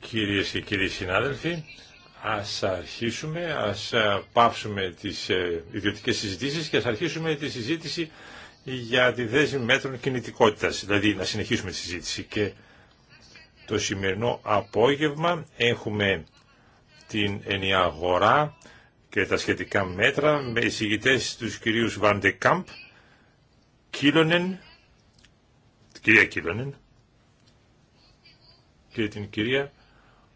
Κυρίες και κύριοι συνάδελφοι, ας αρχίσουμε, ας ε, πάψουμε τις ε, ιδιωτικές συζητήσεις και ας αρχίσουμε τη συζήτηση για τη θέση μέτρων κινητικότητας, δηλαδή να συνεχίσουμε τη συζήτηση. Και το σημερινό απόγευμα έχουμε την ενιαγορά και τα σχετικά μέτρα με εισηγητές τους κυρίους Βαντεκάμπ, Κίλονεν, κυρία Κίλονεν, και την κυρία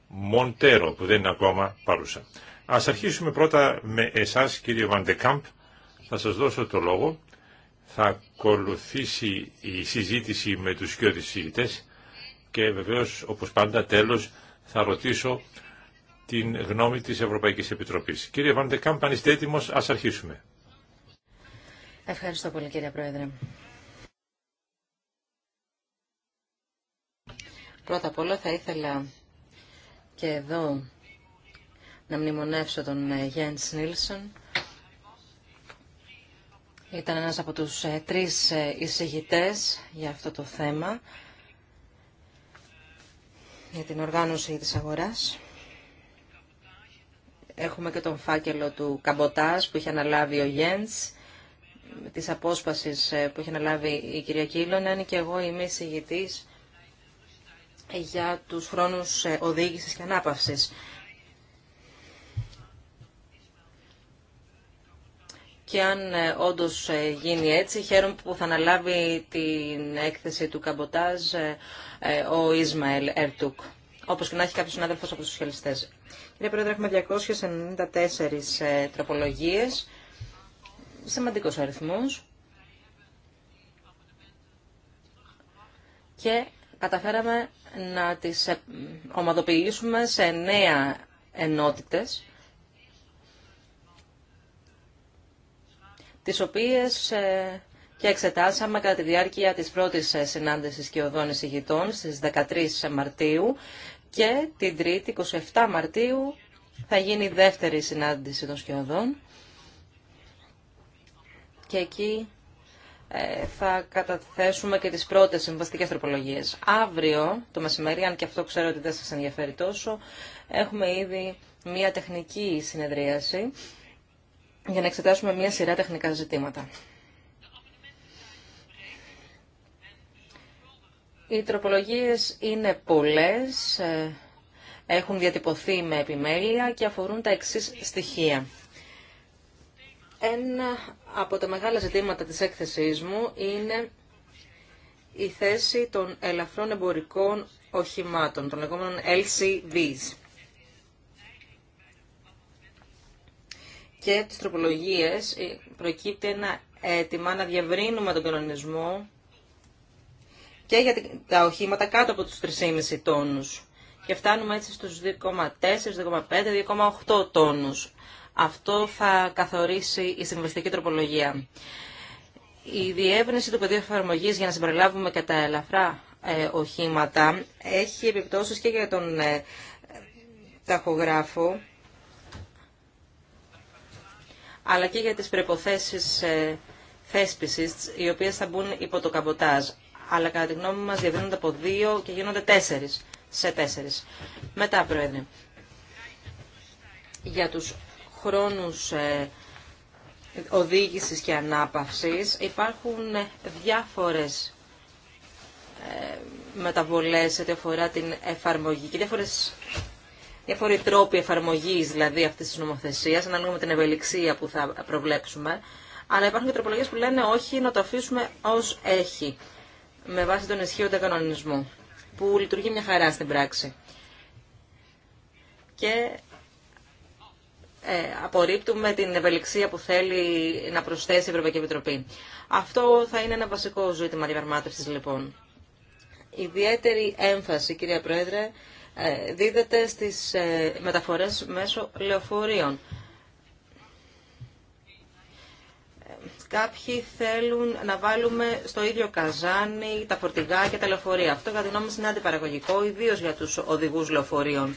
Μοντέρο που δεν είναι ακόμα παρούσα. Ας αρχίσουμε πρώτα με εσάς κύριε Βαντεκάμπ. Θα σας δώσω το λόγο. Θα ακολουθήσει η συζήτηση με τους συζήτητες και βεβαίως όπως πάντα τέλος θα ρωτήσω την γνώμη της Ευρωπαϊκής Επιτροπής. Κύριε Βαντεκάμπ, αν είστε έτοιμος, ας αρχίσουμε. Ευχαριστώ πολύ κύριε Πρόεδρε. Πρώτα απ' όλα θα ήθελα και εδώ να μνημονεύσω τον ε, Γιάννη Νίλσον. Ήταν ένας από τους ε, τρεις ε, εισηγητές για αυτό το θέμα, για την οργάνωση της αγοράς. Έχουμε και τον φάκελο του Καμποτάς που είχε αναλάβει ο Γιέντς, της απόσπασης που είχε αναλάβει η κυρία Κίλωνεν και εγώ είμαι εισηγητής για τους χρόνους ε, οδήγησης και ανάπαυσης. Και αν ε, όντως ε, γίνει έτσι, χαίρομαι που θα αναλάβει την έκθεση του Καμποτάζ ο Ισμαήλ Ερτούκ. Όπως και να έχει κάποιος συνάδελφος από τους σοσιαλιστές. Κύριε Πρόεδρε, έχουμε 294 τροπολογίες. Σημαντικός αριθμός. Και καταφέραμε να τις ε, ομαδοποιήσουμε σε νέα ενότητες, τις οποίες ε, και εξετάσαμε κατά τη διάρκεια της πρώτης ε, συνάντησης και οδών εισηγητών στις 13 Μαρτίου και την 3η 27 Μαρτίου θα γίνει η δεύτερη συνάντηση των σκιωδών και εκεί ε, θα καταθέσουμε και τις πρώτες συμβαστικές τροπολογίες. Αύριο το μεσημέρι, αν και αυτό ξέρω ότι δεν σας ενδιαφέρει τόσο, έχουμε ήδη μια τεχνική συνεδρίαση για να εξετάσουμε μια σειρά τεχνικά ζητήματα. Οι τροπολογίες είναι πολλές, ε, έχουν διατυπωθεί με επιμέλεια και αφορούν τα εξής στοιχεία. Ένα από τα μεγάλα ζητήματα της έκθεσής μου είναι η θέση των ελαφρών εμπορικών οχημάτων, των λεγόμενων LCVs. Και τις τροπολογίες ε, προκύπτει ένα αίτημα να διαβρύνουμε τον κανονισμό και για τα οχήματα κάτω από τους 3,5 τόνους. Και φτάνουμε έτσι στους 2,4, 2,5, 2,8 τόνους. Αυτό θα καθορίσει η συμβαστική τροπολογία. Η διεύρυνση του πεδίου εφαρμογή για να συμπεριλάβουμε και τα ελαφρά ε, οχήματα έχει επιπτώσεις και για τον ε, ταχογράφο αλλά και για τις προϋποθέσεις ε, θέσπισης οι οποίες θα μπουν υπό το καμποτάζ. Αλλά κατά τη γνώμη μας διαδίνονται από δύο και γίνονται τέσσερις σε τέσσερις. Μετά, Πρόεδρε, για τους χρόνους ε, οδήγησης και ανάπαυσης υπάρχουν διάφορες ε, μεταβολές σε αφορά την εφαρμογή και διάφορες, διάφοροι τρόποι εφαρμογής δηλαδή αυτής της νομοθεσίας ανάλογα με την ευελιξία που θα προβλέψουμε αλλά υπάρχουν και τροπολογίες που λένε όχι να το αφήσουμε ως έχει με βάση τον ισχύοντα κανονισμό που λειτουργεί μια χαρά στην πράξη και ε, απορρίπτουμε την ευελιξία που θέλει να προσθέσει η Ευρωπαϊκή Επιτροπή. Αυτό θα είναι ένα βασικό ζήτημα διαπραγμάτευσης λοιπόν. Ιδιαίτερη έμφαση, κυρία Πρόεδρε, ε, δίδεται στις ε, μεταφορές μέσω λεωφορείων. Κάποιοι θέλουν να βάλουμε στο ίδιο καζάνι τα φορτηγά και τα λεωφορεία. Αυτό κατά τη γνώμη είναι αντιπαραγωγικό, ιδίω για του οδηγού λεωφορείων.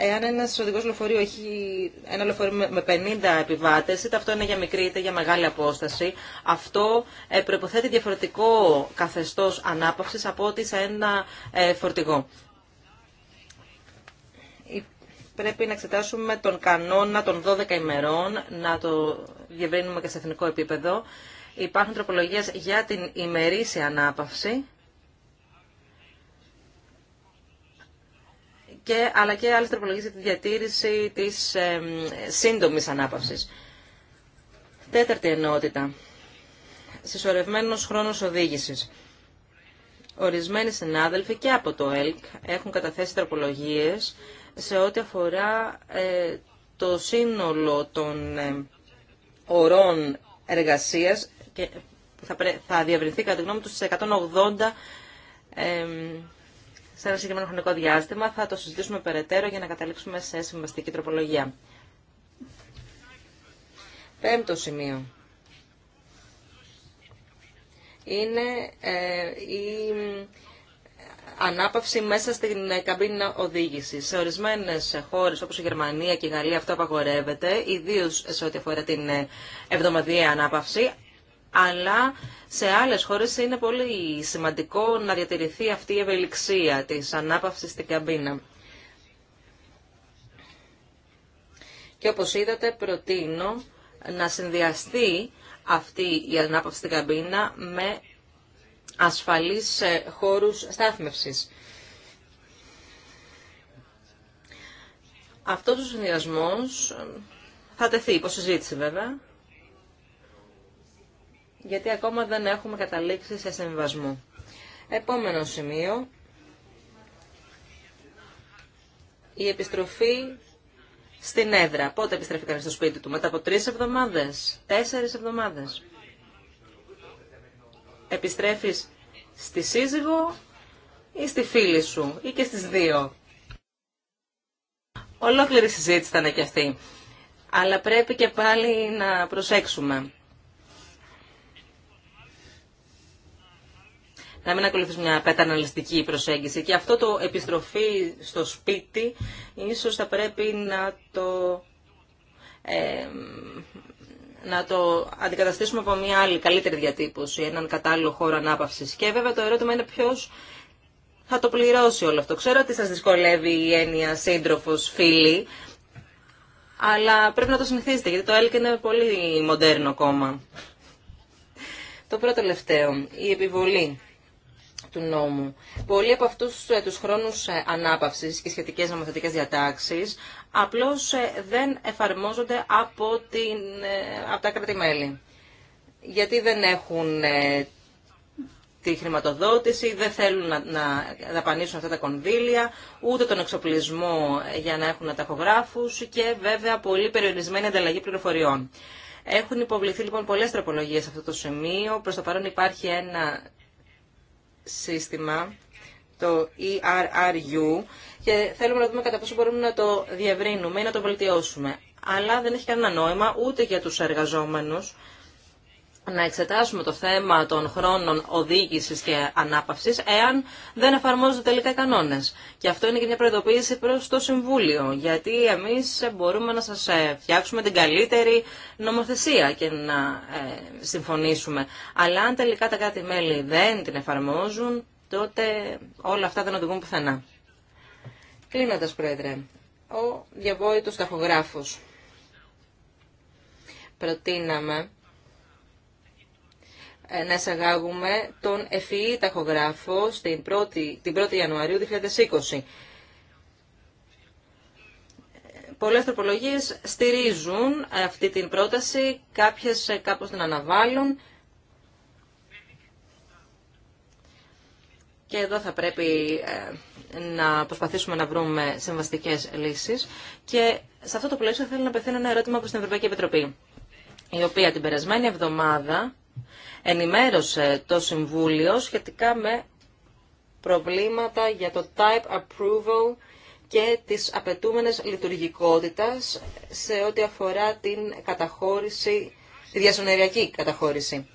Εάν ένα οδηγό λεωφορείο έχει ένα λεωφορείο με 50 επιβάτε, είτε αυτό είναι για μικρή είτε για μεγάλη απόσταση, αυτό ε, προποθέτει διαφορετικό καθεστώ ανάπαυση από ότι σε ένα ε, φορτηγό. Πρέπει να εξετάσουμε τον κανόνα των 12 ημερών, να το διευρύνουμε και σε εθνικό επίπεδο. Υπάρχουν τροπολογίες για την ημερήσια ανάπαυση. αλλά και άλλες τροπολογίες για τη διατήρηση της ε, σύντομης ανάπαυσης. Τέταρτη ενότητα. Συσσωρευμένος χρόνος οδήγησης. Ορισμένοι συνάδελφοι και από το ΕΛΚ έχουν καταθέσει τροπολογίες σε ό,τι αφορά ε, το σύνολο των ε, ορών εργασίας και θα, θα διαβριθεί κατά τη γνώμη τους στις 180 ε, σε ένα συγκεκριμένο χρονικό διάστημα. Θα το συζητήσουμε περαιτέρω για να καταλήξουμε σε συμβαστική τροπολογία. Πέμπτο σημείο. Είναι ε, η ε, ανάπαυση μέσα στην ε, καμπίνα οδήγηση. Σε ορισμένε χώρε όπω η Γερμανία και η Γαλλία αυτό απαγορεύεται, ιδίω σε ό,τι αφορά την εβδομαδιαία ανάπαυση αλλά σε άλλες χώρες είναι πολύ σημαντικό να διατηρηθεί αυτή η ευελιξία της ανάπαυσης στην καμπίνα. Και όπως είδατε προτείνω να συνδυαστεί αυτή η ανάπαυση στην καμπίνα με ασφαλείς ε, χώρους στάθμευσης. Αυτός ο συνδυασμός θα τεθεί υπό συζήτηση βέβαια γιατί ακόμα δεν έχουμε καταλήξει σε συμβασμό. Επόμενο σημείο, η επιστροφή στην έδρα. Πότε επιστρέφει κανείς στο σπίτι του, μετά από τρεις εβδομάδες, τέσσερις εβδομάδες. Επιστρέφεις στη σύζυγο ή στη φίλη σου ή και στις δύο. Ολόκληρη συζήτηση ήταν και αυτή. Αλλά πρέπει και πάλι να προσέξουμε. να μην ακολουθείς μια πεταναλιστική προσέγγιση. Και αυτό το επιστροφή στο σπίτι ίσως θα πρέπει να το, να το αντικαταστήσουμε από μια άλλη καλύτερη διατύπωση, έναν κατάλληλο χώρο ανάπαυσης. Και βέβαια το ερώτημα είναι ποιος θα το πληρώσει όλο αυτό. Ξέρω ότι σας δυσκολεύει η έννοια σύντροφος, φίλη, αλλά πρέπει να το συνηθίσετε, γιατί το ΕΛΚ είναι πολύ μοντέρνο κόμμα. Το πρώτο τελευταίο, η επιβολή του νόμου. Πολλοί από αυτούς ε, τους χρόνους ε, ανάπαυσης και σχετικές νομοθετικές διατάξεις απλώς ε, δεν εφαρμόζονται από, την, από τα Γιατί δεν έχουν τη χρηματοδότηση, δεν θέλουν να, να δαπανίσουν αυτά τα κονδύλια, ούτε τον εξοπλισμό για να έχουν ταχογράφους και βέβαια πολύ περιορισμένη ανταλλαγή πληροφοριών. Έχουν υποβληθεί λοιπόν πολλές τροπολογίε σε αυτό το σημείο. Προς το παρόν υπάρχει ένα σύστημα, το ERRU, και θέλουμε να δούμε κατά πόσο μπορούμε να το διευρύνουμε ή να το βελτιώσουμε. Αλλά δεν έχει κανένα νόημα ούτε για τους εργαζόμενους, να εξετάσουμε το θέμα των χρόνων οδήγηση και ανάπαυση, εάν δεν εφαρμόζονται τελικά οι κανόνε. Και αυτό είναι και μια προειδοποίηση προ το Συμβούλιο, γιατί εμεί μπορούμε να σα ε, φτιάξουμε την καλύτερη νομοθεσία και να ε, συμφωνήσουμε. Αλλά αν τελικά τα κράτη-μέλη δεν την εφαρμόζουν, τότε όλα αυτά δεν οδηγούν πουθενά. Κλείνοντα, Πρόεδρε, ο διαβόητο ταχογράφο. Προτείναμε ε, να εισαγάγουμε τον FEE ταχογράφο στην 1 την 1η Ιανουαρίου 2020. Πολλές τροπολογίες στηρίζουν αυτή την πρόταση, κάποιες ε, κάπως την αναβάλουν. Και εδώ θα πρέπει ε, να προσπαθήσουμε να βρούμε συμβαστικές λύσεις. Και σε αυτό το πλαίσιο θέλω να πεθύνω ένα ερώτημα προς την Ευρωπαϊκή Επιτροπή, η οποία την περασμένη εβδομάδα ενημέρωσε το Συμβούλιο σχετικά με προβλήματα για το type approval και τις απαιτούμενες λειτουργικότητας σε ό,τι αφορά την καταχώρηση, τη διασυνοριακή καταχώρηση.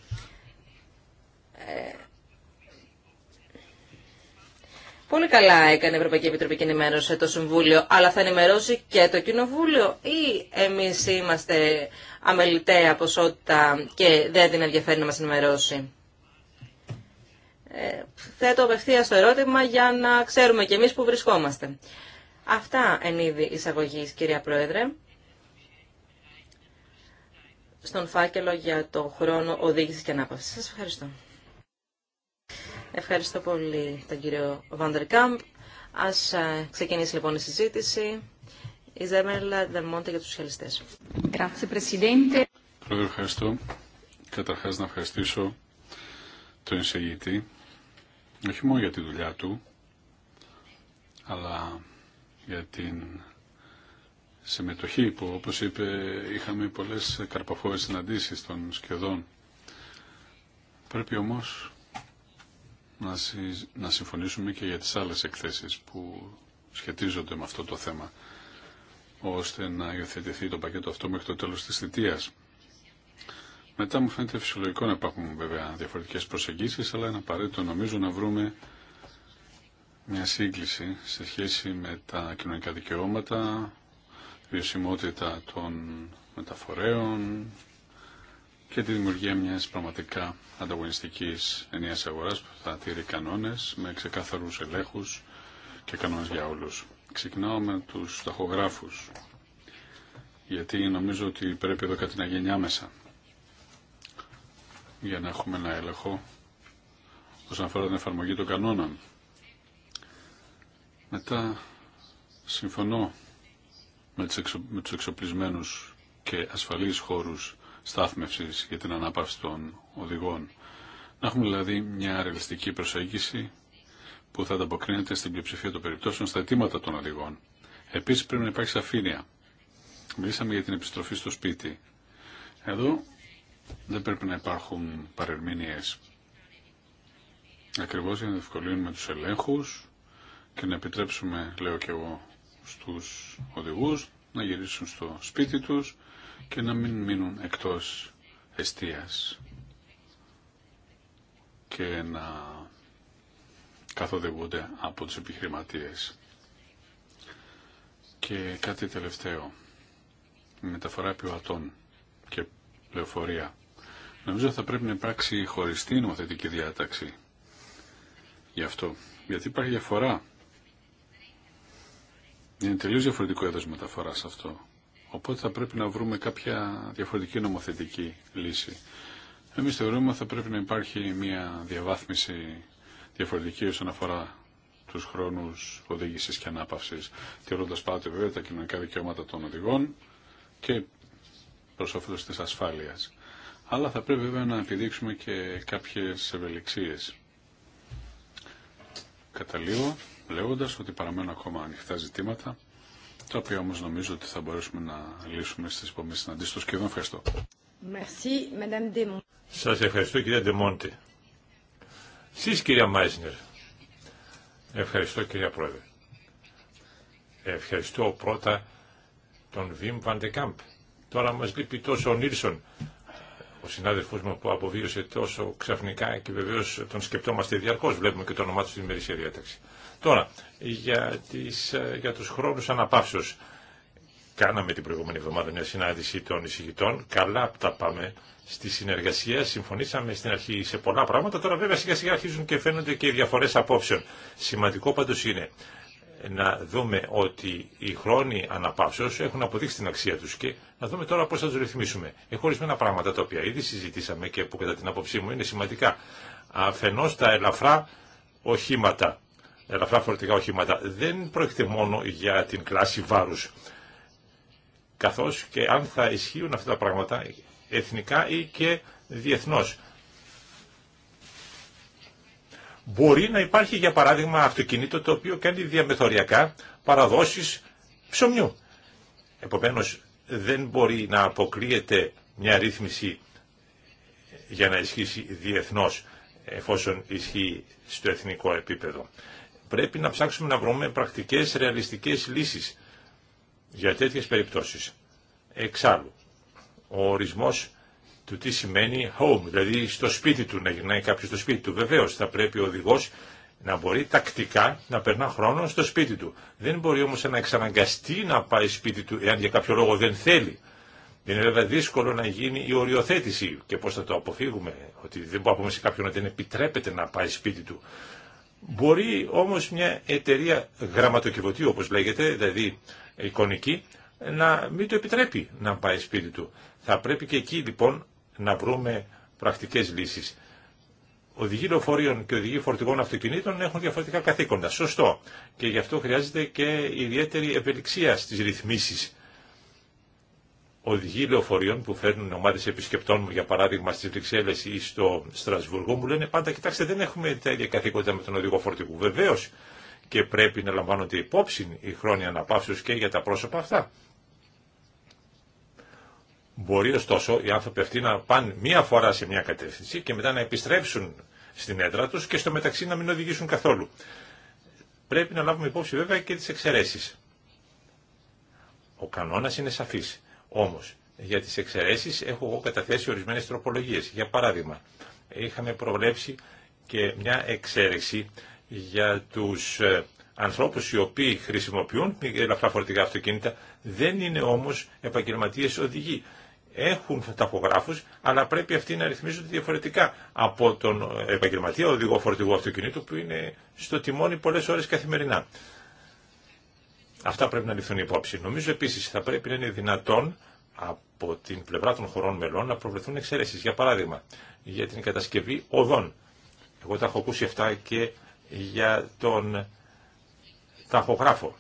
Ε, Πολύ καλά έκανε η Ευρωπαϊκή Επιτροπή και ενημέρωσε το Συμβούλιο, αλλά θα ενημερώσει και το Κοινοβούλιο ή εμείς είμαστε αμεληταία ποσότητα και δεν την ενδιαφέρει να μας ενημερώσει. Ε, θέτω απευθεία το ερώτημα για να ξέρουμε κι εμείς που βρισκόμαστε. Αυτά εν είδη εισαγωγής, κυρία Πρόεδρε. Στον φάκελο για το χρόνο οδήγησης και ανάπαυσης. Σας ευχαριστώ. Ευχαριστώ πολύ τον κύριο Βαντερκάμπ. Ας ε, ξεκινήσει λοιπόν η συζήτηση. Η Ζέμερλα Δερμόντε για τους σοσιαλιστές. Πρόεδρε, ευχαριστώ. Καταρχάς να ευχαριστήσω τον εισηγητή, όχι μόνο για τη δουλειά του, αλλά για την συμμετοχή που, όπως είπε, είχαμε πολλές καρπαφόρες συναντήσεις των σχεδόν. Πρέπει όμως να, συμφωνήσουμε και για τις άλλες εκθέσεις που σχετίζονται με αυτό το θέμα, ώστε να υιοθετηθεί το πακέτο αυτό μέχρι το τέλος της θητείας. Μετά μου φαίνεται φυσιολογικό να υπάρχουν βέβαια διαφορετικές προσεγγίσεις, αλλά είναι απαραίτητο νομίζω να βρούμε μια σύγκληση σε σχέση με τα κοινωνικά δικαιώματα, βιωσιμότητα των μεταφορέων, και τη δημιουργία μια πραγματικά ανταγωνιστική ενιαία αγορά που θα τηρεί κανόνες με ξεκάθαρου ελέγχους και κανόνες για όλου. Ξεκινάω με τους ταχογράφους, γιατί νομίζω ότι πρέπει εδώ κάτι να γίνει άμεσα για να έχουμε ένα έλεγχο όσον αφορά την εφαρμογή των κανόνων. Μετά συμφωνώ με τους εξοπλισμένους και ασφαλείς χώρους στάθμευσης για την ανάπαυση των οδηγών. Να έχουμε δηλαδή μια ρεαλιστική προσέγγιση που θα ανταποκρίνεται στην πλειοψηφία των περιπτώσεων στα αιτήματα των οδηγών. Επίσης πρέπει να υπάρχει σαφήνεια. Μιλήσαμε για την επιστροφή στο σπίτι. Εδώ δεν πρέπει να υπάρχουν παρερμηνίε. Ακριβώς για να διευκολύνουμε τους ελέγχους και να επιτρέψουμε, λέω και εγώ, στους οδηγούς να γυρίσουν στο σπίτι τους και να μην μείνουν εκτός εστίας και να καθοδηγούνται από τους επιχειρηματίες. Και κάτι τελευταίο. Μεταφορά πιβατών και λεωφορεία. Νομίζω θα πρέπει να υπάρξει χωριστή νομοθετική διάταξη γι' αυτό. Γιατί υπάρχει διαφορά. Είναι τελείως διαφορετικό έδος μεταφοράς αυτό. Οπότε θα πρέπει να βρούμε κάποια διαφορετική νομοθετική λύση. Εμείς θεωρούμε θα πρέπει να υπάρχει μια διαβάθμιση διαφορετική όσον αφορά τους χρόνους οδήγησης και ανάπαυσης, τηρώντας πάντα βέβαια τα κοινωνικά δικαιώματα των οδηγών και προ όφελο τη ασφάλεια. Αλλά θα πρέπει βέβαια να επιδείξουμε και κάποιε ευελιξίες. Καταλήγω λέγοντας ότι παραμένουν ακόμα ανοιχτά ζητήματα τα οποία όμως νομίζω ότι θα μπορέσουμε να λύσουμε στις επόμενες συναντήσεις του σχεδόν. Ευχαριστώ. Σα Σας ευχαριστώ κυρία Ντεμόντε. Σεις κυρία Μάισνερ. Ευχαριστώ κυρία Πρόεδρε. Ευχαριστώ πρώτα τον Βιμ Βαντεκάμπ. Τώρα μας λείπει τόσο ο Νίλσον, ο συνάδελφός μου που αποβίωσε τόσο ξαφνικά και βεβαίως τον σκεπτόμαστε διαρκώς. Βλέπουμε και το όνομά του στην ημερήσια διάταξη. Τώρα, για, τις, ε, για τους χρόνους αναπαύσεως. Κάναμε την προηγούμενη εβδομάδα μια συνάντηση των εισηγητών. Καλά τα πάμε στη συνεργασία. Συμφωνήσαμε στην αρχή σε πολλά πράγματα. Τώρα βέβαια σιγά σιγά αρχίζουν και φαίνονται και οι διαφορές απόψεων. Σημαντικό πάντως είναι να δούμε ότι οι χρόνοι αναπαύσεως έχουν αποδείξει την αξία τους και να δούμε τώρα πώς θα τους ρυθμίσουμε. Έχω ορισμένα πράγματα τα οποία ήδη συζητήσαμε και που κατά την άποψή μου είναι σημαντικά. Αφενός τα ελαφρά οχήματα ελαφρά φορτηγά οχήματα. Δεν πρόκειται μόνο για την κλάση βάρους. Καθώς και αν θα ισχύουν αυτά τα πράγματα εθνικά ή και διεθνώς. Μπορεί να υπάρχει για παράδειγμα αυτοκινήτο το οποίο κάνει διαμεθοριακά παραδόσεις ψωμιού. Επομένως δεν μπορεί να αποκλείεται μια ρύθμιση για να ισχύσει διεθνώς εφόσον ισχύει στο εθνικό επίπεδο πρέπει να ψάξουμε να βρούμε πρακτικές, ρεαλιστικές λύσεις για τέτοιες περιπτώσεις. Εξάλλου, ο ορισμός του τι σημαίνει home, δηλαδή στο σπίτι του, να γυρνάει κάποιος στο σπίτι του. Βεβαίως θα πρέπει ο οδηγός να μπορεί τακτικά να περνά χρόνο στο σπίτι του. Δεν μπορεί όμως να εξαναγκαστεί να πάει σπίτι του εάν για κάποιο λόγο δεν θέλει. Είναι βέβαια δύσκολο να γίνει η οριοθέτηση και πώς θα το αποφύγουμε, ότι δεν μπορούμε σε κάποιον να δεν επιτρέπεται να πάει σπίτι του. Μπορεί όμως μια εταιρεία γραμματοκιβωτή όπως λέγεται, δηλαδή εικονική, να μην το επιτρέπει να πάει σπίτι του. Θα πρέπει και εκεί λοιπόν να βρούμε πρακτικές λύσεις. Οδηγοί λεωφορείων και οδηγοί φορτηγών αυτοκινήτων έχουν διαφορετικά καθήκοντα. Σωστό. Και γι' αυτό χρειάζεται και ιδιαίτερη ευελιξία στις ρυθμίσεις οδηγοί λεωφορείων που φέρνουν ομάδε επισκεπτών μου, για παράδειγμα, στι Βρυξέλλε ή στο Στρασβούργο, μου λένε πάντα, κοιτάξτε, δεν έχουμε τα ίδια καθήκοντα με τον οδηγό φορτηγού. Βεβαίω και πρέπει να λαμβάνονται υπόψη η χρόνια αναπαύσεω και για τα πρόσωπα αυτά. Μπορεί ωστόσο οι άνθρωποι αυτοί να πάνε μία φορά σε μια κατεύθυνση και μετά να επιστρέψουν στην έδρα του και στο μεταξύ να μην οδηγήσουν καθόλου. Πρέπει να λάβουμε υπόψη βέβαια και τι εξαιρέσει. Ο κανόνα είναι σαφής όμως, για τις εξαιρέσει έχω εγώ καταθέσει ορισμένες τροπολογίες. Για παράδειγμα, είχαμε προβλέψει και μια εξαίρεση για τους ε, ανθρώπους οι οποίοι χρησιμοποιούν ελαφρά φορτηγά αυτοκίνητα, δεν είναι όμως επαγγελματίε οδηγοί. Έχουν ταχογράφου, αλλά πρέπει αυτοί να ρυθμίζονται διαφορετικά από τον ε, επαγγελματία οδηγό φορτηγού αυτοκινήτου που είναι στο τιμόνι πολλέ ώρε καθημερινά. Αυτά πρέπει να ληφθούν υπόψη. Νομίζω επίση θα πρέπει να είναι δυνατόν από την πλευρά των χωρών μελών να προβλεφθούν εξαιρέσει. Για παράδειγμα, για την κατασκευή οδών. Εγώ τα έχω ακούσει αυτά και για τον ταχογράφο.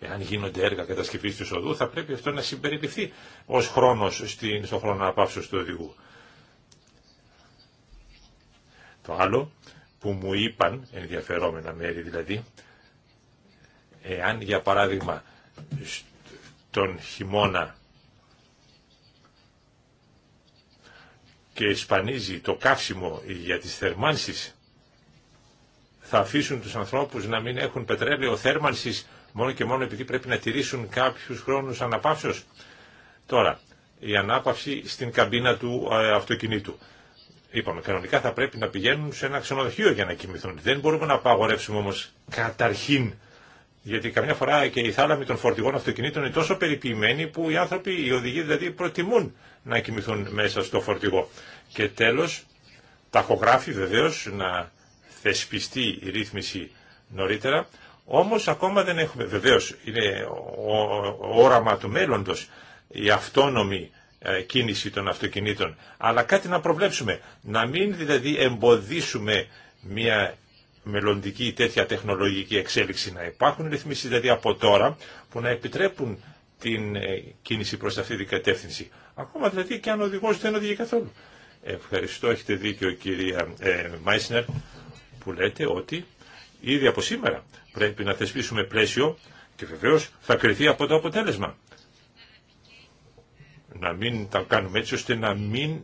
Εάν γίνονται έργα κατασκευή του οδού, θα πρέπει αυτό να συμπεριληφθεί ω χρόνο στο χρόνο αναπαύσεω του οδηγού. Το άλλο που μου είπαν ενδιαφερόμενα μέρη δηλαδή, εάν για παράδειγμα τον χειμώνα και σπανίζει το καύσιμο για τις θερμάνσεις, θα αφήσουν τους ανθρώπους να μην έχουν πετρέλαιο θέρμανσης μόνο και μόνο επειδή πρέπει να τηρήσουν κάποιους χρόνους αναπαύσεως. Τώρα, η ανάπαυση στην καμπίνα του ε, αυτοκινήτου. Είπαμε, κανονικά θα πρέπει να πηγαίνουν σε ένα ξενοδοχείο για να κοιμηθούν. Δεν μπορούμε να απαγορεύσουμε όμω καταρχήν, γιατί καμιά φορά και η θάλαμη των φορτηγών αυτοκινήτων είναι τόσο περιποιημένη που οι άνθρωποι, οι οδηγοί δηλαδή, προτιμούν να κοιμηθούν μέσα στο φορτηγό. Και τέλο ταχογράφη βεβαίω να θεσπιστεί η ρύθμιση νωρίτερα, όμω ακόμα δεν έχουμε, βεβαίως είναι όραμα του μέλλοντο η αυτόνομη ε, κίνηση των αυτοκινήτων. Αλλά κάτι να προβλέψουμε. Να μην δηλαδή εμποδίσουμε μια μελλοντική τέτοια τεχνολογική εξέλιξη. Να υπάρχουν ρυθμίσεις δηλαδή από τώρα που να επιτρέπουν την ε, κίνηση προς αυτή την κατεύθυνση. Ακόμα δηλαδή και αν ο οδηγός δεν οδηγεί καθόλου. Ευχαριστώ, έχετε δίκιο κυρία ε, Μάισνερ που λέτε ότι ήδη από σήμερα πρέπει να θεσπίσουμε πλαίσιο και βεβαίως θα κρυθεί από το αποτέλεσμα να μην τα κάνουμε έτσι ώστε να μην,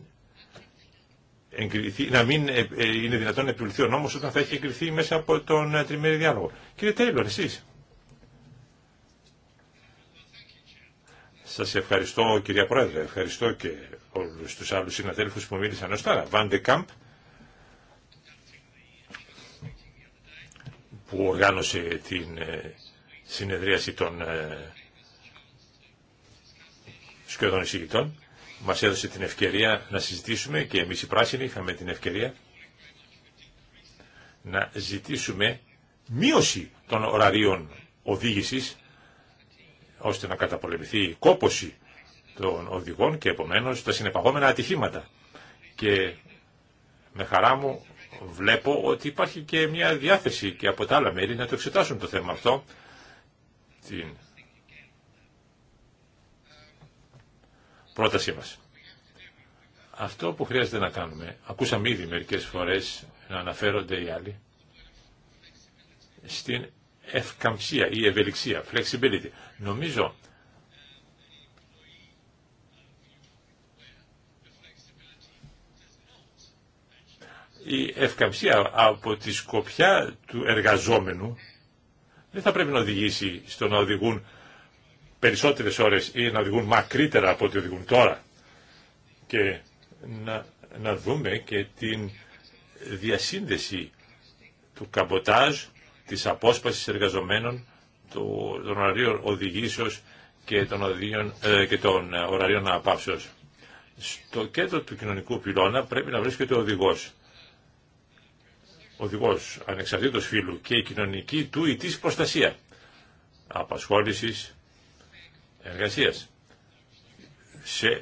να μην ε, ε, είναι δυνατόν να επιβληθεί ο νόμος όταν θα έχει εγκριθεί μέσα από τον ε, τριμμένο διάλογο. Κύριε Τέιλορ, εσείς. Σας ευχαριστώ κυρία Πρόεδρε, ευχαριστώ και όλους τους άλλους συναδέλφους που μίλησαν ως τώρα. Βάντε Κάμπ, που οργάνωσε την συνεδρίαση των σκιωδών εισηγητών. Μα έδωσε την ευκαιρία να συζητήσουμε και εμείς οι πράσινοι είχαμε την ευκαιρία να ζητήσουμε μείωση των ωραρίων οδήγηση ώστε να καταπολεμηθεί η κόπωση των οδηγών και επομένως τα συνεπαγόμενα ατυχήματα. Και με χαρά μου βλέπω ότι υπάρχει και μια διάθεση και από τα άλλα μέρη να το εξετάσουν το θέμα αυτό την Αυτό που χρειάζεται να κάνουμε, ακούσαμε ήδη μερικές φορές να αναφέρονται οι άλλοι, στην ευκαμψία ή ευελιξία, flexibility. Νομίζω η ευκαμψία από τη σκοπιά του εργαζόμενου δεν θα πρέπει να οδηγήσει στο να οδηγούν περισσότερες ώρες ή να οδηγούν μακρύτερα από ό,τι οδηγούν τώρα. Και να, να δούμε και την διασύνδεση του καμποτάζ, της απόσπασης εργαζομένων, του, των ωραρίων οδηγήσεως και των, οδηγίων, ε, ε ωραρίων απάψεως. Στο κέντρο του κοινωνικού πυλώνα πρέπει να βρίσκεται ο οδηγός. Οδηγός ανεξαρτήτως φύλου και η κοινωνική του ή της προστασία. Απασχόλησης, σε ε,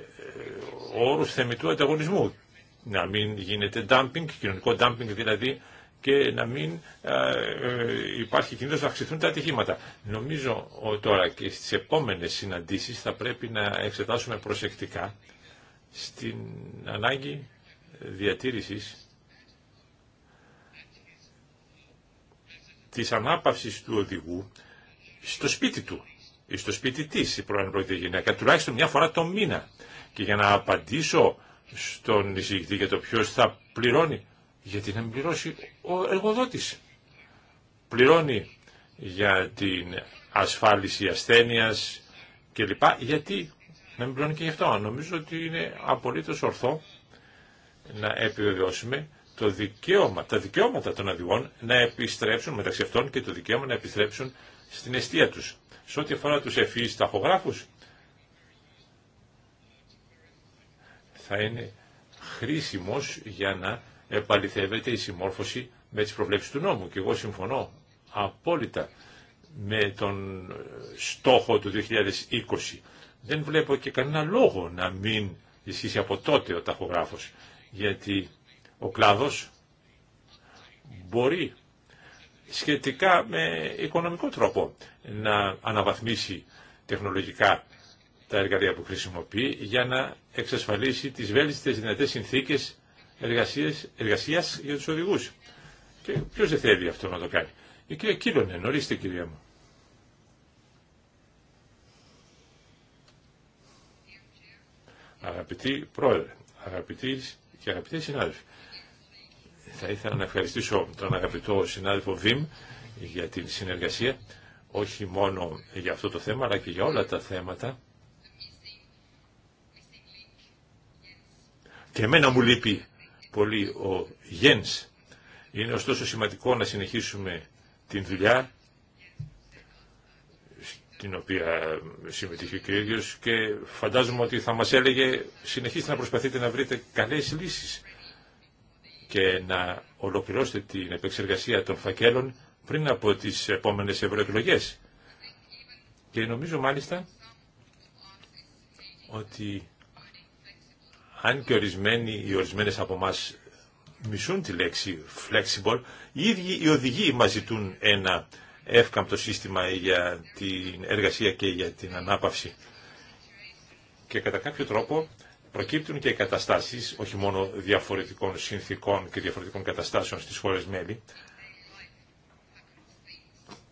όρους θεμητού ανταγωνισμού. Να μην γίνεται dumping, κοινωνικό dumping δηλαδή, και να μην ε, ε, υπάρχει κίνδυνο να αυξηθούν τα ατυχήματα. Νομίζω τώρα και στι επόμενες συναντήσεις θα πρέπει να εξετάσουμε προσεκτικά στην ανάγκη διατήρησης της ανάπαυσης του οδηγού στο σπίτι του στο σπίτι τη η πρώην πρώτη γυναίκα, τουλάχιστον μια φορά το μήνα. Και για να απαντήσω στον εισηγητή για το ποιο θα πληρώνει, γιατί να μην πληρώσει ο εργοδότη. Πληρώνει για την ασφάλιση ασθένεια κλπ. Γιατί να μην πληρώνει και γι' αυτό. Νομίζω ότι είναι απολύτω ορθό να επιβεβαιώσουμε το δικαίωμα, τα δικαιώματα των αδειών να επιστρέψουν μεταξύ αυτών και το δικαίωμα να επιστρέψουν στην αιστεία τους. Σε ό,τι αφορά τους ευφυείς ταχογράφους, θα είναι χρήσιμος για να επαληθεύεται η συμμόρφωση με τις προβλέψεις του νόμου. Και εγώ συμφωνώ απόλυτα με τον στόχο του 2020. Δεν βλέπω και κανένα λόγο να μην ισχύσει από τότε ο ταχογράφος, γιατί ο κλάδος μπορεί σχετικά με οικονομικό τρόπο να αναβαθμίσει τεχνολογικά τα εργαλεία που χρησιμοποιεί για να εξασφαλίσει τις βέλτιστες δυνατές συνθήκες εργασίας, εργασίας για τους οδηγούς. Και ποιος δεν θέλει αυτό να το κάνει. Η κυρία Κύλωνε, νωρίστε κυρία μου. Αγαπητοί πρόεδρε, αγαπητοί και αγαπητοί συνάδελφοι, θα ήθελα να ευχαριστήσω τον αγαπητό συνάδελφο Βιμ για την συνεργασία, όχι μόνο για αυτό το θέμα, αλλά και για όλα τα θέματα. Και εμένα μου λείπει πολύ ο Γένς. Είναι ωστόσο σημαντικό να συνεχίσουμε την δουλειά στην οποία συμμετείχε και ο ίδιος και φαντάζομαι ότι θα μας έλεγε συνεχίστε να προσπαθείτε να βρείτε καλές λύσεις και να ολοκληρώσετε την επεξεργασία των φακέλων πριν από τις επόμενες ευρωεκλογέ. Και νομίζω μάλιστα ότι αν και ορισμένοι ή ορισμένες από εμά μισούν τη λέξη flexible, οι ίδιοι οι οδηγοί μας ζητούν ένα εύκαμπτο σύστημα για την εργασία και για την ανάπαυση. Και κατά κάποιο τρόπο προκύπτουν και καταστάσεις, όχι μόνο διαφορετικών συνθήκων και διαφορετικών καταστάσεων στις χώρες μέλη,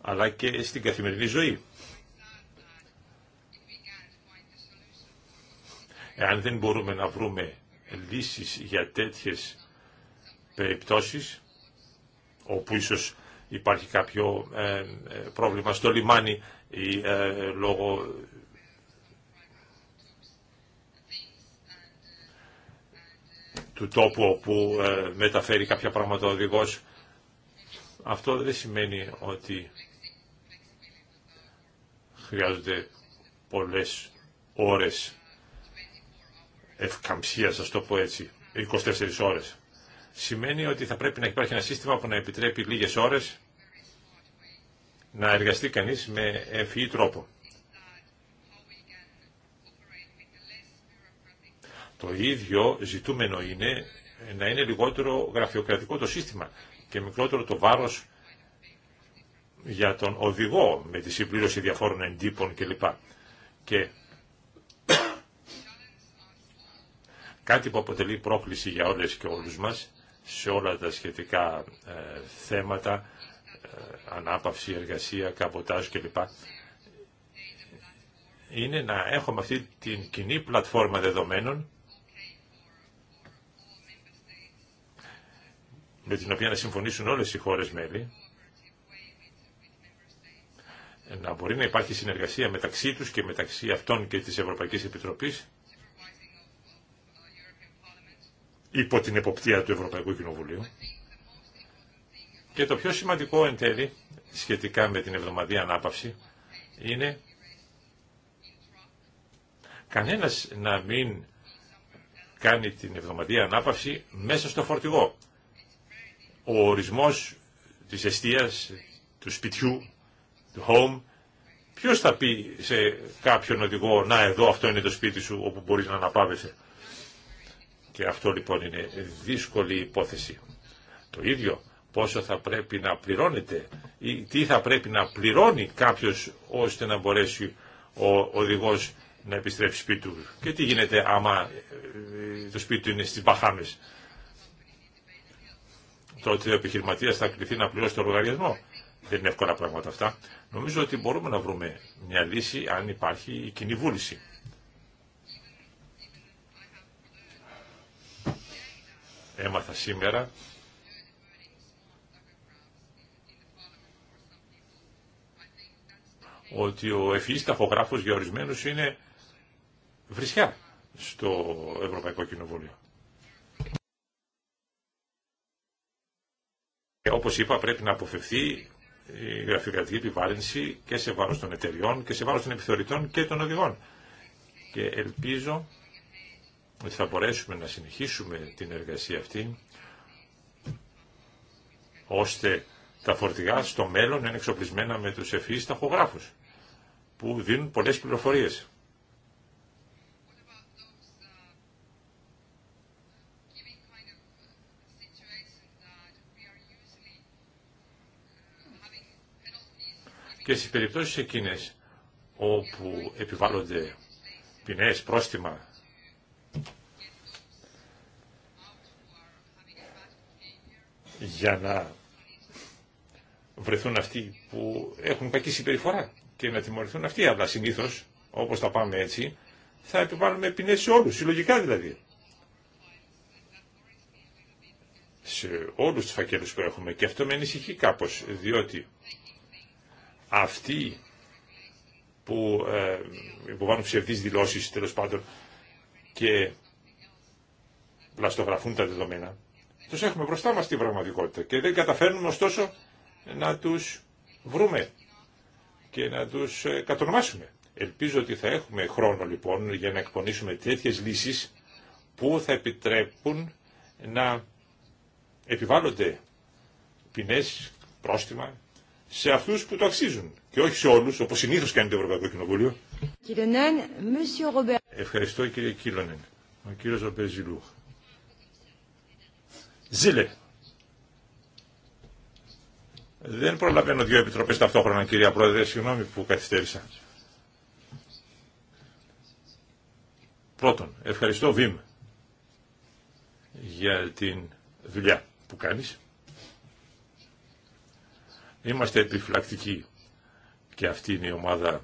αλλά και στην καθημερινή ζωή. Εάν δεν μπορούμε να βρούμε λύσεις για τέτοιες περιπτώσεις, όπου ίσως υπάρχει κάποιο ε, ε, πρόβλημα στο λιμάνι ή ε, λόγω του τόπου όπου ε, μεταφέρει κάποια πράγματα ο οδηγός. Αυτό δεν σημαίνει ότι χρειάζονται πολλές ώρες ευκαμψίας, θα το πω έτσι, 24 ώρες. Σημαίνει ότι θα πρέπει να υπάρχει ένα σύστημα που να επιτρέπει λίγες ώρες να εργαστεί κανείς με ευφυή τρόπο. Το ίδιο ζητούμενο είναι να είναι λιγότερο γραφειοκρατικό το σύστημα και μικρότερο το βάρος για τον οδηγό με τη συμπλήρωση διαφόρων εντύπων κλπ. Και κάτι που αποτελεί πρόκληση για όλες και όλους μας σε όλα τα σχετικά ε, θέματα, ε, ανάπαυση, εργασία, καμποτάζ κλπ. Είναι να έχουμε αυτή την κοινή πλατφόρμα δεδομένων με την οποία να συμφωνήσουν όλες οι χώρες μέλη, να μπορεί να υπάρχει συνεργασία μεταξύ τους και μεταξύ αυτών και της Ευρωπαϊκής Επιτροπής υπό την εποπτεία του Ευρωπαϊκού Κοινοβουλίου. Και το πιο σημαντικό εν τέλει σχετικά με την εβδομαδία ανάπαυση είναι κανένας να μην κάνει την εβδομαδία ανάπαυση μέσα στο φορτηγό ο ορισμός της εστίας, του σπιτιού, του home, ποιος θα πει σε κάποιον οδηγό να εδώ αυτό είναι το σπίτι σου όπου μπορείς να αναπάβεσαι. Και αυτό λοιπόν είναι δύσκολη υπόθεση. Το ίδιο πόσο θα πρέπει να πληρώνεται ή τι θα πρέπει να πληρώνει κάποιος ώστε να μπορέσει ο οδηγός να επιστρέψει σπίτι του. Και τι γίνεται άμα ε, ε, το σπίτι του είναι στις Μπαχάμες ότι ο επιχειρηματία θα κληθεί να πληρώσει το λογαριασμό. Δεν είναι εύκολα πράγματα αυτά. Νομίζω ότι μπορούμε να βρούμε μια λύση αν υπάρχει η κοινή βούληση. Έμαθα σήμερα ότι ο ευφυής e ταχογράφος για ορισμένους είναι βρισιά στο Ευρωπαϊκό Κοινοβούλιο. Όπως είπα πρέπει να αποφευθεί η γραφειοκρατική επιβάρυνση και σε βάρος των εταιριών και σε βάρος των επιθεωρητών και των οδηγών. Και ελπίζω ότι θα μπορέσουμε να συνεχίσουμε την εργασία αυτή ώστε τα φορτηγά στο μέλλον είναι εξοπλισμένα με τους ευφυείς ταχογράφους που δίνουν πολλές πληροφορίες. και στις περιπτώσεις εκείνες όπου επιβάλλονται ποινές, πρόστιμα, για να βρεθούν αυτοί που έχουν κακή συμπεριφορά και να τιμωρηθούν αυτοί. Αλλά συνήθω, όπως τα πάμε έτσι, θα επιβάλλουμε ποινέ σε όλους, συλλογικά δηλαδή. Σε όλους του φακέλου που έχουμε. Και αυτό με ανησυχεί κάπω, διότι αυτοί που ε, υποβάλλουν ψευδείς δηλώσεις τέλος πάντων και πλαστογραφούν τα δεδομένα, τους έχουμε μπροστά μας την πραγματικότητα και δεν καταφέρνουμε ωστόσο να τους βρούμε και να τους ε, κατονομάσουμε. Ελπίζω ότι θα έχουμε χρόνο λοιπόν για να εκπονήσουμε τέτοιες λύσεις που θα επιτρέπουν να επιβάλλονται ποινές, πρόστιμα σε αυτούς που το αξίζουν και όχι σε όλους, όπως συνήθως κάνει το Ευρωπαϊκό Κοινοβούλιο. Ευχαριστώ κύριε Κίλονεν. Ο κύριος Ζιλούχ. Ζήλε. Δεν προλαβαίνω δύο επιτροπές ταυτόχρονα κυρία Πρόεδρε, συγγνώμη που καθυστέρησα. Πρώτον, ευχαριστώ ΒΙΜ για την δουλειά που κάνεις. Είμαστε επιφυλακτικοί και αυτή είναι η ομάδα,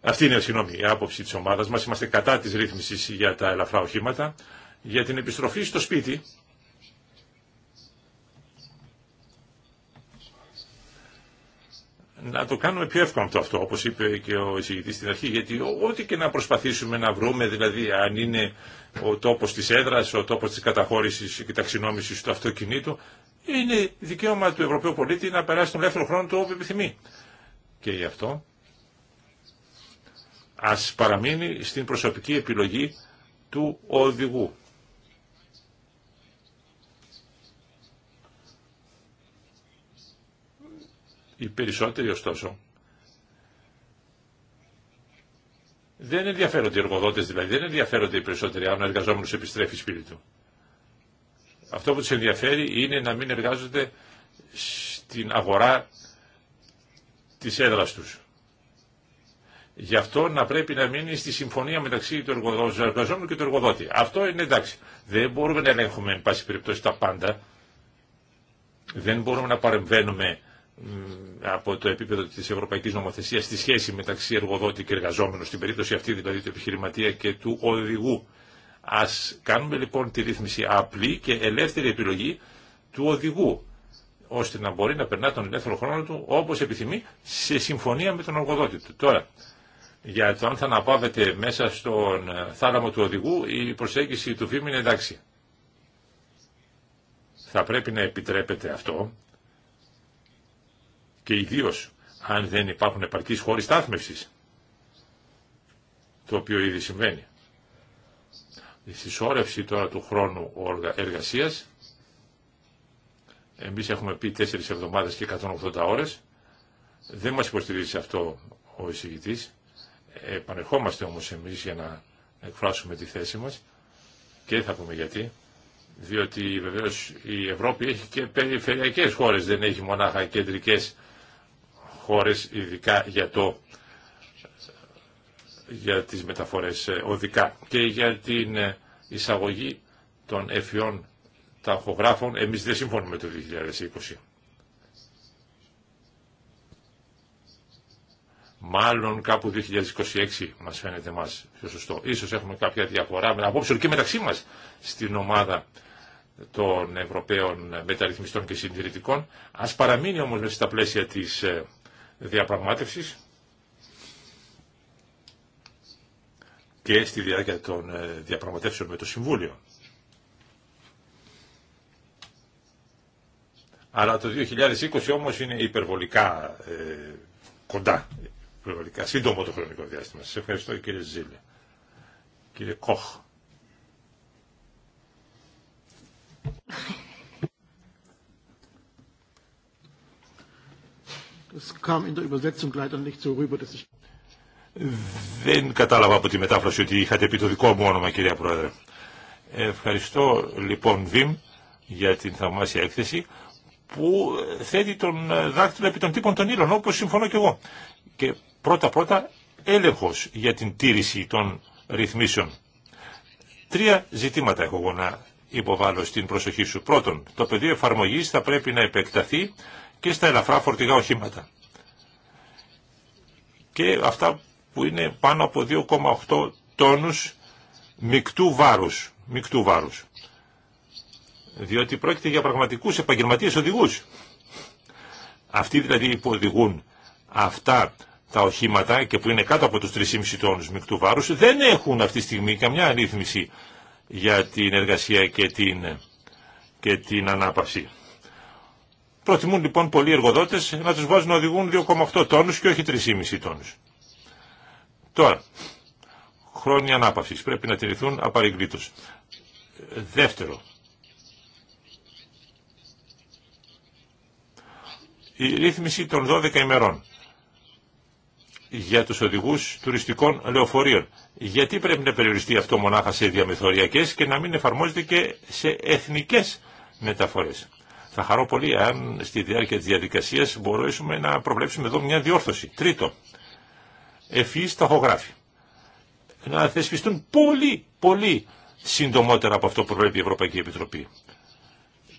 αυτή είναι συγγνώμη, η άποψη της ομάδας μας. Είμαστε κατά της ρύθμισης για τα ελαφρά οχήματα. Για την επιστροφή στο σπίτι να το κάνουμε πιο εύκολο αυτό, όπως είπε και ο εισηγητής στην αρχή, γιατί ό,τι και να προσπαθήσουμε να βρούμε, δηλαδή αν είναι ο τόπος της έδρας, ο τόπος της καταχώρησης και ταξινόμησης του αυτοκινήτου, είναι δικαίωμα του Ευρωπαίου πολίτη να περάσει τον ελεύθερο χρόνο του όπου επιθυμεί. Και γι' αυτό ας παραμείνει στην προσωπική επιλογή του οδηγού. Οι περισσότεροι ωστόσο δεν ενδιαφέρονται οι εργοδότες δηλαδή, δεν ενδιαφέρονται οι περισσότεροι αν ο εργαζόμενος επιστρέφει σπίτι του. Αυτό που τους ενδιαφέρει είναι να μην εργάζονται στην αγορά της έδρας τους. Γι' αυτό να πρέπει να μείνει στη συμφωνία μεταξύ του εργαζόμενου και του εργοδότη. Αυτό είναι εντάξει. Δεν μπορούμε να ελέγχουμε, εν πάση περιπτώσει, τα πάντα. Δεν μπορούμε να παρεμβαίνουμε από το επίπεδο της ευρωπαϊκής Νομοθεσία στη σχέση μεταξύ εργοδότη και εργαζόμενου, στην περίπτωση αυτή δηλαδή του επιχειρηματία και του οδηγού. Ας κάνουμε λοιπόν τη ρύθμιση απλή και ελεύθερη επιλογή του οδηγού, ώστε να μπορεί να περνά τον ελεύθερο χρόνο του όπως επιθυμεί σε συμφωνία με τον εργοδότη του. Τώρα, για το αν θα αναπαύεται μέσα στον ε, θάλαμο του οδηγού, η προσέγγιση του βήμη είναι εντάξει. Θα πρέπει να επιτρέπεται αυτό και ιδίω αν δεν υπάρχουν επαρκείς χώροι στάθμευσης, το οποίο ήδη συμβαίνει. Η συσσόρευση τώρα του χρόνου εργασίας, εμείς έχουμε πει 4 εβδομάδες και 180 ώρες, δεν μας υποστηρίζει αυτό ο εισηγητής, επανερχόμαστε όμως εμείς για να εκφράσουμε τη θέση μας και θα πούμε γιατί, διότι βεβαίως η Ευρώπη έχει και περιφερειακές χώρες, δεν έχει μονάχα κεντρικές χώρες, ειδικά για, το, για τις μεταφορές ε, οδικά και για την ε, εισαγωγή των εφιών ταχογράφων. Εμείς δεν συμφωνούμε το 2020. Μάλλον κάπου 2026 μας φαίνεται μας πιο σωστό. Ίσως έχουμε κάποια διαφορά με απόψε και μεταξύ μας στην ομάδα των Ευρωπαίων Μεταρρυθμιστών και Συντηρητικών. Ας παραμείνει όμως μέσα στα πλαίσια της ε, διαπραγμάτευσης και στη διάρκεια των ε, διαπραγματεύσεων με το Συμβούλιο. Αλλά το 2020 όμως είναι υπερβολικά ε, κοντά, υπερβολικά σύντομο το χρονικό διάστημα. Σας ευχαριστώ κύριε Ζήλε. Κύριε Κόχ. Δεν κατάλαβα από τη μετάφραση ότι είχατε πει το δικό μου όνομα, κυρία Πρόεδρε. Ευχαριστώ λοιπόν, Βιμ, για την θαυμάσια έκθεση που θέτει τον δάχτυλο επί των τύπων των Ήλων, όπως συμφωνώ και εγώ. Και πρώτα-πρώτα έλεγχος για την τήρηση των ρυθμίσεων. Τρία ζητήματα έχω εγώ να υποβάλω στην προσοχή σου. Πρώτον, το πεδίο εφαρμογής θα πρέπει να επεκταθεί και στα ελαφρά φορτηγά οχήματα. Και αυτά που είναι πάνω από 2,8 τόνους μεικτού βάρους. Μικτού βάρους. Διότι πρόκειται για πραγματικούς επαγγελματίες οδηγούς. Αυτοί δηλαδή που οδηγούν αυτά τα οχήματα και που είναι κάτω από τους 3,5 τόνους μεικτού βάρους δεν έχουν αυτή τη στιγμή καμιά ρύθμιση για την εργασία και την, και την ανάπαυση. Προτιμούν λοιπόν πολλοί εργοδότε να τους βάζουν να οδηγούν 2,8 τόνους και όχι 3,5 τόνους. Τώρα, χρόνια ανάπαυσης πρέπει να τηρηθούν απαραίτητο. Δεύτερο, η ρύθμιση των 12 ημερών για τους οδηγούς τουριστικών λεωφορείων. Γιατί πρέπει να περιοριστεί αυτό μονάχα σε διαμεθοριακές και να μην εφαρμόζεται και σε εθνικές μεταφορές. Θα χαρώ πολύ αν στη διάρκεια της διαδικασίας μπορέσουμε να προβλέψουμε εδώ μια διόρθωση. Τρίτο, ευφυείς ταχογράφοι. Να θεσπιστούν πολύ, πολύ συντομότερα από αυτό που προβλέπει η Ευρωπαϊκή Επιτροπή.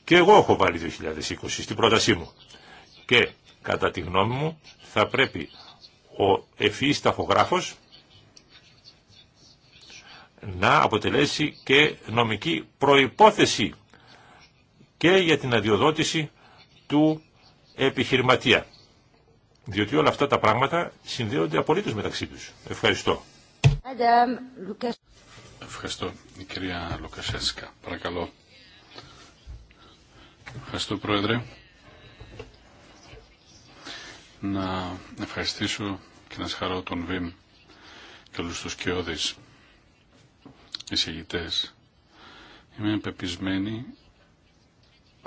Και εγώ έχω βάλει 2020 στην πρότασή μου. Και κατά τη γνώμη μου θα πρέπει ο ευφυής ταχογράφος να αποτελέσει και νομική προϋπόθεση και για την αδειοδότηση του επιχειρηματία. Διότι όλα αυτά τα πράγματα συνδέονται απολύτως μεταξύ τους. Ευχαριστώ. Ευχαριστώ, η κυρία Λουκασέσκα. Παρακαλώ. Ευχαριστώ, Πρόεδρε. Να ευχαριστήσω και να συγχαρώ τον Βιμ και όλους τους κοιόδης εισηγητές. Είμαι πεπισμένη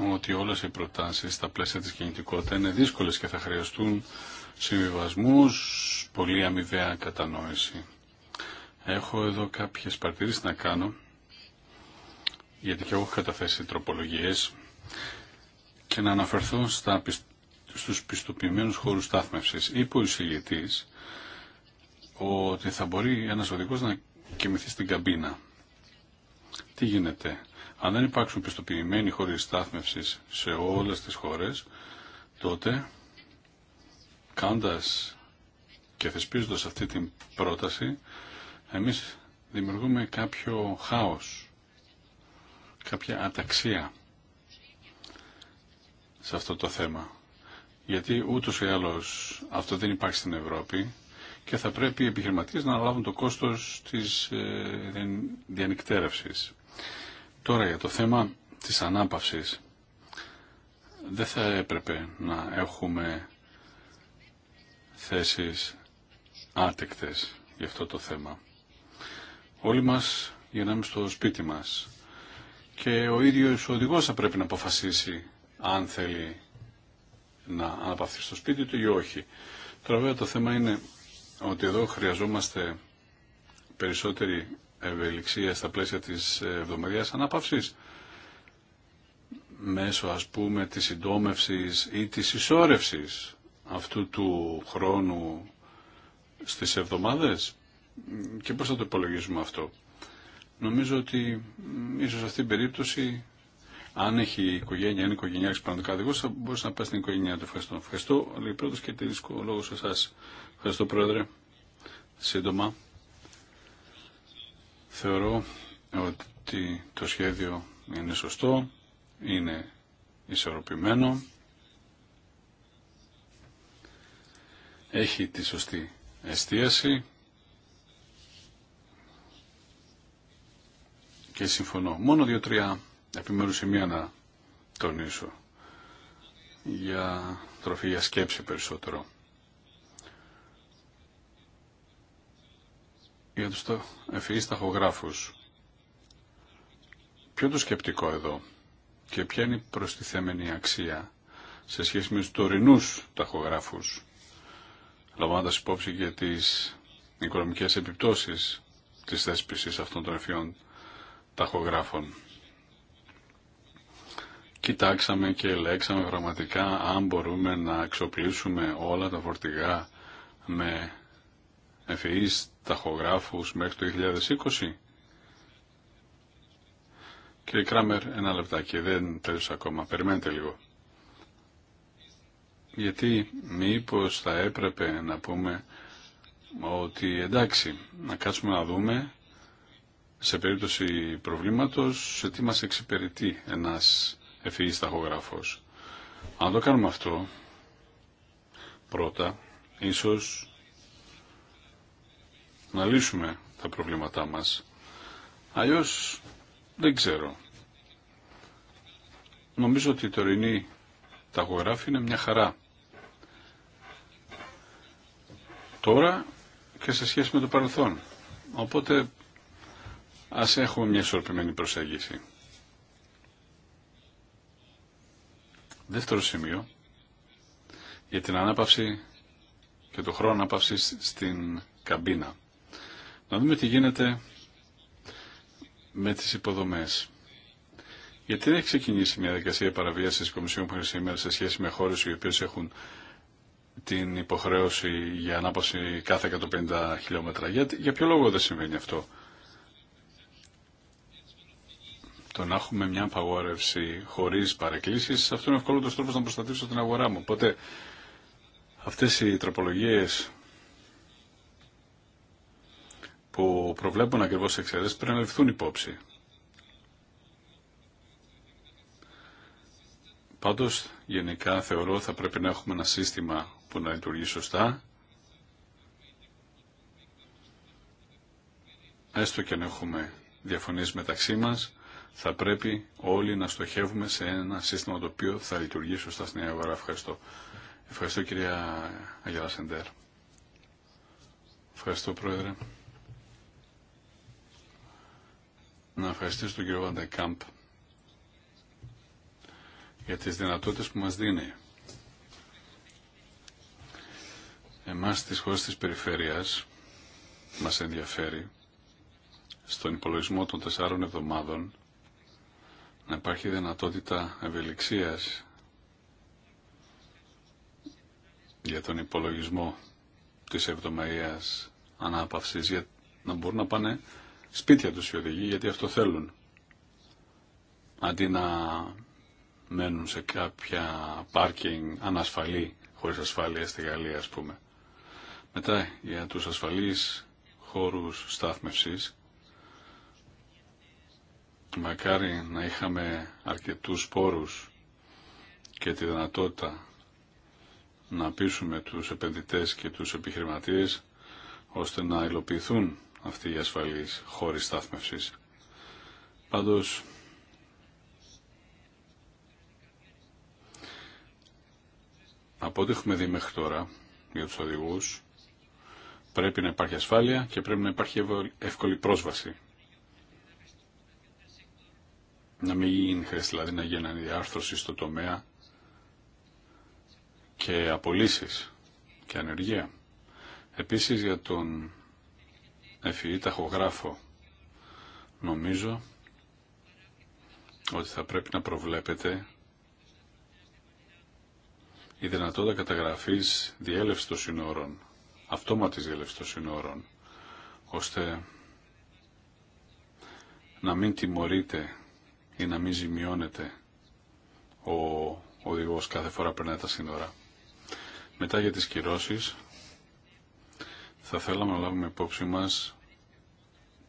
ότι όλες οι προτάσεις στα πλαίσια της κινητικότητα είναι δύσκολες και θα χρειαστούν συμβιβασμούς, πολύ αμοιβαία κατανόηση. Έχω εδώ κάποιες παρατηρήσεις να κάνω, γιατί και εγώ έχω καταθέσει τροπολογίες, και να αναφερθώ στα, στους πιστοποιημένους χώρους στάθμευσης. Είπε ο εισηγητής ότι θα μπορεί ένας οδηγός να κοιμηθεί στην καμπίνα. Τι γίνεται, αν δεν υπάρξουν πιστοποιημένοι χώροι στάθμευσης σε όλες τις χώρες, τότε κάνοντα και θεσπίζοντα αυτή την πρόταση, εμείς δημιουργούμε κάποιο χάο, κάποια αταξία σε αυτό το θέμα. Γιατί ούτως ή άλλως αυτό δεν υπάρχει στην Ευρώπη και θα πρέπει οι επιχειρηματίες να αναλάβουν το κόστος της ε, διανυκτέρευσης. Τώρα για το θέμα της ανάπαυσης. Δεν θα έπρεπε να έχουμε θέσεις άτεκτες για αυτό το θέμα. Όλοι μας γυρνάμε στο σπίτι μας και ο ίδιος ο οδηγός θα πρέπει να αποφασίσει αν θέλει να αναπαυθεί στο σπίτι του ή όχι. Τώρα βέβαια το θέμα είναι ότι εδώ χρειαζόμαστε περισσότερη ευελιξία στα πλαίσια της εβδομαδιαίας ανάπαυσης μέσω ας πούμε της συντόμευσης ή της ισόρευσης αυτού του χρόνου στις εβδομάδες και πώς θα το υπολογίζουμε αυτό. Νομίζω ότι ίσως αυτή την περίπτωση αν έχει η οικογένεια, είναι η οικογένεια έχει πραγματικά οδηγό, θα μπορούσε να πάει στην οικογένειά του. Ευχαριστώ. Ευχαριστώ, λέει πρώτο και τελικό λόγο εσά. Ευχαριστώ, Πρόεδρε. Σύντομα, Θεωρώ ότι το σχέδιο είναι σωστό, είναι ισορροπημένο, έχει τη σωστή εστίαση και συμφωνώ. Μόνο δύο-τρία επιμέρους σημεία να τονίσω για τροφή για σκέψη περισσότερο. για τους ευφυείς ταχογράφους. Ποιο το σκεπτικό εδώ και ποια είναι η προστιθέμενη αξία σε σχέση με τους τωρινούς ταχογράφους, λαμβάνοντας υπόψη και τις οικονομικές επιπτώσεις της θέσπισης αυτών των ευφυών ταχογράφων. Κοιτάξαμε και ελέξαμε πραγματικά αν μπορούμε να εξοπλίσουμε όλα τα φορτηγά με εφηείς ταχογράφους μέχρι το 2020. Κύριε Κράμερ, ένα λεπτάκι, δεν τέλειωσα ακόμα, περιμένετε λίγο. Γιατί μήπως θα έπρεπε να πούμε ότι εντάξει, να κάτσουμε να δούμε σε περίπτωση προβλήματος σε τι μας εξυπηρετεί ένας εφηείς ταχογράφος. Αν το κάνουμε αυτό, πρώτα, ίσως να λύσουμε τα προβλήματά μας. Αλλιώς δεν ξέρω. Νομίζω ότι η τωρινή ταγογράφη είναι μια χαρά. Τώρα και σε σχέση με το παρελθόν. Οπότε ας έχουμε μια ισορροπημένη προσέγγιση. Δεύτερο σημείο για την ανάπαυση και το χρόνο ανάπαυσης στην καμπίνα. Να δούμε τι γίνεται με τις υποδομές. Γιατί δεν έχει ξεκινήσει μια δικασία παραβίασης της Κομισιόν που σήμερα σε σχέση με χώρες οι οποίες έχουν την υποχρέωση για ανάπαση κάθε 150 χιλιόμετρα. Για, για ποιο λόγο δεν συμβαίνει αυτό. Το να έχουμε μια απαγόρευση χωρίς παρεκκλήσεις, αυτό είναι ο ευκολότερος τρόπος να προστατεύσω την αγορά μου. Οπότε αυτές οι τροπολογίες που προβλέπουν ακριβώς εξαιρέσεις πρέπει να ληφθούν υπόψη. Πάντως, γενικά θεωρώ θα πρέπει να έχουμε ένα σύστημα που να λειτουργεί σωστά, έστω και αν έχουμε διαφωνίες μεταξύ μας, θα πρέπει όλοι να στοχεύουμε σε ένα σύστημα το οποίο θα λειτουργεί σωστά στην αγορά. Ευχαριστώ. Ευχαριστώ κυρία Αγιαλά Σεντέρ. Ευχαριστώ πρόεδρε. να ευχαριστήσω τον κύριο Βαντεκάμπ για τις δυνατότητες που μας δίνει. Εμάς στις χώρες της περιφέρειας μας ενδιαφέρει στον υπολογισμό των τεσσάρων εβδομάδων να υπάρχει δυνατότητα ευελιξίας για τον υπολογισμό της εβδομαίας ανάπαυσης για να μπορούν να πάνε σπίτια τους οι οδηγοί γιατί αυτό θέλουν. Αντί να μένουν σε κάποια πάρκινγκ ανασφαλή, χωρίς ασφάλεια στη Γαλλία ας πούμε. Μετά για τους ασφαλείς χώρους στάθμευσης, μακάρι να είχαμε αρκετούς πόρους και τη δυνατότητα να πείσουμε τους επενδυτές και τους επιχειρηματίες ώστε να υλοποιηθούν αυτή η ασφαλείς χώρη στάθμευσης. Πάντως, από ό,τι έχουμε δει μέχρι τώρα για τους οδηγούς, πρέπει να υπάρχει ασφάλεια και πρέπει να υπάρχει εύκολη πρόσβαση. Να μην χρειάζεται δηλαδή να γίνει διάρθρωση στο τομέα και απολύσεις και ανεργία. Επίσης για τον ευφυή ταχογράφο. Νομίζω ότι θα πρέπει να προβλέπετε η δυνατότητα καταγραφής διέλευση των συνόρων, αυτόματης διέλευση των συνόρων, ώστε να μην τιμωρείτε ή να μην ζημιώνεται ο οδηγός κάθε φορά περνάει τα σύνορα. Μετά για τις κυρώσεις, θα θέλαμε να λάβουμε υπόψη μας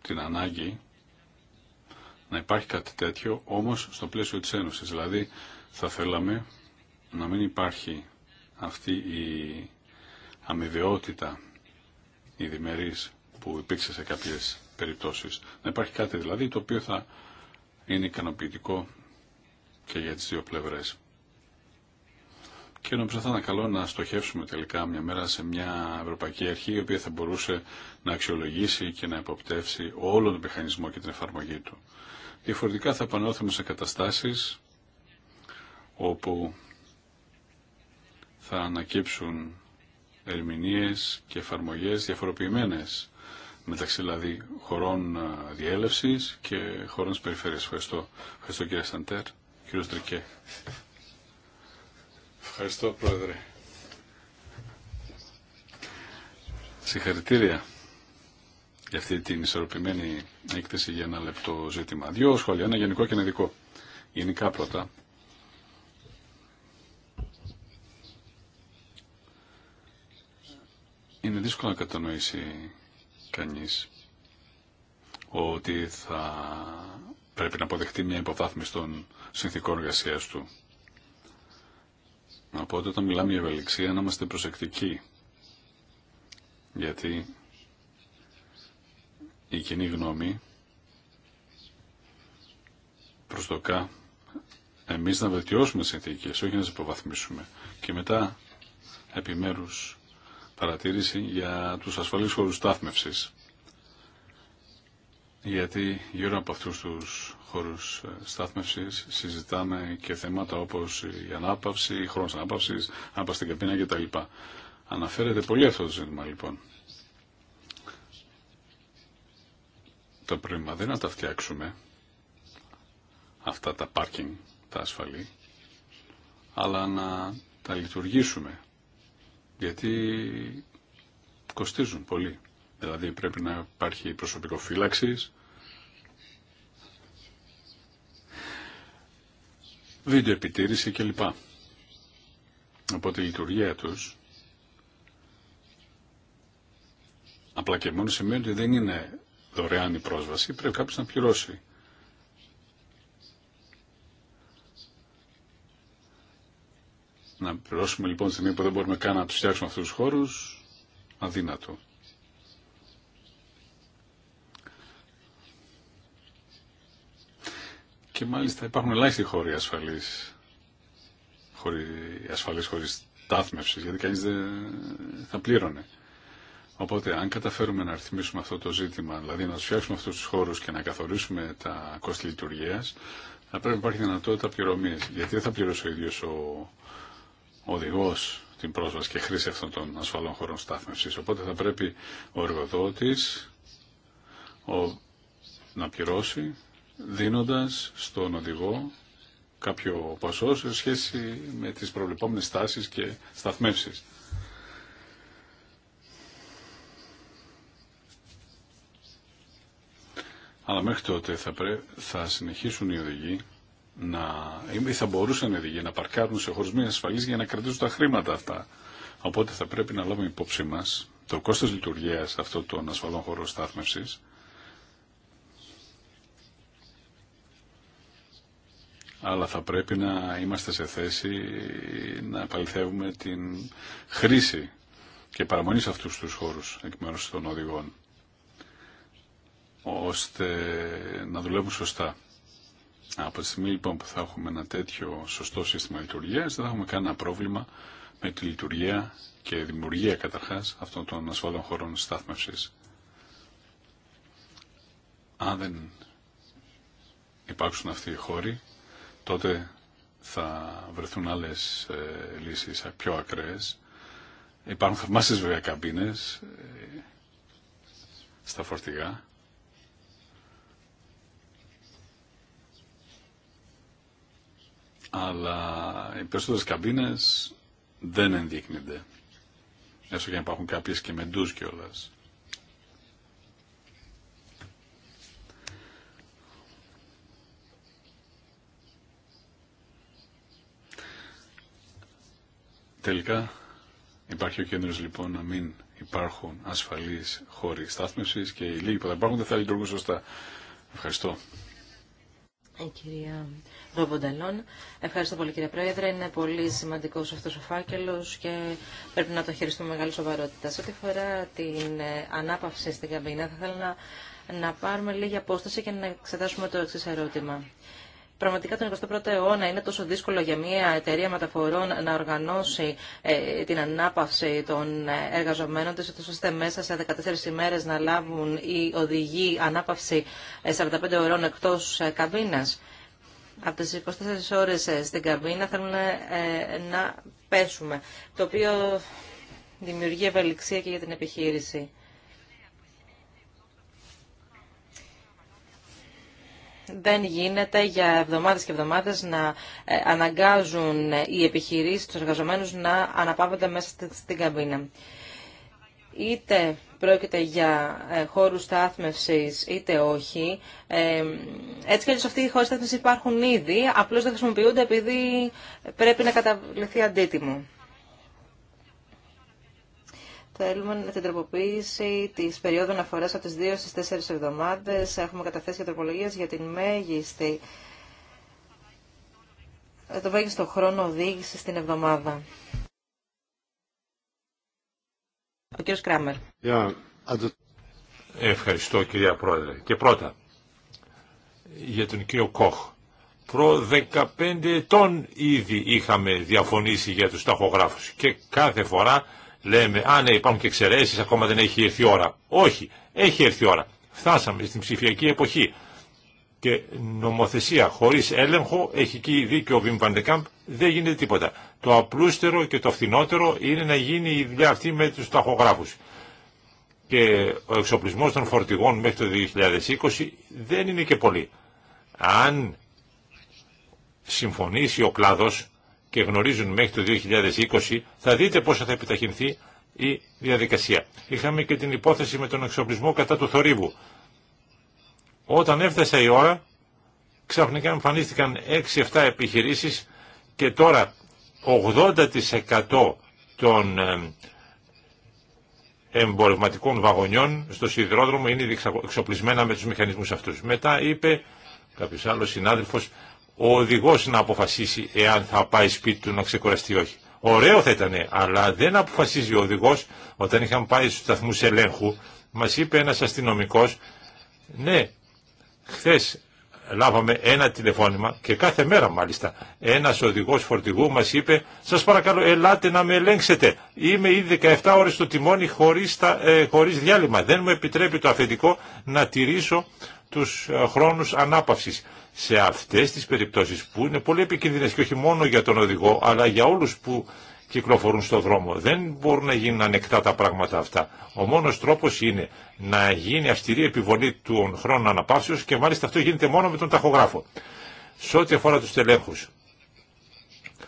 την ανάγκη να υπάρχει κάτι τέτοιο, όμως στο πλαίσιο της Ένωσης. Δηλαδή, θα θέλαμε να μην υπάρχει αυτή η αμοιβαιότητα, η διμερής που υπήρξε σε κάποιες περιπτώσεις. Να υπάρχει κάτι δηλαδή το οποίο θα είναι ικανοποιητικό και για τις δύο πλευρές. Και νομίζω θα ήταν καλό να στοχεύσουμε τελικά μια μέρα σε μια ευρωπαϊκή αρχή η οποία θα μπορούσε να αξιολογήσει και να υποπτεύσει όλο τον μηχανισμό και την εφαρμογή του. Διαφορετικά θα επανέλθουμε σε καταστάσεις όπου θα ανακύψουν ερμηνείες και εφαρμογές διαφοροποιημένες μεταξύ δηλαδή χωρών ε, διέλευσης και χωρών της περιφέρειας. Ευχαριστώ. Ευχαριστώ κύριε Σαντέρ. Κύριος Δρικέ. Ευχαριστώ, Πρόεδρε. Συγχαρητήρια για αυτή την ισορροπημένη έκθεση για ένα λεπτό ζήτημα. Δύο σχόλια, ένα γενικό και ένα ειδικό. Γενικά πρώτα. Είναι δύσκολο να κατανοήσει κανείς ότι θα πρέπει να αποδεχτεί μια υποβάθμιση των συνθήκων εργασία του. Οπότε όταν μιλάμε για ευελιξία να είμαστε προσεκτικοί. Γιατί η κοινή γνώμη προσδοκά εμείς να βελτιώσουμε συνθήκες, όχι να τις υποβαθμίσουμε. Και μετά επιμέρους παρατήρηση για τους ασφαλείς χώρους στάθμευσης γιατί γύρω από αυτούς τους χώρους ε, στάθμευσης συζητάμε και θέματα όπως η ανάπαυση, η χρόνος ανάπαυσης, ανάπαυση στην καπίνα κτλ. Αναφέρεται πολύ αυτό το ζήτημα λοιπόν. Το πρόβλημα δεν είναι να τα φτιάξουμε αυτά τα πάρκινγκ, τα ασφαλή, αλλά να τα λειτουργήσουμε, γιατί κοστίζουν πολύ. Δηλαδή πρέπει να υπάρχει προσωπικό φύλαξης. Βίντεο επιτήρηση κλπ. Οπότε η λειτουργία τους απλά και μόνο σημαίνει ότι δεν είναι δωρεάν η πρόσβαση, πρέπει κάποιος να πληρώσει. Να πληρώσουμε λοιπόν τη στιγμή που δεν μπορούμε καν να τους φτιάξουμε αυτούς τους χώρους, αδύνατο. Και μάλιστα υπάρχουν ελάχιστοι χώροι ασφαλής, χώροι ασφαλής χωρίς γιατί κανείς δεν θα πλήρωνε. Οπότε, αν καταφέρουμε να ρυθμίσουμε αυτό το ζήτημα, δηλαδή να φτιάξουμε αυτού του χώρου και να καθορίσουμε τα κόστη λειτουργία, θα πρέπει να υπάρχει δυνατότητα πληρωμή. Γιατί δεν θα πληρώσει ο ίδιο ο οδηγό την πρόσβαση και χρήση αυτών των ασφαλών χωρών στάθμευση. Οπότε θα πρέπει ο εργοδότη ο... να πληρώσει δίνοντας στον οδηγό κάποιο ποσό σε σχέση με τις προβλεπόμενες τάσεις και σταθμεύσεις. Αλλά μέχρι τότε θα, θα συνεχίσουν οι οδηγοί να, ή θα μπορούσαν οι οδηγοί να παρκάρουν σε χώρους μη ασφαλής για να κρατήσουν τα χρήματα αυτά. Οπότε θα πρέπει να λάβουμε υπόψη μας το κόστος λειτουργίας αυτών των ασφαλών χωρών στάθμευσης αλλά θα πρέπει να είμαστε σε θέση να παληθεύουμε την χρήση και παραμονή σε αυτούς τους χώρους εκ μέρους των οδηγών ώστε να δουλεύουν σωστά. Από τη στιγμή λοιπόν που θα έχουμε ένα τέτοιο σωστό σύστημα λειτουργία, δεν θα έχουμε κανένα πρόβλημα με τη λειτουργία και δημιουργία καταρχάς αυτών των ασφαλών χωρών στάθμευση. Αν δεν υπάρξουν αυτοί οι χώροι τότε θα βρεθούν άλλες ε, λύσεις ε, πιο ακραίες. Υπάρχουν θερμάσεις βέβαια καμπίνες ε, στα φορτηγά. Αλλά οι περισσότερες καμπίνες δεν ενδείκνυνται. Έστω και να υπάρχουν κάποιες και μεντούς κιόλας. Τελικά υπάρχει ο κίνδυνος λοιπόν να μην υπάρχουν ασφαλείς χώροι στάθμευσης και οι λίγοι που θα υπάρχουν δεν θα λειτουργούν σωστά. Ευχαριστώ. Ε, κυρία Ρομπονταλόν. Ευχαριστώ πολύ κύριε Πρόεδρε. Είναι πολύ σημαντικός αυτός ο φάκελος και πρέπει να το χειριστούμε με μεγάλη σοβαρότητα. Σε ό,τι φορά την ε, ανάπαυση στην καμπίνα θα ήθελα να, να πάρουμε λίγη απόσταση και να εξετάσουμε το εξή ερώτημα. Πραγματικά τον 21ο αιώνα είναι τόσο δύσκολο για μια εταιρεία μεταφορών να οργανώσει ε, την ανάπαυση των ε, εργαζομένων τη ώστε μέσα σε 14 ημέρες να λάβουν οι οδηγοί ανάπαυση 45 ε, ώρων εκτός καμπίνας. Από τις 24 ώρες στην καμπίνα θέλουν να πέσουμε, το οποίο δημιουργεί ευελιξία και για την επιχείρηση. δεν γίνεται για εβδομάδες και εβδομάδες να ε, αναγκάζουν οι επιχειρήσεις, τους εργαζομένους να αναπαύονται μέσα στην καμπίνα. Είτε πρόκειται για ε, χώρους στάθμευσης είτε όχι, ε, έτσι και αυτοί οι χώροι στάθμευσης υπάρχουν ήδη, απλώς δεν χρησιμοποιούνται επειδή πρέπει να καταβληθεί αντίτιμο. Θέλουμε την τροποποίηση τη περίοδου αναφορά από τι 2 στι 4 εβδομάδε. Έχουμε καταθέσει τροπολογίε για την μέγιστη, το μέγιστο χρόνο οδήγηση στην εβδομάδα. Ο κύριος Κράμερ. Ευχαριστώ κυρία Πρόεδρε. Και πρώτα, για τον κύριο Κοχ. Προ 15 ετών ήδη είχαμε διαφωνήσει για τους ταχογράφους και κάθε φορά λέμε «Α, ναι, υπάρχουν και εξαιρέσεις, ακόμα δεν έχει έρθει η ώρα». Όχι, έχει έρθει η ώρα. Φτάσαμε στην ψηφιακή εποχή. Και νομοθεσία χωρίς έλεγχο, έχει εκεί δίκιο ο Βιμ δεν γίνεται τίποτα. Το απλούστερο και το φθηνότερο είναι να γίνει η δουλειά αυτή με τους ταχογράφους. Και ο εξοπλισμός των φορτηγών μέχρι το 2020 δεν είναι και πολύ. Αν συμφωνήσει ο κλάδος και γνωρίζουν μέχρι το 2020, θα δείτε πόσο θα επιταχυνθεί η διαδικασία. Είχαμε και την υπόθεση με τον εξοπλισμό κατά του θορύβου. Όταν έφτασε η ώρα, ξαφνικά εμφανίστηκαν 6-7 επιχειρήσεις και τώρα 80% των ε, εμπορευματικών βαγονιών στο σιδηρόδρομο είναι εξοπλισμένα με τους μηχανισμούς αυτούς. Μετά είπε κάποιος άλλος συνάδελφος ο οδηγός να αποφασίσει εάν θα πάει σπίτι του να ξεκουραστεί ή όχι. Ωραίο θα ήταν, αλλά δεν αποφασίζει ο οδηγός. Όταν είχαμε πάει στους σταθμούς ελέγχου, μας είπε ένας αστυνομικός, ναι, χθες λάβαμε ένα τηλεφώνημα και κάθε μέρα μάλιστα ένας οδηγός φορτηγού μας είπε σας παρακαλώ ελάτε να με ελέγξετε είμαι ήδη 17 ώρες στο τιμόνι χωρίς, ε, χωρίς διάλειμμα δεν μου επιτρέπει το αφεντικό να τηρήσω τους ε, χρόνους ανάπαυσης. Σε αυτές τις περιπτώσεις που είναι πολύ επικίνδυνες και όχι μόνο για τον οδηγό αλλά για όλους που κυκλοφορούν στον δρόμο. Δεν μπορούν να γίνουν ανεκτά τα πράγματα αυτά. Ο μόνος τρόπος είναι να γίνει αυστηρή επιβολή του χρόνου αναπαύσεως και μάλιστα αυτό γίνεται μόνο με τον ταχογράφο. Σε ό,τι αφορά τους τελέχους,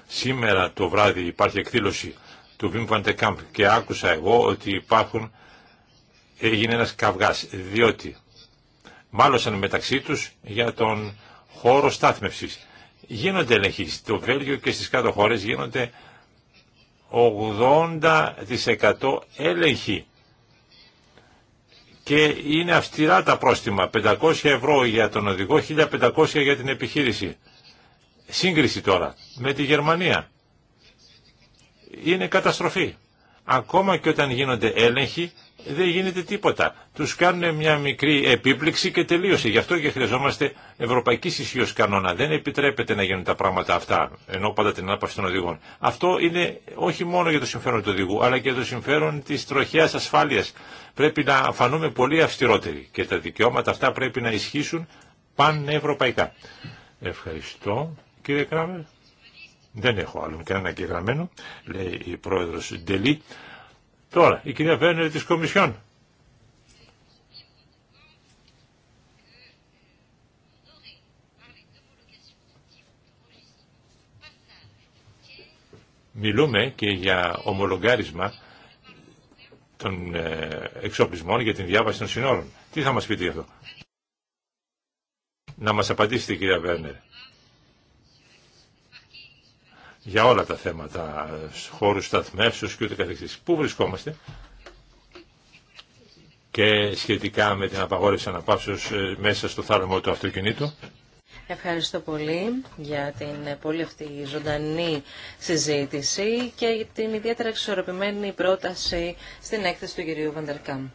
σήμερα το βράδυ υπάρχει εκδήλωση του Βιμ και άκουσα εγώ ότι υπάρχουν, έγινε ένας καυγάς, διότι μάλωσαν μεταξύ τους για τον χώρο στάθμευσης. Γίνονται ελεγχοί. Στο Βέλγιο και στις κάτω χώρες γίνονται 80% έλεγχοι. Και είναι αυστηρά τα πρόστιμα. 500 ευρώ για τον οδηγό, 1500 για την επιχείρηση. Σύγκριση τώρα με τη Γερμανία. Είναι καταστροφή. Ακόμα και όταν γίνονται έλεγχοι δεν γίνεται τίποτα. Τους κάνουν μια μικρή επίπληξη και τελείωσε. Γι' αυτό και χρειαζόμαστε ευρωπαϊκή ισχύω κανόνα. Δεν επιτρέπεται να γίνουν τα πράγματα αυτά, ενώ πάντα την ανάπαυση των οδηγών. Αυτό είναι όχι μόνο για το συμφέρον του οδηγού, αλλά και για το συμφέρον της τροχέας ασφάλειας. Πρέπει να φανούμε πολύ αυστηρότεροι και τα δικαιώματα αυτά πρέπει να ισχύσουν πανευρωπαϊκά. Ευχαριστώ. Κύριε Κράμερ, δεν έχω άλλον κανένα γραμμένο, λέει η πρόεδρος Ντελή. Τώρα, η κυρία Βέρνερ της Κομισιόν. Μιλούμε και για ομολογάρισμα των ε, εξοπλισμών για την διάβαση των συνόρων. Τι θα μας πείτε γι' αυτό. Να μας απαντήσετε κυρία Βέρνερ για όλα τα θέματα, χώρους σταθμεύσεως και ούτε καθεξής. Πού βρισκόμαστε και σχετικά με την απαγόρευση αναπαύσεως ε, μέσα στο θάλαμο του αυτοκινήτου. Ευχαριστώ πολύ για την πολύ αυτή ζωντανή συζήτηση και την ιδιαίτερα εξορροπημένη πρόταση στην έκθεση του κυρίου Βαντερκάμπ.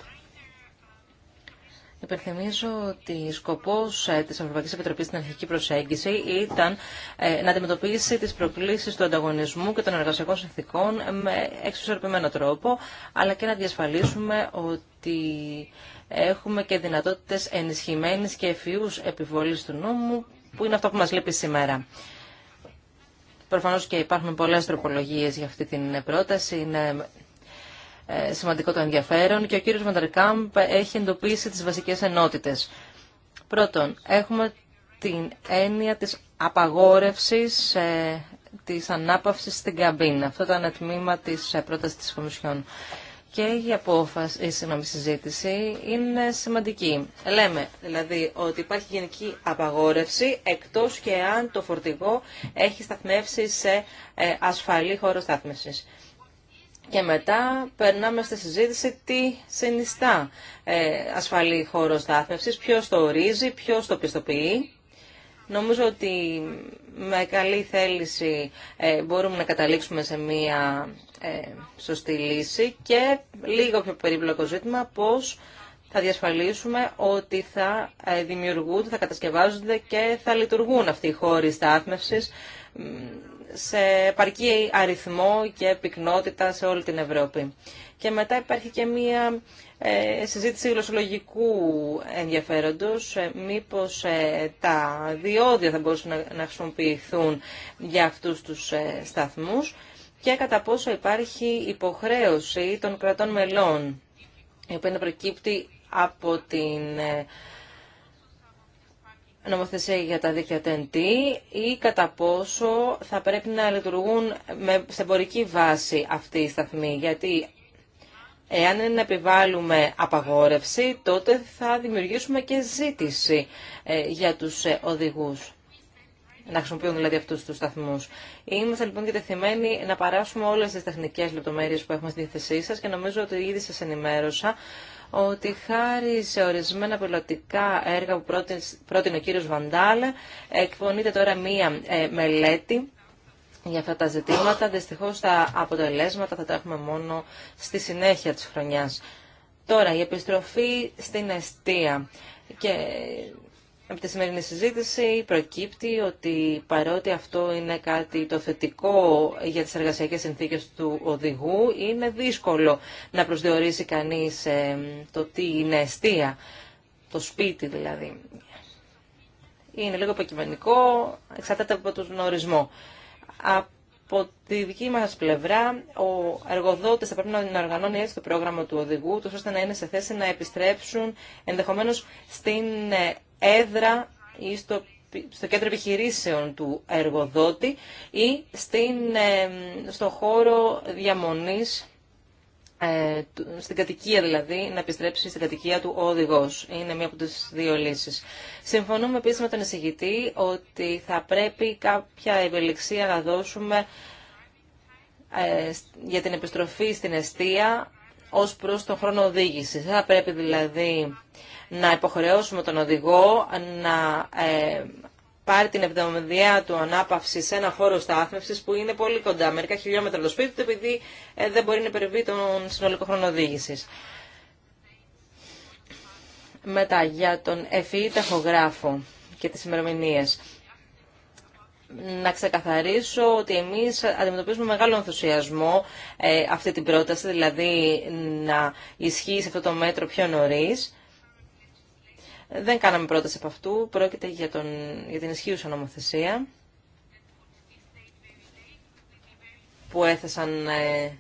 Υπενθυμίζω ότι σκοπός ε, της Ευρωπαϊκή Επιτροπής στην αρχική προσέγγιση ήταν ε, να αντιμετωπίσει τις προκλήσεις του ανταγωνισμού και των εργασιακών συνθήκων με εξισορροπημένο τρόπο, αλλά και να διασφαλίσουμε ότι έχουμε και δυνατότητες ενισχυμένης και ευφυού επιβολής του νόμου, που είναι αυτό που μας λείπει σήμερα. Προφανώ και υπάρχουν πολλέ τροπολογίε για αυτή την πρόταση. Είναι ε, σημαντικό το ενδιαφέρον και ο κύριος Βαντερκάμπ έχει εντοπίσει τις βασικές ενότητες. Πρώτον, έχουμε την έννοια της απαγόρευσης ε, της ανάπαυσης στην καμπίνα. Αυτό ήταν ένα τμήμα της ε, πρότασης της Κομισιόν. Και η, απόφαση, η συζήτηση είναι σημαντική. Λέμε δηλαδή ότι υπάρχει γενική απαγόρευση εκτός και αν το φορτηγό έχει σταθμεύσει σε ασφαλή χώρο στάθμευσης. Και μετά περνάμε στη συζήτηση τι συνιστά ε, ασφαλή χώρο στάθμευσης, ποιος το ορίζει, ποιος το πιστοποιεί. Νομίζω ότι με καλή θέληση ε, μπορούμε να καταλήξουμε σε μία ε, σωστή λύση και λίγο πιο περίπλοκο ζήτημα πώς θα διασφαλίσουμε ότι θα ε, δημιουργούνται, θα κατασκευάζονται και θα λειτουργούν αυτοί οι χώροι στάθμευσης σε επαρκή αριθμό και πυκνότητα σε όλη την Ευρώπη. Και μετά υπάρχει και μία ε, συζήτηση γλωσσολογικού ενδιαφέροντος, ε, μήπως ε, τα διόδια θα μπορούσαν να χρησιμοποιηθούν για αυτούς τους σταθμούς και κατά πόσο υπάρχει υποχρέωση των κρατών μελών, η οποία προκύπτει από την νομοθεσία για τα δίκτυα TNT ή κατά πόσο θα πρέπει να λειτουργούν με, σε εμπορική βάση αυτοί οι σταθμοί. Γιατί εάν είναι να επιβάλλουμε απαγόρευση, τότε θα δημιουργήσουμε και ζήτηση ε, για τους ε, οδηγούς. Να χρησιμοποιούν δηλαδή αυτού του σταθμού. Είμαστε λοιπόν διατεθειμένοι να παράσουμε όλε τι τεχνικέ λεπτομέρειε που έχουμε στη θέση σα και νομίζω ότι ήδη σα ενημέρωσα ότι χάρη σε ορισμένα πιλωτικά έργα που πρότεινε ο κύριος Βαντάλε, εκπονείται τώρα μία ε, μελέτη για αυτά τα ζητήματα. Δυστυχώς τα αποτελέσματα θα τα έχουμε μόνο στη συνέχεια της χρονιάς. Τώρα, η επιστροφή στην αιστεία. Και από τη σημερινή συζήτηση προκύπτει ότι παρότι αυτό είναι κάτι το θετικό για τις εργασιακές συνθήκες του οδηγού, είναι δύσκολο να προσδιορίσει κανείς ε, το τι είναι αιστεία, το σπίτι δηλαδή. Είναι λίγο υποκειμενικό, εξαρτάται από τον ορισμό. Από τη δική μας πλευρά, ο εργοδότης θα πρέπει να οργανώνει έτσι το πρόγραμμα του οδηγού, ώστε να είναι σε θέση να επιστρέψουν ενδεχομένως στην ε, έδρα ή στο, κέντρο επιχειρήσεων του εργοδότη ή στην, στο χώρο διαμονής, ε, στην κατοικία δηλαδή, να επιστρέψει στην κατοικία του ο οδηγός. Είναι μία από τις δύο λύσεις. Συμφωνούμε επίσης με τον εισηγητή ότι θα πρέπει κάποια ευελιξία να δώσουμε ε, για την επιστροφή στην αιστεία ως προς τον χρόνο οδήγησης. θα πρέπει δηλαδή να υποχρεώσουμε τον οδηγό να ε, πάρει την εβδομαδιαία του ανάπαυση σε ένα χώρο στάθμευση που είναι πολύ κοντά, μερικά χιλιόμετρα το σπίτι του, επειδή ε, δεν μπορεί να υπερβεί τον συνολικό χρόνο οδήγηση. Μετά, για τον ευφυή e ταχογράφο και τις ημερομηνίε. Να ξεκαθαρίσω ότι εμείς αντιμετωπίζουμε μεγάλο ενθουσιασμό ε, αυτή την πρόταση, δηλαδή να ισχύει σε αυτό το μέτρο πιο νωρίς. Δεν κάναμε πρόταση από αυτού. Πρόκειται για, τον, για την ισχύουσα νομοθεσία που έθεσαν ε,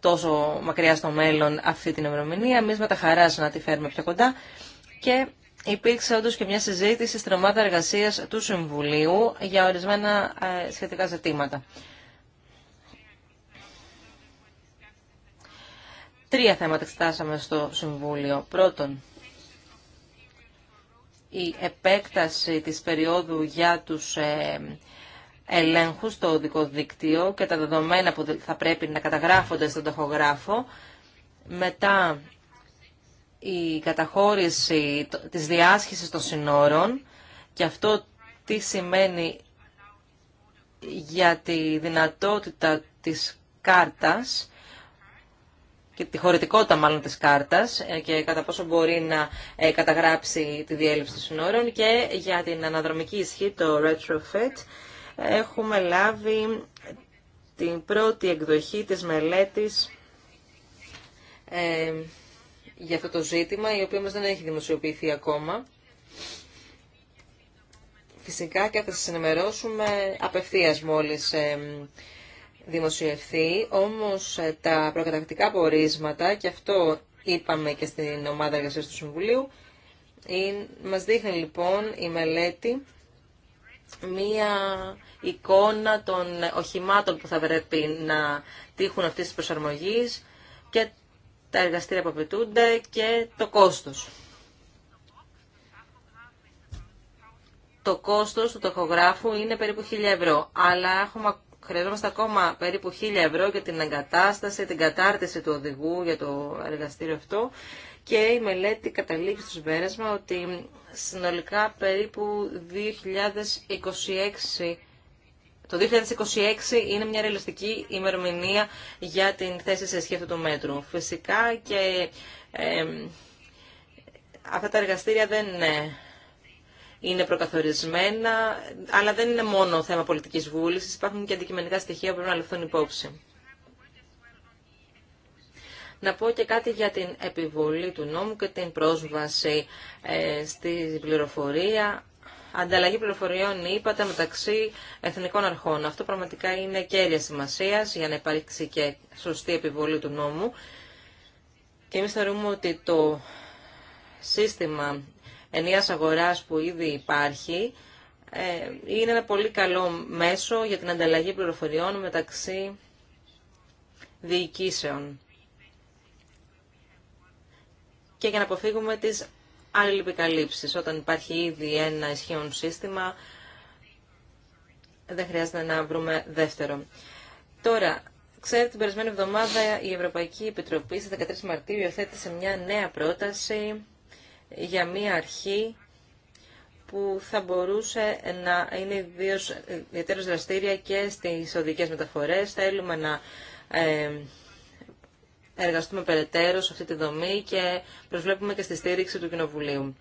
τόσο μακριά στο μέλλον αυτή την ημερομηνία. Εμεί με τα χαρά να τη φέρουμε πιο κοντά. Και υπήρξε όντω και μια συζήτηση στην ομάδα εργασία του Συμβουλίου για ορισμένα ε, σχετικά ζητήματα. Τρία θέματα εξετάσαμε στο Συμβούλιο. Πρώτον, η επέκταση της περίοδου για τους ε, ελέγχου στο οδικό δίκτυο και τα δεδομένα που θα πρέπει να καταγράφονται στον τοχογράφο. Μετά η καταχώρηση της διάσχησης των συνόρων και αυτό τι σημαίνει για τη δυνατότητα της κάρτας και τη χωρητικότητα μάλλον της κάρτας ε, και κατά πόσο μπορεί να ε, καταγράψει τη διέλευση των συνόρων και για την αναδρομική ισχύ, το retrofit, έχουμε λάβει την πρώτη εκδοχή της μελέτης ε, για αυτό το ζήτημα, η οποία μας δεν έχει δημοσιοποιηθεί ακόμα. Φυσικά και θα σας ενημερώσουμε απευθείας μόλις ε, δημοσιευθεί, όμως ε, τα προκατακτικά πορίσματα, και αυτό είπαμε και στην ομάδα εργασίας του Συμβουλίου, μας δείχνει λοιπόν η μελέτη μία εικόνα των οχημάτων που θα πρέπει να τύχουν αυτής της προσαρμογής και τα εργαστήρια που απαιτούνται και το κόστος. Το κόστος του τοχογράφου είναι περίπου 1000 ευρώ, αλλά έχουμε χρειαζόμαστε ακόμα περίπου 1.000 ευρώ για την εγκατάσταση, την κατάρτιση του οδηγού για το εργαστήριο αυτό και η μελέτη καταλήγει στο συμπέρασμα ότι συνολικά περίπου 2026 το 2026 είναι μια ρεαλιστική ημερομηνία για την θέση σε σχέση του μέτρου. Φυσικά και ε, αυτά τα εργαστήρια δεν είναι είναι προκαθορισμένα, αλλά δεν είναι μόνο θέμα πολιτικής βούλησης, υπάρχουν και αντικειμενικά στοιχεία που πρέπει να ληφθούν υπόψη. Να πω και κάτι για την επιβολή του νόμου και την πρόσβαση ε, στη πληροφορία. Ανταλλαγή πληροφοριών, είπατε, μεταξύ εθνικών αρχών. Αυτό πραγματικά είναι κέρια σημασία για να υπάρξει και σωστή επιβολή του νόμου. Και εμεί θεωρούμε ότι το σύστημα ενίας αγοράς που ήδη υπάρχει ε, είναι ένα πολύ καλό μέσο για την ανταλλαγή πληροφοριών μεταξύ διοικήσεων και για να αποφύγουμε τις αλληλεπικαλύψεις. Όταν υπάρχει ήδη ένα ισχύον σύστημα, δεν χρειάζεται να βρούμε δεύτερο. Τώρα, ξέρετε, την περασμένη εβδομάδα η Ευρωπαϊκή Επιτροπή στις 13 Μαρτίου υιοθέτησε μια νέα πρόταση για μία αρχή που θα μπορούσε να είναι ιδίως ιδιαίτερως δραστήρια και στις οδικές μεταφορές. Θέλουμε να ε, εργαστούμε περαιτέρω σε αυτή τη δομή και προσβλέπουμε και στη στήριξη του Κοινοβουλίου.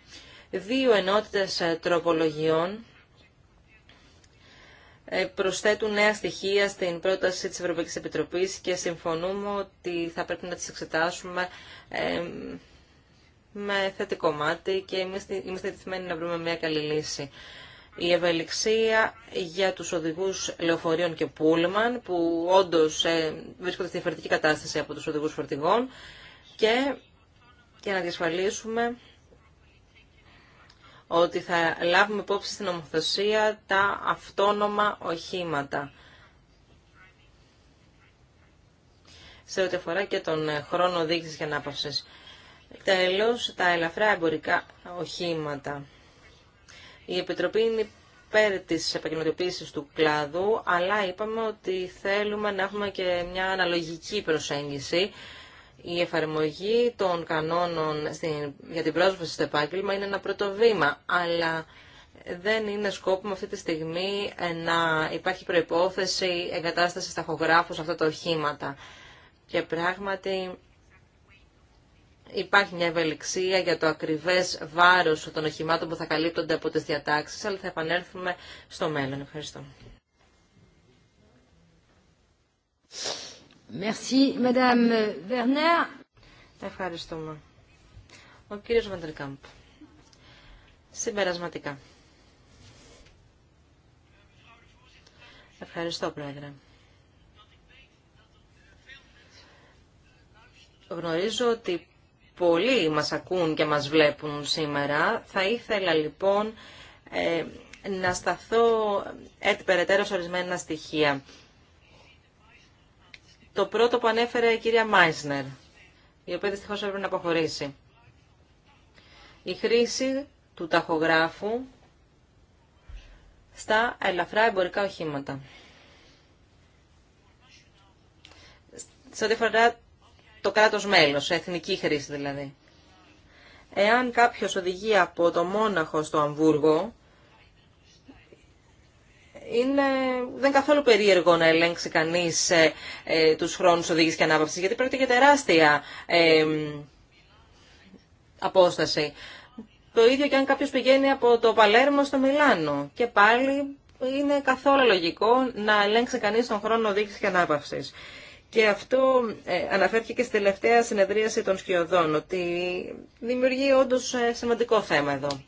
Δύο ενότητες ε, τροπολογιών ε, προσθέτουν νέα στοιχεία στην πρόταση της Ευρωπαϊκής Επιτροπής και συμφωνούμε ότι θα πρέπει να τις εξετάσουμε με θετικό μάτι και είμαστε, είμαστε να βρούμε μια καλή λύση. Η ευελιξία για τους οδηγούς λεωφορείων και πούλμαν που όντως ε, βρίσκονται στη διαφορετική κατάσταση από τους οδηγούς φορτηγών και για να διασφαλίσουμε ότι θα λάβουμε υπόψη στην ομοθεσία τα αυτόνομα οχήματα. Σε ό,τι αφορά και τον χρόνο οδήγησης και ανάπαυσης. Τέλος, τα ελαφρά εμπορικά οχήματα. Η Επιτροπή είναι υπέρ της επαγγελματοποίησης του κλάδου, αλλά είπαμε ότι θέλουμε να έχουμε και μια αναλογική προσέγγιση. Η εφαρμογή των κανόνων για την πρόσβαση στο επάγγελμα είναι ένα πρώτο αλλά δεν είναι σκόπιμο αυτή τη στιγμή ε, να υπάρχει προϋπόθεση εγκατάστασης ταχογράφου σε αυτά τα οχήματα. Και πράγματι Υπάρχει μια ευελιξία για το ακριβές βάρος των οχημάτων που θα καλύπτονται από τις διατάξεις, αλλά θα επανέλθουμε στο μέλλον. Ευχαριστώ. Merci, Madame Werner. Ευχαριστούμε. Ο κύριος Βαντερκάμπ. Συμπερασματικά. Ευχαριστώ, Πρόεδρε. Γνωρίζω ότι πολλοί μας ακούν και μας βλέπουν σήμερα. Θα ήθελα λοιπόν ε, να σταθώ έτσι ε, περαιτέρω σε ορισμένα στοιχεία. Το πρώτο που ανέφερε η κυρία Μάισνερ, η οποία δυστυχώ έπρεπε να αποχωρήσει. Η χρήση του ταχογράφου στα ελαφρά εμπορικά οχήματα. Σε ό,τι αφορά το κράτος μέλος, εθνική χρήση δηλαδή. Εάν κάποιος οδηγεί από το Μόναχο στο Αμβούργο, είναι, δεν καθόλου περίεργο να ελέγξει κανείς ε, ε, τους χρόνους οδήγησης και ανάπαυσης, γιατί πρόκειται για τεράστια απόσταση. Το ίδιο και αν κάποιος πηγαίνει από το Παλέρμο στο Μιλάνο. Και πάλι είναι καθόλου λογικό να ελέγξει κανείς τον χρόνο οδήγησης και ανάπαυσης. Και αυτό ε, αναφέρθηκε και στη τελευταία συνεδρίαση των σκιωδών, ότι δημιουργεί όντως ε, σημαντικό θέμα εδώ.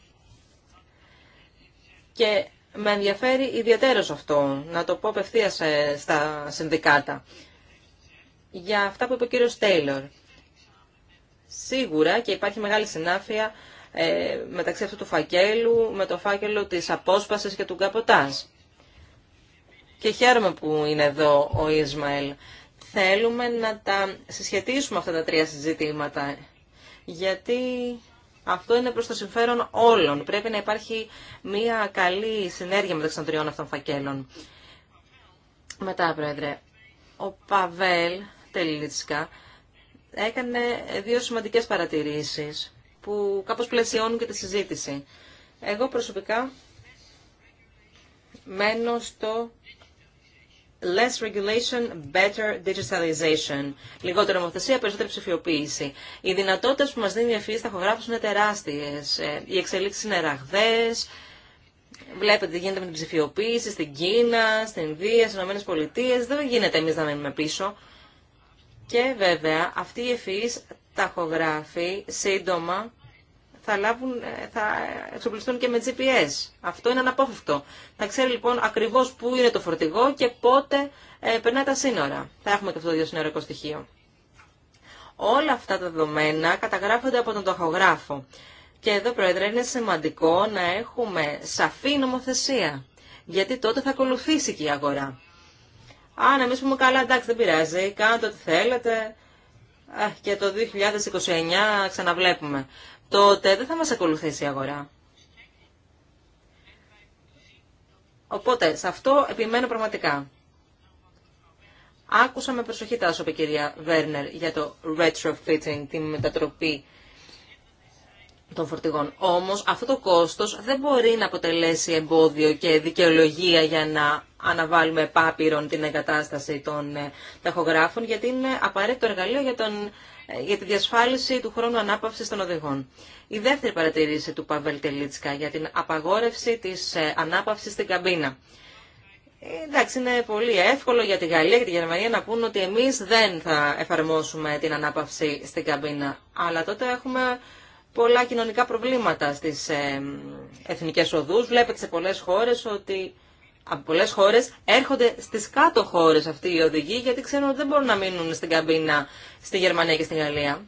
Και με ενδιαφέρει ιδιαίτερος αυτό, να το πω απευθεία ε, στα συνδικάτα. Για αυτά που είπε ο κύριος Τέιλορ. Σίγουρα και υπάρχει μεγάλη συνάφεια μεταξύ αυτού του φακέλου με το φάκελο της απόσπασης και του καποτάζ. Και χαίρομαι που είναι εδώ ο Ισμαήλ θέλουμε να τα συσχετίσουμε αυτά τα τρία συζητήματα. Γιατί αυτό είναι προς το συμφέρον όλων. Πρέπει να υπάρχει μια καλή συνέργεια μεταξύ των τριών αυτών φακέλων. Μετά, Πρόεδρε, ο Παβέλ Τελίτσκα έκανε δύο σημαντικές παρατηρήσεις που κάπως πλαισιώνουν και τη συζήτηση. Εγώ προσωπικά μένω στο Less regulation, better digitalization. Λιγότερη νομοθεσία, περισσότερη ψηφιοποίηση. Οι δυνατότητε που μας δίνει η ευφυής e ταχογράφου είναι τεράστιε. Ε, οι εξελίξει είναι ραγδαίες. Βλέπετε τι γίνεται με την ψηφιοποίηση στην Κίνα, στην Ινδία, στι ΗΠΑ. Δεν γίνεται εμεί να μείνουμε πίσω. Και βέβαια, αυτή η ευφυή e ταχογράφη σύντομα θα, λάβουν, ε, θα εξοπλιστούν και με GPS. Αυτό είναι αναπόφευκτο. Θα ξέρει λοιπόν ακριβώ πού είναι το φορτηγό και πότε ε, περνάει τα σύνορα. Θα έχουμε και αυτό το ίδιο στοιχείο. Όλα αυτά τα δεδομένα καταγράφονται από τον τοχογράφο. Και εδώ, Πρόεδρε, είναι σημαντικό να έχουμε σαφή νομοθεσία. Γιατί τότε θα ακολουθήσει και η αγορά. Αν εμεί πούμε καλά, εντάξει, δεν πειράζει, κάντε ό,τι θέλετε. Ε, και το 2029 ξαναβλέπουμε τότε δεν θα μας ακολουθήσει η αγορά. Οπότε, σε αυτό επιμένω πραγματικά. Άκουσα με προσοχή τα άσοπη κυρία Βέρνερ για το retrofitting, τη μετατροπή των φορτηγών. Όμως αυτό το κόστος δεν μπορεί να αποτελέσει εμπόδιο και δικαιολογία για να αναβάλουμε πάπυρον την εγκατάσταση των ε, ταχογράφων γιατί είναι απαραίτητο εργαλείο για τον ε, για τη διασφάλιση του χρόνου ανάπαυσης των οδηγών. Η δεύτερη παρατηρήση του Παβέλ Τελίτσκα για την απαγόρευση της ε, ανάπαυσης στην καμπίνα. Ε, εντάξει, είναι πολύ εύκολο για τη Γαλλία και τη Γερμανία να πούν ότι εμείς δεν θα εφαρμόσουμε την ανάπαυση στην καμπίνα. Αλλά τότε έχουμε πολλά κοινωνικά προβλήματα στις εθνικές οδούς. Βλέπετε σε πολλές χώρες ότι από πολλές χώρες έρχονται στις κάτω χώρες αυτοί οι οδηγοί γιατί ξέρουν ότι δεν μπορούν να μείνουν στην καμπίνα στη Γερμανία και στην Γαλλία.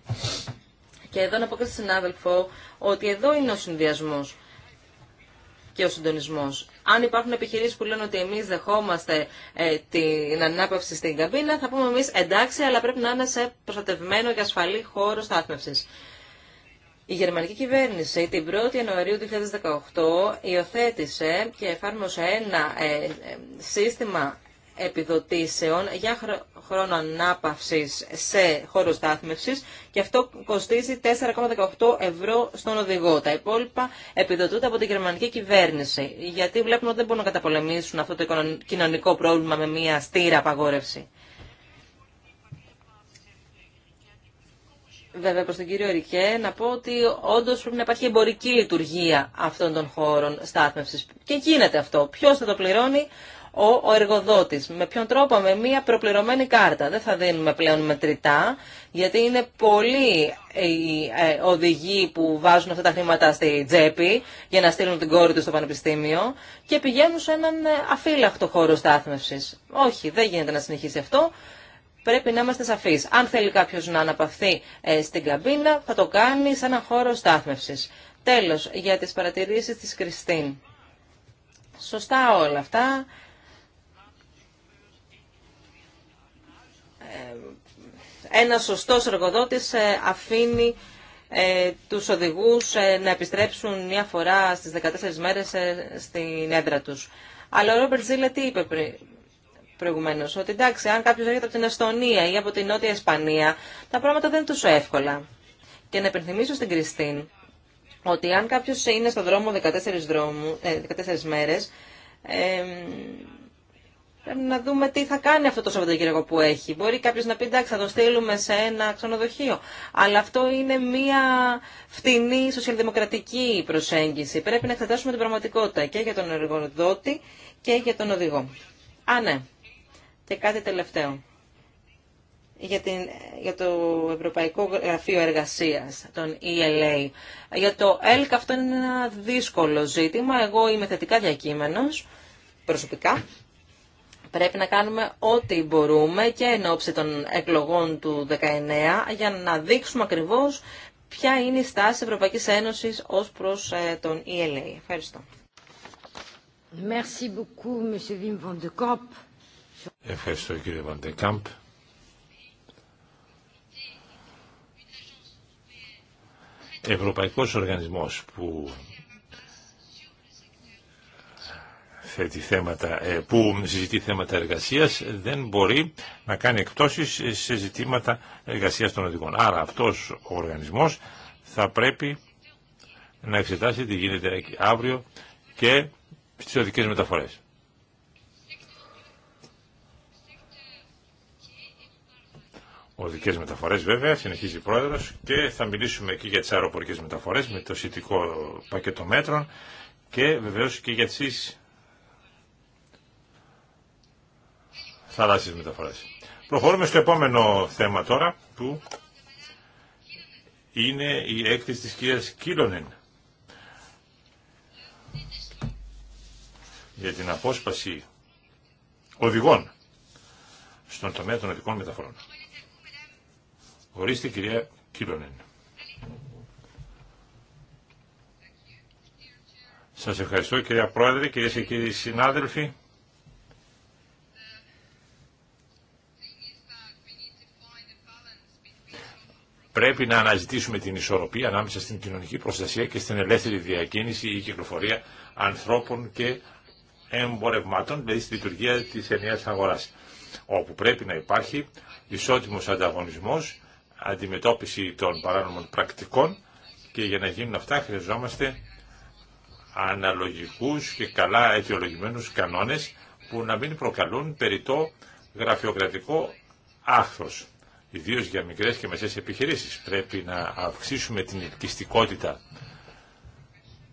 Και εδώ να πω και στον συνάδελφο ότι εδώ είναι ο συνδυασμό και ο συντονισμό. Αν υπάρχουν επιχειρήσει που λένε ότι εμεί δεχόμαστε ε, την ανάπαυση στην καμπίνα, θα πούμε εμεί εντάξει, αλλά πρέπει να είναι σε προστατευμένο και ασφαλή χώρο στάθμευση. Η γερμανική κυβέρνηση την 1η Ιανουαρίου 2018 υιοθέτησε και εφάρμοσε ένα ε, ε, σύστημα επιδοτήσεων για χρόνο ανάπαυση σε χώρο στάθμευσης και αυτό κοστίζει 4,18 ευρώ στον οδηγό. Τα υπόλοιπα επιδοτούνται από την γερμανική κυβέρνηση γιατί βλέπουμε ότι δεν μπορούν να καταπολεμήσουν αυτό το κοινωνικό πρόβλημα με μια στήρα απαγόρευση. Βέβαια, προ τον κύριο Ρικέ, να πω ότι όντω πρέπει να υπάρχει εμπορική λειτουργία αυτών των χώρων στάθμευση. Και γίνεται αυτό. Ποιο θα το πληρώνει, ο, ο εργοδότης. Με ποιον τρόπο, με μια προπληρωμένη κάρτα. Δεν θα δίνουμε πλέον μετρητά, γιατί είναι πολλοί οι ε, οδηγοί που βάζουν αυτά τα χρήματα στη τσέπη για να στείλουν την κόρη του στο πανεπιστήμιο και πηγαίνουν σε έναν ε, αφύλακτο χώρο στάθμευση. Όχι, δεν γίνεται να συνεχίσει αυτό πρέπει να είμαστε σαφείς. Αν θέλει κάποιος να αναπαυθεί ε, στην καμπίνα, θα το κάνει σε έναν χώρο στάθμευσης. Τέλος, για τις παρατηρήσεις της Κριστίν. Σωστά όλα αυτά. Ε, Ένας σωστός εργοδότης ε, αφήνει τους οδηγούς να επιστρέψουν μια φορά στις 14 μέρες στην έδρα τους. Αλλά ο Ρόμπερτ Ζήλε τι είπε πριν προηγουμένω ότι εντάξει, αν κάποιο έρχεται από την Εστονία ή από την Νότια Ισπανία, τα πράγματα δεν είναι τόσο εύκολα. Και να υπενθυμίσω στην Κριστίν ότι αν κάποιο είναι στον δρόμο 14, δρόμου, 14 ε, μέρες, ε, πρέπει να δούμε τι θα κάνει αυτό το Σαββατοκύριακο που έχει. Μπορεί κάποιο να πει εντάξει, θα το στείλουμε σε ένα ξενοδοχείο. Αλλά αυτό είναι μια φτηνή σοσιαλδημοκρατική προσέγγιση. Πρέπει να εξετάσουμε την πραγματικότητα και για τον εργοδότη και για τον οδηγό. Α, ναι. Και κάτι τελευταίο. Για, την, για το Ευρωπαϊκό Γραφείο Εργασίας, τον ELA. Για το ΕΛΚ αυτό είναι ένα δύσκολο ζήτημα. Εγώ είμαι θετικά διακείμενος, προσωπικά. Πρέπει να κάνουμε ό,τι μπορούμε και εν ώψη των εκλογών του 19 για να δείξουμε ακριβώς ποια είναι η στάση Ευρωπαϊκής Ένωσης ως προς ε, τον ELA. Ευχαριστώ. Merci beaucoup, Ευχαριστώ κύριε Βαντεκάμπ. Ευρωπαϊκός οργανισμός που θέτει θέματα, ε, που συζητεί θέματα εργασίας δεν μπορεί να κάνει εκπτώσεις σε ζητήματα εργασίας των οδηγών. Άρα αυτός ο οργανισμός θα πρέπει να εξετάσει τι γίνεται αύριο και στις οδικές μεταφορές. Οδικέ μεταφορές βέβαια, συνεχίζει η και θα μιλήσουμε και για τι αεροπορικέ μεταφορές με το σχετικό πακέτο μέτρων και βεβαίω και για τις θαλάσσιες μεταφορές. Προχωρούμε στο επόμενο θέμα τώρα που είναι η έκθεση της κυρίας Κίλονεν για την απόσπαση οδηγών στον τομέα των οδικών μεταφορών. Ορίστε κυρία Κίλονεν. Σας ευχαριστώ κυρία Πρόεδρε, κύριε και κύριοι συνάδελφοι. Πρέπει να αναζητήσουμε την ισορροπία ανάμεσα στην κοινωνική προστασία και στην ελεύθερη διακίνηση ή κυκλοφορία ανθρώπων και εμπορευμάτων, δηλαδή στη λειτουργία της ενιαίας αγοράς, όπου πρέπει να υπάρχει ισότιμος ανταγωνισμός αντιμετώπιση των παράνομων πρακτικών και για να γίνουν αυτά χρειαζόμαστε αναλογικούς και καλά αιτιολογημένους κανόνες που να μην προκαλούν περιττό γραφειοκρατικό άχθος, Ιδίω για μικρές και μεσές επιχειρήσεις. Πρέπει να αυξήσουμε την ελκυστικότητα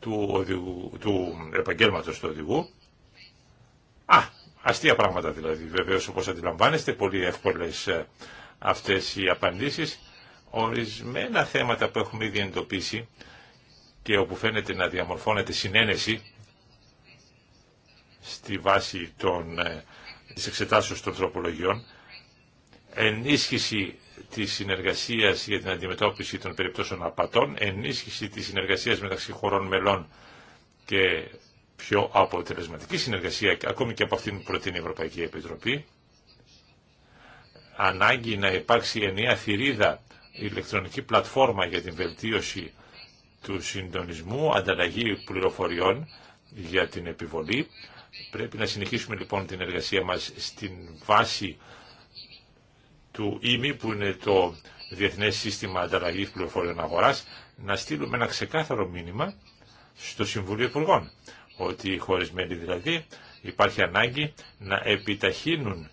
του, οδηγού, του επαγγέλματος του οδηγού. Α, αστεία πράγματα δηλαδή, βεβαίως όπως αντιλαμβάνεστε, πολύ εύκολες ε, αυτές οι απαντήσεις. Ορισμένα θέματα που έχουμε ήδη εντοπίσει και όπου φαίνεται να διαμορφώνεται συνένεση στη βάση των, ε, της εξετάσεως των τροπολογιών, ενίσχυση της συνεργασίας για την αντιμετώπιση των περιπτώσεων απατών, ενίσχυση της συνεργασίας μεταξύ χωρών μελών και πιο αποτελεσματική συνεργασία, ακόμη και από αυτήν που προτείνει η Ευρωπαϊκή Επιτροπή, ανάγκη να υπάρξει ενιαία θηρίδα ηλεκτρονική πλατφόρμα για την βελτίωση του συντονισμού, ανταλλαγή πληροφοριών για την επιβολή. Πρέπει να συνεχίσουμε λοιπόν την εργασία μας στην βάση του ΙΜΗ που είναι το Διεθνές Σύστημα Ανταλλαγής Πληροφοριών Αγοράς να στείλουμε ένα ξεκάθαρο μήνυμα στο Συμβουλίο Υπουργών ότι οι χωρισμένοι δηλαδή υπάρχει ανάγκη να επιταχύνουν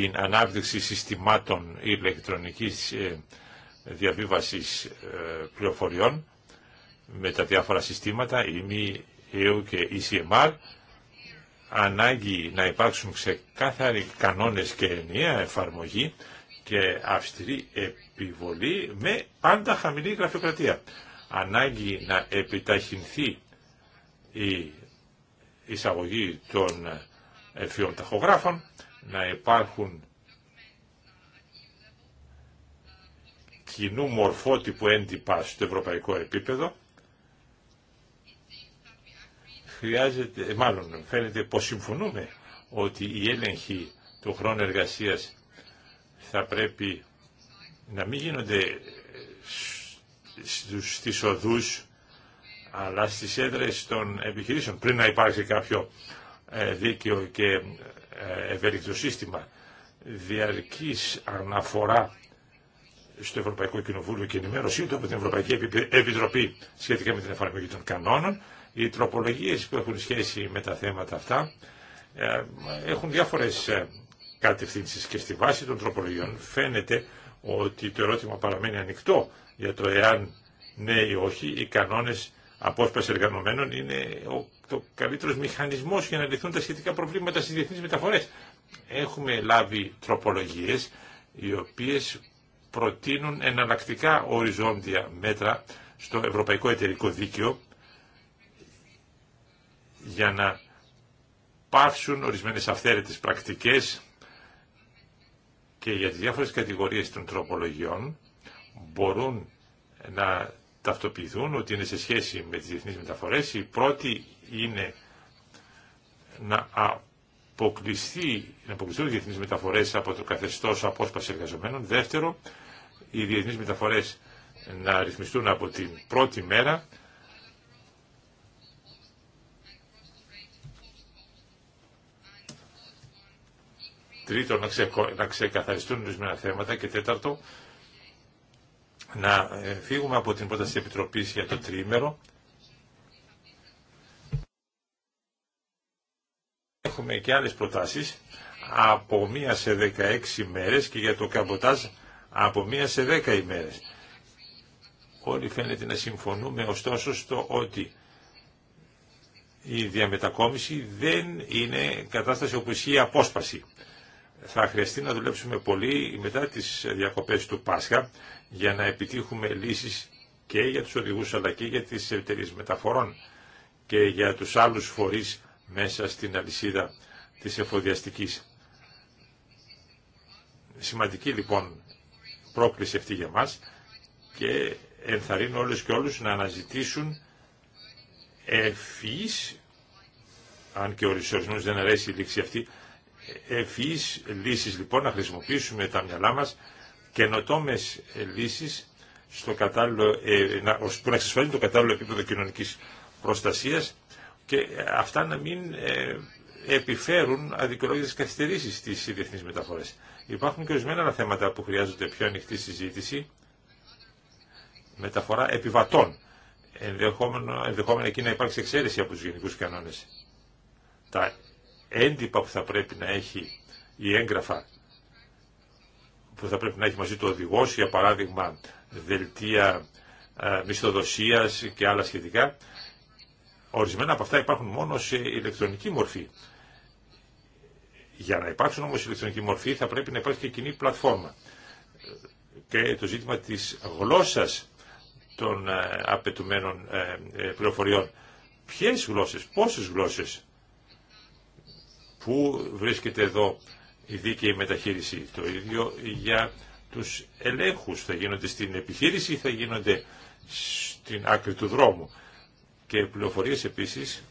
την ανάπτυξη συστημάτων ηλεκτρονικής ε, διαβίβασης ε, πληροφοριών με τα διάφορα συστήματα, η ΕΟ και ECMR, ανάγκη να υπάρξουν ξεκάθαροι κανόνες και ενιαία εφαρμογή και αυστηρή επιβολή με πάντα χαμηλή γραφειοκρατία. Ανάγκη να επιταχυνθεί η εισαγωγή των εφιών ταχογράφων να υπάρχουν κοινού μορφότυπου έντυπα στο ευρωπαϊκό επίπεδο, χρειάζεται, μάλλον φαίνεται πως συμφωνούμε ότι η έλεγχη του χρόνου εργασίας θα πρέπει να μην γίνονται στις οδούς αλλά στις έδρες των επιχειρήσεων πριν να υπάρξει κάποιο ε, δίκαιο και ε, ευέλικτο σύστημα, διαρκής αναφορά στο Ευρωπαϊκό Κοινοβούλιο και ενημέρωσή του από την Ευρωπαϊκή Επιτροπή σχετικά με την εφαρμογή των κανόνων. Οι τροπολογίες που έχουν σχέση με τα θέματα αυτά ε, έχουν διάφορες ε, κατευθύνσεις και στη βάση των τροπολογιών φαίνεται ότι το ερώτημα παραμένει ανοιχτό για το εάν ναι ή όχι οι κανόνες απόσπαση εργαζομένων είναι ο, το καλύτερο μηχανισμό για να λυθούν τα σχετικά προβλήματα στι διεθνεί μεταφορέ. Έχουμε λάβει τροπολογίε οι οποίε προτείνουν εναλλακτικά οριζόντια μέτρα στο Ευρωπαϊκό Εταιρικό Δίκαιο για να πάυσουν ορισμένες αυθαίρετες πρακτικές και για τις διάφορες κατηγορίες των τροπολογιών μπορούν να ταυτοποιηθούν ότι είναι σε σχέση με τις διεθνείς μεταφορές. Η πρώτη είναι να αποκλειστεί, να αποκλειστούν οι διεθνείς μεταφορές από το καθεστώς απόσπαση εργαζομένων. Δεύτερο, οι διεθνείς μεταφορές να ρυθμιστούν από την πρώτη μέρα. Τρίτο, να, ξεκαθαριστούν ορισμένα θέματα. Και τέταρτο, να ε, φύγουμε από την πρόταση Επιτροπής για το τρίμέρο. Έχουμε και άλλες προτάσεις από μία σε 16 ημέρες και για το καμποτάζ από μία σε 10 ημέρες. Όλοι φαίνεται να συμφωνούμε ωστόσο στο ότι η διαμετακόμιση δεν είναι κατάσταση όπου ισχύει απόσπαση θα χρειαστεί να δουλέψουμε πολύ μετά τις διακοπές του Πάσχα για να επιτύχουμε λύσεις και για τους οδηγούς αλλά και για τις εταιρείε μεταφορών και για τους άλλους φορείς μέσα στην αλυσίδα της εφοδιαστικής. Σημαντική λοιπόν πρόκληση αυτή για μας και ενθαρρύνω όλους και όλους να αναζητήσουν ευφυείς, αν και ο δεν αρέσει η λήξη αυτή, ευφυείς λύσεις λοιπόν, να χρησιμοποιήσουμε τα μυαλά μας, καινοτόμες λύσεις στο κατάλληλο, ε, να, που να εξασφαλίσουν το κατάλληλο επίπεδο κοινωνικής προστασίας και αυτά να μην ε, επιφέρουν αδικαιολόγητες καθυστερήσεις στις διεθνείς μεταφορές. Υπάρχουν και ορισμένα θέματα που χρειάζονται πιο ανοιχτή συζήτηση, μεταφορά επιβατών, ενδεχόμενα, ενδεχόμενα εκεί να υπάρξει εξαίρεση από τους γενικούς κανόνες. Τα έντυπα που θα πρέπει να έχει η έγγραφα που θα πρέπει να έχει μαζί του οδηγό, για παράδειγμα δελτία ε, μισθοδοσία και άλλα σχετικά. Ορισμένα από αυτά υπάρχουν μόνο σε ηλεκτρονική μορφή. Για να υπάρξουν όμως ηλεκτρονική μορφή θα πρέπει να υπάρχει και κοινή πλατφόρμα. Και το ζήτημα της γλώσσας των ε, απαιτουμένων ε, πληροφοριών. Ποιες γλώσσες, πόσες γλώσσες Πού βρίσκεται εδώ η δίκαιη μεταχείριση. Το ίδιο για τους ελέγχους. Θα γίνονται στην επιχείρηση ή θα γίνονται στην άκρη του δρόμου. Και πληροφορίες επίσης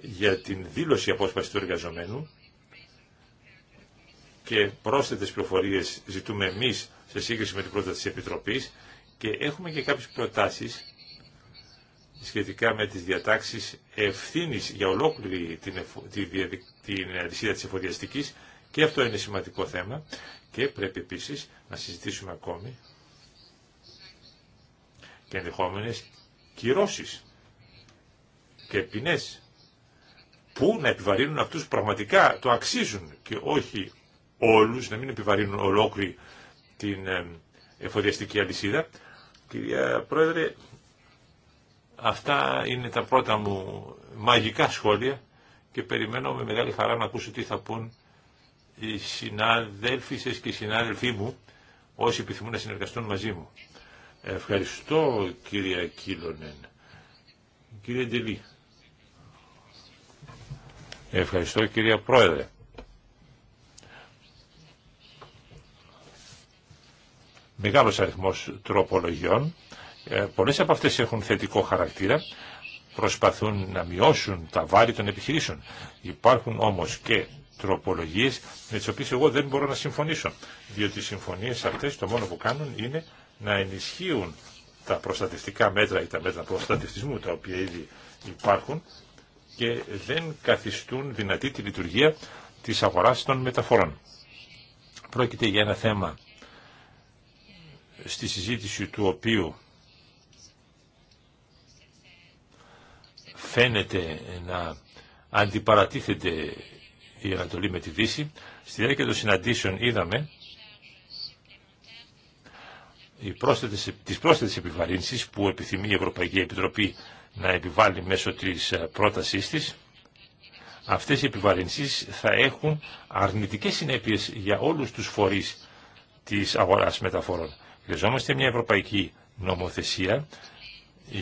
για την δήλωση απόσπαση του εργαζομένου και πρόσθετες πληροφορίες ζητούμε εμείς σε σύγκριση με την πρόταση της Επιτροπής και έχουμε και κάποιες προτάσεις σχετικά με τις διατάξεις ευθύνης για ολόκληρη την, τη, την αλυσίδα της εφοδιαστικής και αυτό είναι σημαντικό θέμα και πρέπει επίσης να συζητήσουμε ακόμη και ενδεχόμενε κυρώσεις και ποινές που να επιβαρύνουν αυτούς πραγματικά το αξίζουν και όχι όλους, να μην επιβαρύνουν ολόκληρη την εφοδιαστική αλυσίδα. Κυρία Πρόεδρε, Αυτά είναι τα πρώτα μου μαγικά σχόλια και περιμένω με μεγάλη χαρά να ακούσω τι θα πούν οι συνάδελφοι σας και οι συνάδελφοί μου όσοι επιθυμούν να συνεργαστούν μαζί μου. Ευχαριστώ κύριε Κίλονεν. Κύριε Ντελή. Ευχαριστώ κυρία Πρόεδρε. Μεγάλος αριθμός τροπολογιών ε, πολλές από αυτές έχουν θετικό χαρακτήρα, προσπαθούν να μειώσουν τα βάρη των επιχειρήσεων. Υπάρχουν όμως και τροπολογίες με τις οποίες εγώ δεν μπορώ να συμφωνήσω, διότι οι συμφωνίες αυτές το μόνο που κάνουν είναι να ενισχύουν τα προστατευτικά μέτρα ή τα μέτρα προστατευτισμού τα οποία ήδη υπάρχουν και δεν καθιστούν δυνατή τη λειτουργία της αγοράς των μεταφορών. Πρόκειται για ένα θέμα στη συζήτηση του οποίου φαίνεται να αντιπαρατίθεται η Ανατολή με τη Δύση. Στη διάρκεια των συναντήσεων είδαμε τι πρόσθετε τις πρόσθετες επιβαρύνσεις που επιθυμεί η Ευρωπαϊκή Επιτροπή να επιβάλλει μέσω της ε, πρότασής της. Αυτές οι επιβαρύνσεις θα έχουν αρνητικές συνέπειες για όλους τους φορείς της αγοράς μεταφορών. Χρειαζόμαστε μια ευρωπαϊκή νομοθεσία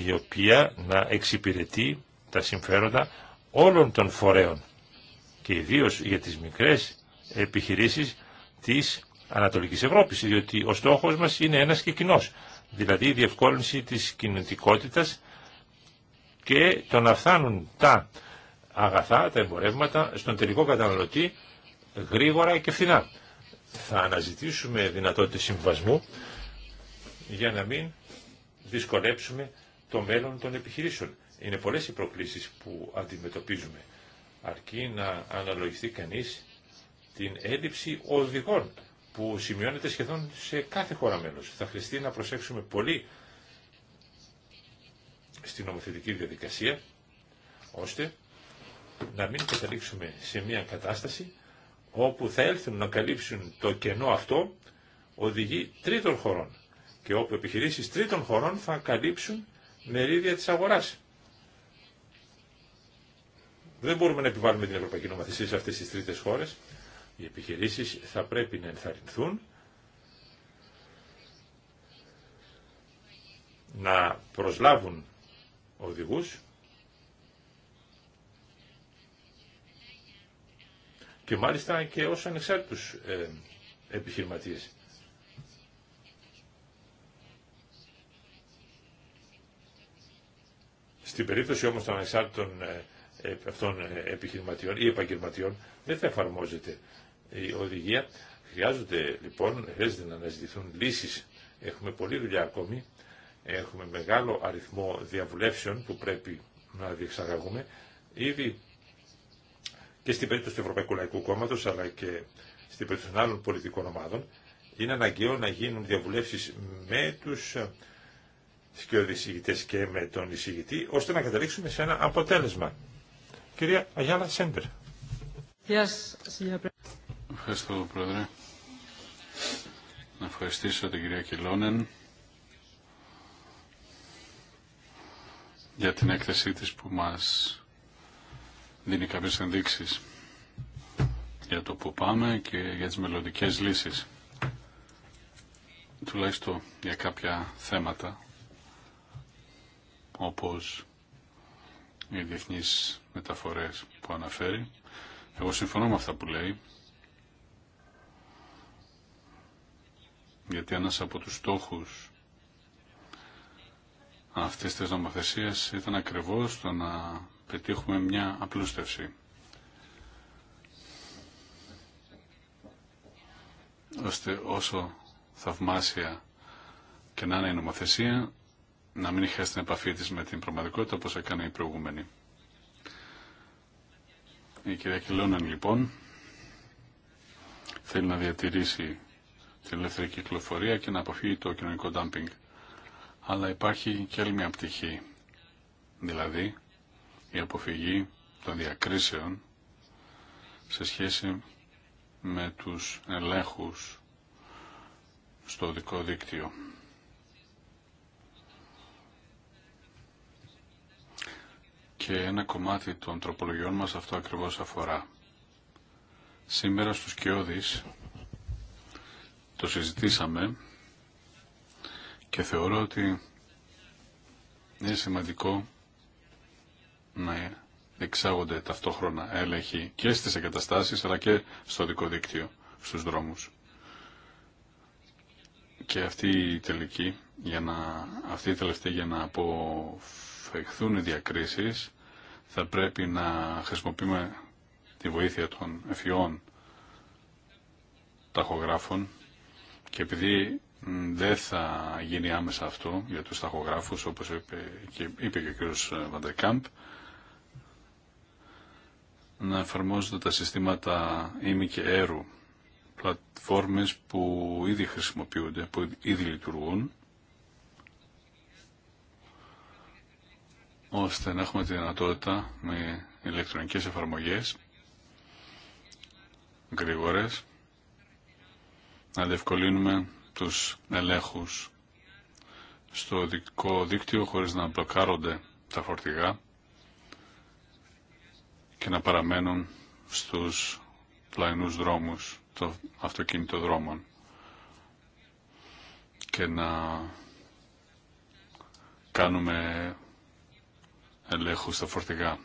η οποία να εξυπηρετεί τα συμφέροντα όλων των φορέων και ιδίω για τις μικρές επιχειρήσεις της Ανατολικής Ευρώπης, διότι ο στόχος μας είναι ένας και κοινό, δηλαδή η διευκόλυνση της κινητικότητας και το να φτάνουν τα αγαθά, τα εμπορεύματα στον τελικό καταναλωτή γρήγορα και φθηνά. Θα αναζητήσουμε δυνατότητες συμβασμού για να μην δυσκολέψουμε το μέλλον των επιχειρήσεων. Είναι πολλές οι προκλήσεις που αντιμετωπίζουμε. Αρκεί να αναλογιστεί κανείς την έλλειψη οδηγών που σημειώνεται σχεδόν σε κάθε χώρα μέλος. Θα χρειαστεί να προσέξουμε πολύ στην νομοθετική διαδικασία, ώστε να μην καταλήξουμε σε μια κατάσταση όπου θα έλθουν να καλύψουν το κενό αυτό οδηγεί τρίτων χωρών και όπου επιχειρήσεις τρίτων χωρών θα καλύψουν μερίδια της αγοράς. Δεν μπορούμε να επιβάλλουμε την ευρωπαϊκή νομοθεσία σε αυτέ τι τρίτε χώρε. Οι επιχειρήσει θα πρέπει να ενθαρρυνθούν να προσλάβουν οδηγούς και μάλιστα και ως ανεξάρτητους ε, επιχειρηματίες. Στην περίπτωση όμως των ανεξάρτητων ε, ε, αυτών ε, επιχειρηματιών ή επαγγελματιών δεν θα εφαρμόζεται η οδηγία. Χρειάζονται λοιπόν, χρειάζεται να αναζητηθούν λύσεις. Έχουμε πολλή δουλειά ακόμη, έχουμε μεγάλο αριθμό διαβουλεύσεων που πρέπει να διεξαγαγούμε. Ήδη και στην περίπτωση του Ευρωπαϊκού Λαϊκού Κόμματος αλλά και στην περίπτωση των άλλων πολιτικών ομάδων είναι αναγκαίο να γίνουν διαβουλεύσεις με τους ε, σκιώδεις και με τον εισηγητή ώστε να καταλήξουμε σε ένα αποτέλεσμα. Κυρία Αγιάλα Σέντερ. Ευχαριστώ, Πρόεδρε. Να ευχαριστήσω την κυρία Κιλόνεν για την έκθεσή της που μας δίνει κάποιες ενδείξεις για το που πάμε και για τις μελλοντικέ λύσεις τουλάχιστον για κάποια θέματα όπως οι διεθνείς μεταφορές που αναφέρει. Εγώ συμφωνώ με αυτά που λέει, γιατί ένας από τους στόχους αυτές τη νομοθεσία ήταν ακριβώς το να πετύχουμε μια απλούστευση. ώστε όσο θαυμάσια και να είναι η νομοθεσία, να μην είχε την επαφή της με την πραγματικότητα όπως έκανε η προηγούμενη. Η κυρία Κιλόναν λοιπόν θέλει να διατηρήσει την ελεύθερη κυκλοφορία και να αποφύγει το κοινωνικό ντάμπινγκ. Αλλά υπάρχει και άλλη μια πτυχή, δηλαδή η αποφυγή των διακρίσεων σε σχέση με τους ελέγχους στο δικό δίκτυο. και ένα κομμάτι των τροπολογιών μας αυτό ακριβώς αφορά. Σήμερα στους Κιώδης το συζητήσαμε και θεωρώ ότι είναι σημαντικό να εξάγονται ταυτόχρονα έλεγχοι και στις εγκαταστάσεις αλλά και στο δικό δίκτυο, στους δρόμους. Και αυτή η τελική, για να, αυτή η τελευταία για να αποφευχθούν οι διακρίσεις θα πρέπει να χρησιμοποιούμε τη βοήθεια των εφιών ταχογράφων και επειδή δεν θα γίνει άμεσα αυτό για τους ταχογράφους όπως είπε και, είπε και ο κ. Βαντερκάμπ να εφαρμόζονται τα συστήματα ήμι και έρου πλατφόρμες που ήδη χρησιμοποιούνται, που ήδη λειτουργούν ώστε να έχουμε τη δυνατότητα με ηλεκτρονικές εφαρμογές γρήγορες να διευκολύνουμε τους ελέγχους στο δικό δίκτυο χωρίς να μπλοκάρονται τα φορτηγά και να παραμένουν στους πλαϊνούς δρόμους των δρόμων και να κάνουμε ελέγχου στα φορτηγά.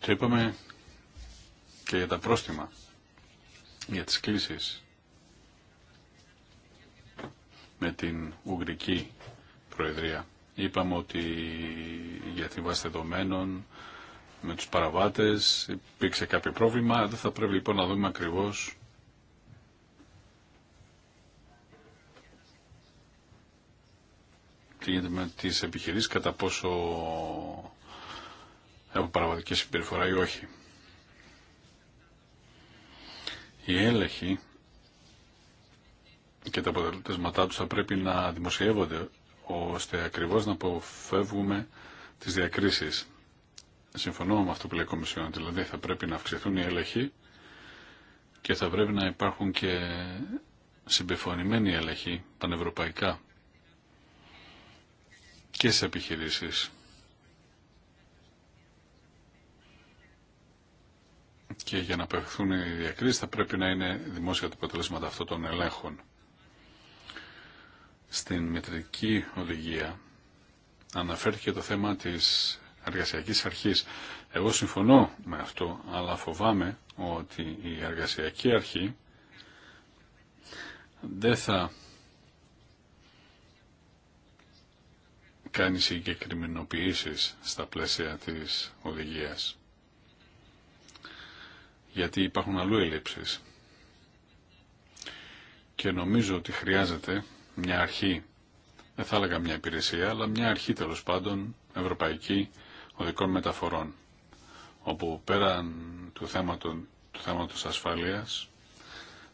Το είπαμε και για τα πρόστιμα, για τις κλήσεις με την Ουγγρική Προεδρία. Είπαμε ότι για τη βάση δεδομένων με τους παραβάτες υπήρξε κάποιο πρόβλημα. Δεν θα πρέπει λοιπόν να δούμε ακριβώς γίνεται με τις επιχειρήσεις κατά πόσο έχουν παραγωγική συμπεριφορά ή όχι. Οι έλεγχοι και τα αποτελέσματά τους θα πρέπει να δημοσιεύονται ώστε ακριβώς να αποφεύγουμε τις διακρίσεις. Συμφωνώ με αυτό που λέει η Κομισιόν, δηλαδή θα πρέπει να αυξηθούν οι έλεγχοι και θα πρέπει να υπάρχουν και συμπεφωνημένοι έλεγχοι πανευρωπαϊκά σε επιχειρήσεις. Και για να απευθούν οι διακρίσεις θα πρέπει να είναι δημόσια τα αποτελέσματα αυτών των ελέγχων. Στην μετρική οδηγία αναφέρθηκε το θέμα της εργασιακής αρχής. Εγώ συμφωνώ με αυτό, αλλά φοβάμαι ότι η εργασιακή αρχή δεν θα κάνει συγκεκριμενοποιήσεις στα πλαίσια της οδηγίας. Γιατί υπάρχουν αλλού ελλείψεις. Και νομίζω ότι χρειάζεται μια αρχή, δεν θα έλεγα μια υπηρεσία, αλλά μια αρχή τέλο πάντων ευρωπαϊκή οδικών μεταφορών, όπου πέραν του θέματο του θέματος ασφάλειας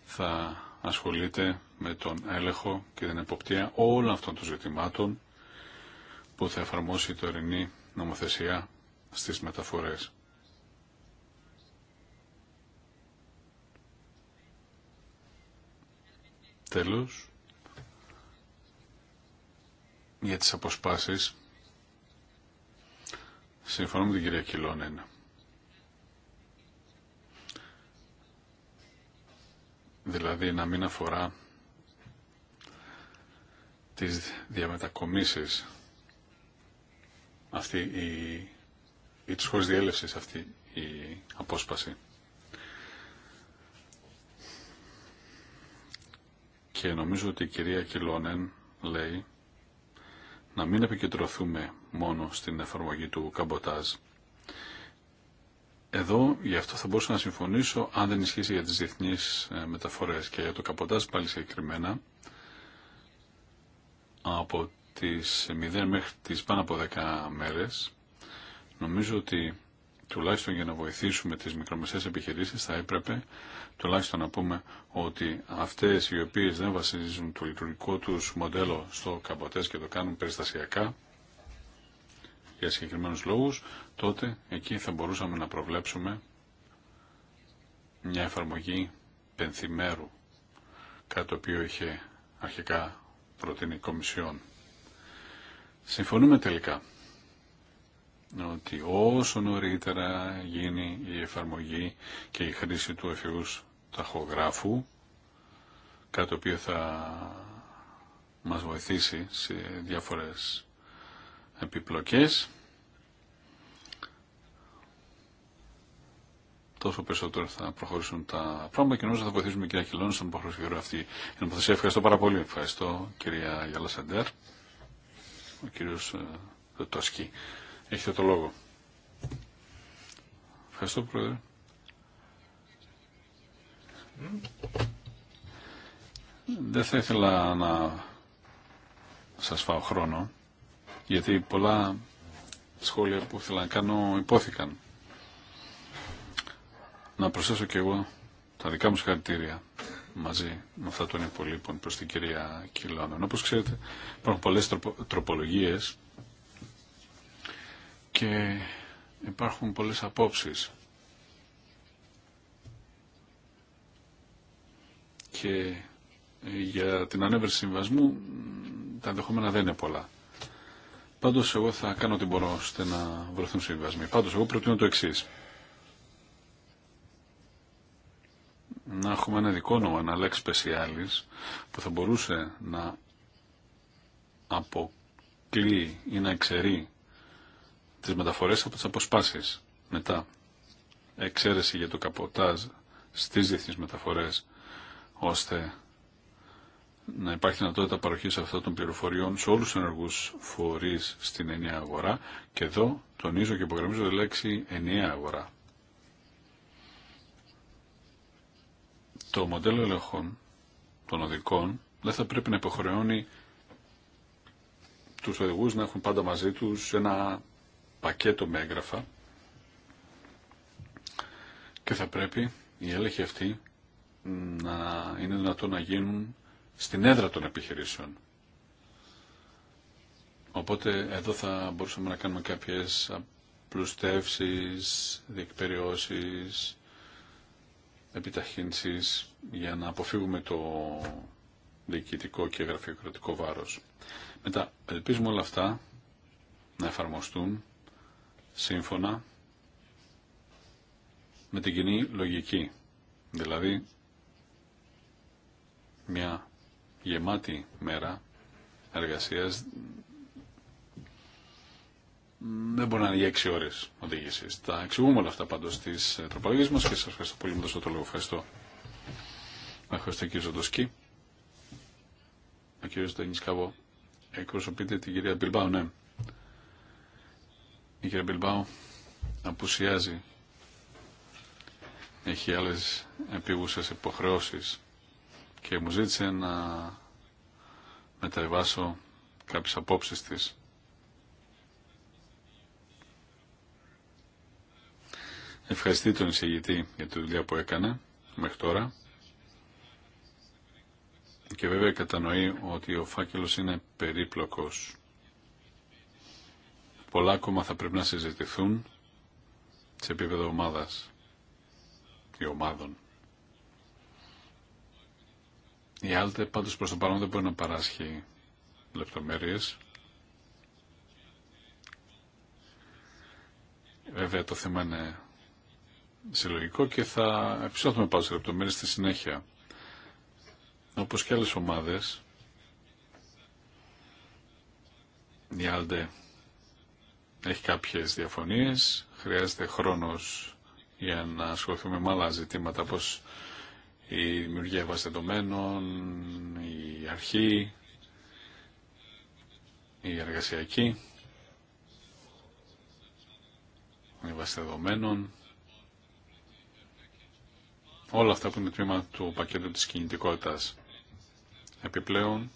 θα ασχολείται με τον έλεγχο και την εποπτεία όλων αυτών των ζητημάτων που θα εφαρμόσει η τωρινή νομοθεσία στις μεταφορές. Τέλος, για τις αποσπάσεις, συμφωνώ με την κυρία Κιλώνεν. Δηλαδή να μην αφορά τις διαμετακομίσεις αυτή η, ή της χώρες διέλευσης αυτή η απόσπαση. χωρίς νομίζω ότι η κυρία Κιλόνεν λέει να μην επικεντρωθούμε μόνο στην εφαρμογή του καμποτάζ. Εδώ γι' αυτό θα μπορούσα να συμφωνήσω αν δεν ισχύσει για τις διεθνείς ε, μεταφορές και για το καμποτάζ πάλι συγκεκριμένα από τις 0 μέχρι τις πάνω από 10 μέρες, νομίζω ότι τουλάχιστον για να βοηθήσουμε τις μικρομεσαίες επιχειρήσεις θα έπρεπε τουλάχιστον να πούμε ότι αυτές οι οποίες δεν βασίζουν το λειτουργικό τους μοντέλο στο καμποτές και το κάνουν περιστασιακά για συγκεκριμένους λόγους, τότε εκεί θα μπορούσαμε να προβλέψουμε μια εφαρμογή πενθυμέρου, κάτι το οποίο είχε αρχικά προτείνει η Κομισιόν. Συμφωνούμε τελικά ότι όσο νωρίτερα γίνει η εφαρμογή και η χρήση του εφηβούς ταχογράφου, κάτι το οποίο θα μας βοηθήσει σε διάφορες επιπλοκές, τόσο περισσότερο θα προχωρήσουν τα πράγματα και νομίζω θα βοηθήσουμε κυρία Χιλόνη στον προχωρήσει αυτή η νομοθεσία. Ευχαριστώ πάρα πολύ. Ευχαριστώ κυρία Γιάλα Σαντέρ ο κύριος ε, Τόσκι. Έχετε το λόγο. Ευχαριστώ, Πρόεδρε. Δεν θα ήθελα να σας φάω χρόνο, γιατί πολλά σχόλια που ήθελα να κάνω υπόθηκαν. Να προσθέσω και εγώ τα δικά μου συγχαρητήρια μαζί με αυτά των υπολείπων προς την κυρία Κιλόνεν. Όπως ξέρετε υπάρχουν πολλές τροπολογίες και υπάρχουν πολλές απόψεις και για την ανέβρεση συμβασμού τα ενδεχόμενα δεν είναι πολλά. Πάντως εγώ θα κάνω ό,τι μπορώ ώστε να βρεθούν συμβασμοί. Πάντως εγώ προτείνω το εξής. να έχουμε ένα δικό όνομα, ένα λέξη specialis, που θα μπορούσε να αποκλεί ή να εξαιρεί τις μεταφορές από τις αποσπάσεις. Μετά, εξαίρεση για το καποτάζ στις διεθνείς μεταφορές, ώστε να υπάρχει δυνατότητα παροχής αυτών των πληροφοριών σε όλους τους ενεργούς φορείς στην ενιαία αγορά και εδώ τονίζω και υπογραμμίζω τη λέξη ενιαία αγορά. το μοντέλο ελεγχών των οδικών δεν θα πρέπει να υποχρεώνει τους οδηγούς να έχουν πάντα μαζί τους ένα πακέτο με έγγραφα και θα πρέπει η έλεγχοι αυτοί να είναι δυνατόν να γίνουν στην έδρα των επιχειρήσεων. Οπότε εδώ θα μπορούσαμε να κάνουμε κάποιες απλουστεύσεις, διεκπεριώσεις, επιταχύνσεις για να αποφύγουμε το διοικητικό και γραφειοκρατικό βάρος. Μετά, ελπίζουμε όλα αυτά να εφαρμοστούν σύμφωνα με την κοινή λογική. Δηλαδή, μια γεμάτη μέρα εργασίας δεν μπορεί να είναι για έξι ώρε οδήγηση. Τα εξηγούμε όλα αυτά πάντω στι τροπολογίε μα και σα ευχαριστώ πολύ που δώσατε το λόγο. Ευχαριστώ. Ευχαριστώ κύριε Ζοντοσκή. Ο κύριο Ντένι Καβό Εκπροσωπείτε την κυρία Μπιλμπάου, ναι. Η κυρία Μπιλμπάου απουσιάζει. Έχει άλλε επίγουσε υποχρεώσει και μου ζήτησε να μεταβάσω κάποιε απόψει της. ευχαριστεί τον εισηγητή για τη δουλειά που έκανε μέχρι τώρα και βέβαια κατανοεί ότι ο φάκελος είναι περίπλοκος. Πολλά ακόμα θα πρέπει να συζητηθούν σε επίπεδο ομάδας ή ομάδων. Η Άλτε πάντως προς το παρόν δεν μπορεί να παράσχει λεπτομέρειες. Βέβαια το θέμα είναι συλλογικό και θα επισώθουμε πάνω σε λεπτομέρειες στη συνέχεια. Όπως και άλλες ομάδες, η Άλντε έχει κάποιες διαφωνίες, χρειάζεται χρόνος για να ασχοληθούμε με άλλα ζητήματα όπως η δημιουργία δεδομένων, η αρχή, η εργασιακή, η όλα αυτά που είναι τμήμα του πακέτου της κινητικότητας. Επιπλέον,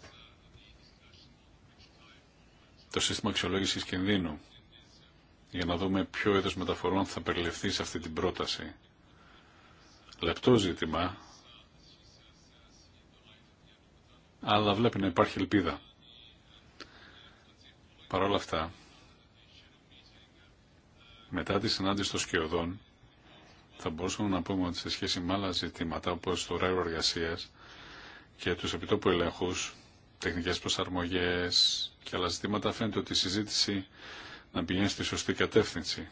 το σύστημα αξιολόγηση κινδύνου για να δούμε ποιο είδος μεταφορών θα περιληφθεί σε αυτή την πρόταση. Λεπτό ζήτημα, αλλά βλέπει να υπάρχει ελπίδα. Παρ' όλα αυτά, μετά τη συνάντηση των σκιωδών, θα μπορούσαμε να πούμε ότι σε σχέση με άλλα ζητήματα όπως το ρέο εργασία και τους επιτόπου ελέγχους, τεχνικές προσαρμογές και άλλα ζητήματα φαίνεται ότι η συζήτηση να πηγαίνει στη σωστή κατεύθυνση.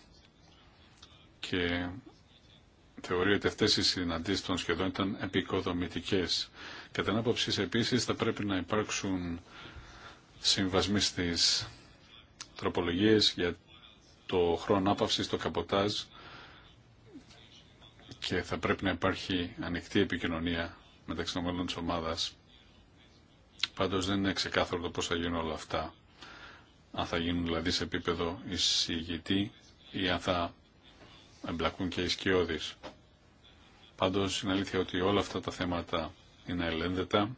Και θεωρεί ότι αυτές οι συναντήσεις των σχεδόν ήταν επικοδομητικές. Κατά την άποψη επίσης θα πρέπει να υπάρξουν συμβασμοί στις τροπολογίες για το χρόνο άπαυσης, το καποτάζ και θα πρέπει να υπάρχει ανοιχτή επικοινωνία μεταξύ των μελών της ομάδας. Πάντως δεν είναι ξεκάθαρο το πώς θα γίνουν όλα αυτά. Αν θα γίνουν δηλαδή σε επίπεδο εισηγητή ή αν θα εμπλακούν και οι σκιώδεις. Πάντως είναι αλήθεια ότι όλα αυτά τα θέματα είναι ελένδετα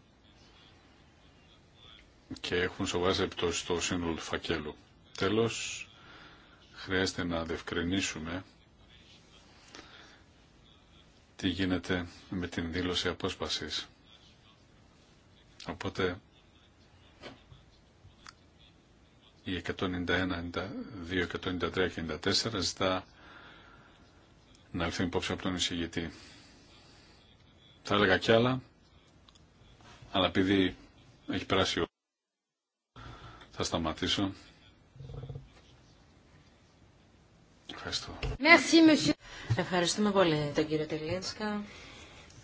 και έχουν σοβαρές επιπτώσεις στο σύνολο του φακέλου. Τέλος, χρειάζεται να διευκρινίσουμε τι γίνεται με την δήλωση απόσπασης. Οπότε η 191, 92, 193 94 ζητά να ληφθούν υπόψη από τον εισηγητή. Θα έλεγα κι άλλα, αλλά επειδή έχει περάσει ο... θα σταματήσω. Ευχαριστώ. Merci, monsieur. Ευχαριστούμε πολύ τον κύριο Τελίνσκα.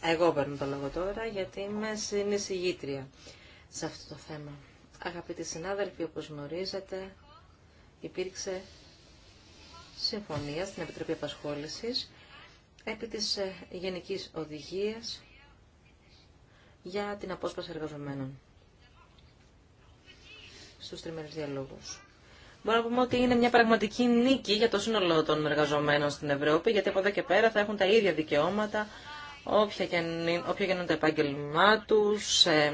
Εγώ παίρνω το λόγο τώρα γιατί είμαι συνεισηγήτρια σε αυτό το θέμα. Αγαπητοί συνάδελφοι, όπως γνωρίζετε, υπήρξε συμφωνία στην Επιτροπή Απασχόλησης επί της ε, Γενικής Οδηγίας για την απόσπαση εργαζομένων στους τριμερείς διαλόγους. Μπορούμε να πούμε ότι είναι μια πραγματική νίκη για το σύνολο των εργαζομένων στην Ευρώπη, γιατί από εδώ και πέρα θα έχουν τα ίδια δικαιώματα, όποια και είναι το επάγγελμά του, ε, ε,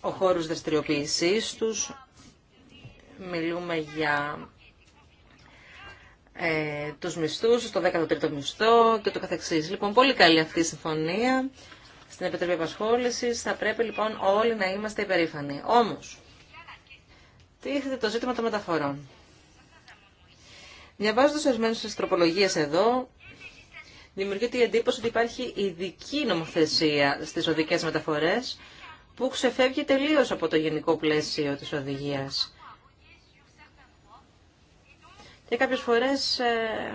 ο χώρο δραστηριοποίησή του. Μιλούμε για ε, τους μισθούς, το 13ο μισθό και το καθεξής. Λοιπόν, πολύ καλή αυτή η συμφωνία στην Επιτροπή Επασχόλησης. Θα πρέπει λοιπόν όλοι να είμαστε υπερήφανοι. Όμως, τίθεται το ζήτημα των μεταφορών. Διαβάζοντα ορισμένε τροπολογίε εδώ, δημιουργείται η εντύπωση ότι υπάρχει ειδική νομοθεσία στι οδικέ μεταφορέ που ξεφεύγει τελείω από το γενικό πλαίσιο τη οδηγία. Και κάποιε φορέ ε,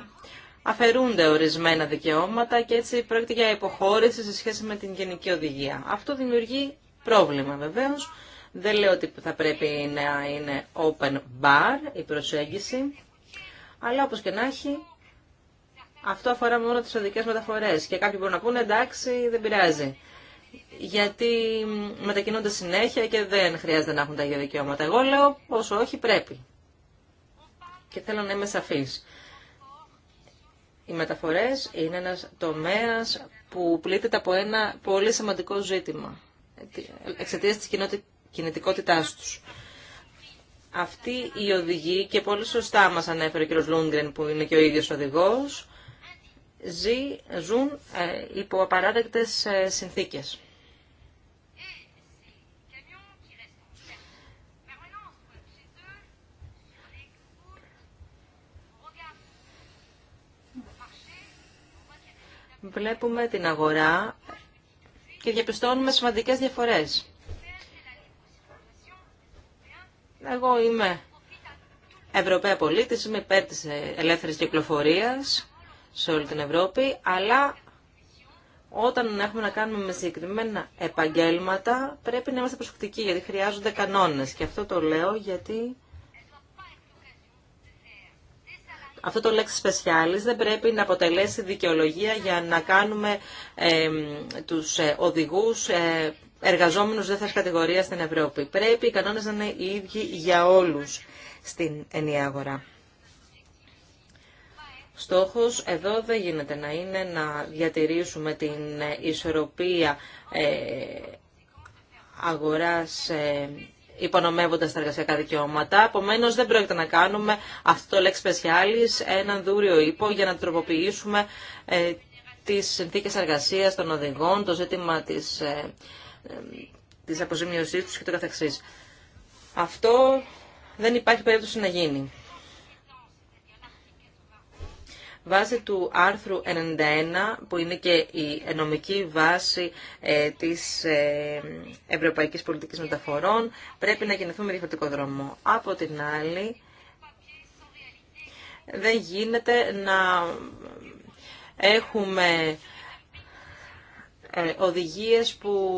αφαιρούνται ορισμένα δικαιώματα και έτσι πρόκειται για υποχώρηση σε σχέση με την γενική οδηγία. Αυτό δημιουργεί πρόβλημα βεβαίω δεν λέω ότι θα πρέπει να είναι open bar η προσέγγιση, αλλά όπως και να έχει, αυτό αφορά μόνο τις οδικές μεταφορές. Και κάποιοι μπορούν να πούνε εντάξει, δεν πειράζει. Γιατί μετακινούνται συνέχεια και δεν χρειάζεται να έχουν τα ίδια δικαιώματα. Εγώ λέω όσο όχι πρέπει. Και θέλω να είμαι σαφής. Οι μεταφορές είναι ένας τομέας που πλήττεται από ένα πολύ σημαντικό ζήτημα εξαιτία κοινότητα κινητικότητάς τους. Αυτή η οδηγή, και πολύ σωστά μας ανέφερε ο κ. Λούγκρεν που είναι και ο ίδιος οδηγός, ζη, ζουν ε, υπό απαράδεκτες ε, συνθήκες. Βλέπουμε την αγορά και διαπιστώνουμε σημαντικές διαφορές. Εγώ είμαι Ευρωπαία πολίτη, είμαι υπέρ τη ελεύθερη κυκλοφορίας σε όλη την Ευρώπη, αλλά όταν έχουμε να κάνουμε με συγκεκριμένα επαγγέλματα πρέπει να είμαστε προσεκτικοί γιατί χρειάζονται κανόνες και αυτό το λέω γιατί αυτό το λέξη specialis δεν πρέπει να αποτελέσει δικαιολογία για να κάνουμε ε, τους οδηγούς ε, εργαζόμενους δεύτερης κατηγορίας στην Ευρώπη. Πρέπει οι κανόνες να είναι οι ίδιοι για όλους στην ενιαία αγορά. Στόχος εδώ δεν γίνεται να είναι να διατηρήσουμε την ε, ισορροπία ε, αγοράς ε, Υπονομεύοντα τα εργασιακά δικαιώματα. Επομένω, δεν πρόκειται να κάνουμε αυτό το λέξη πεσιάλη έναν δούριο ύπο για να τροποποιήσουμε ε, τις συνθήκες εργασίας των οδηγών, το ζήτημα τη ε, ε, της αποζημιωσής τους και το καθεξής. Αυτό δεν υπάρχει περίπτωση να γίνει βάσει του άρθρου 91 που είναι και η νομική βάση ε, της ε, Ευρωπαϊκής Πολιτικής Μεταφορών πρέπει να κινηθούμε με διαφορετικό δρόμο. Από την άλλη δεν γίνεται να έχουμε ε, οδηγίες που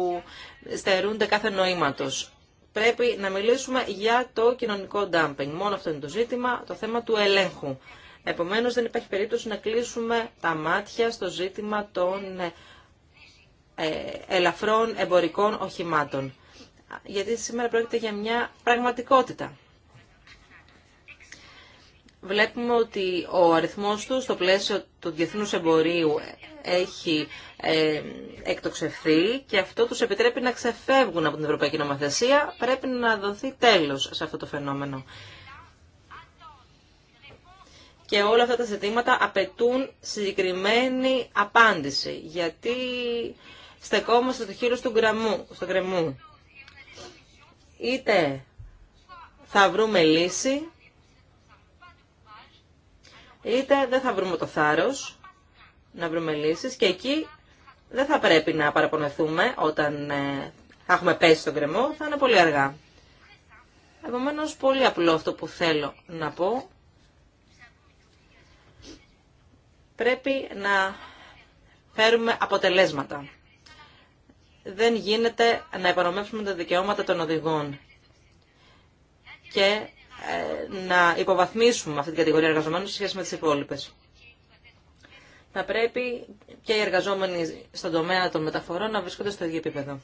στερούνται κάθε νοήματος. Πρέπει να μιλήσουμε για το κοινωνικό ντάμπινγκ. Μόνο αυτό είναι το ζήτημα, το θέμα του ελέγχου. Επομένως δεν υπάρχει περίπτωση να κλείσουμε τα μάτια στο ζήτημα των ε, ε, ελαφρών εμπορικών οχημάτων. Γιατί σήμερα πρόκειται για μια πραγματικότητα. Βλέπουμε ότι ο αριθμός του στο πλαίσιο του διεθνούς εμπορίου έχει ε, εκτοξευθεί και αυτό τους επιτρέπει να ξεφεύγουν από την Ευρωπαϊκή Νομοθεσία. Πρέπει να δοθεί τέλος σε αυτό το φαινόμενο και όλα αυτά τα ζητήματα απαιτούν συγκεκριμένη απάντηση, γιατί στεκόμαστε στο χείλος του στο γκρεμού. Είτε θα βρούμε λύση, είτε δεν θα βρούμε το θάρρος να βρούμε λύσεις και εκεί δεν θα πρέπει να παραπονεθούμε όταν ε, θα έχουμε πέσει στον κρεμό, θα είναι πολύ αργά. Επομένως, πολύ απλό αυτό που θέλω να πω. Πρέπει να φέρουμε αποτελέσματα. Δεν γίνεται να υπονομεύσουμε τα δικαιώματα των οδηγών και ε, να υποβαθμίσουμε αυτή την κατηγορία εργαζομένων σε σχέση με τις υπόλοιπες. Θα πρέπει και οι εργαζόμενοι στον τομέα των μεταφορών να βρισκόνται στο ίδιο επίπεδο.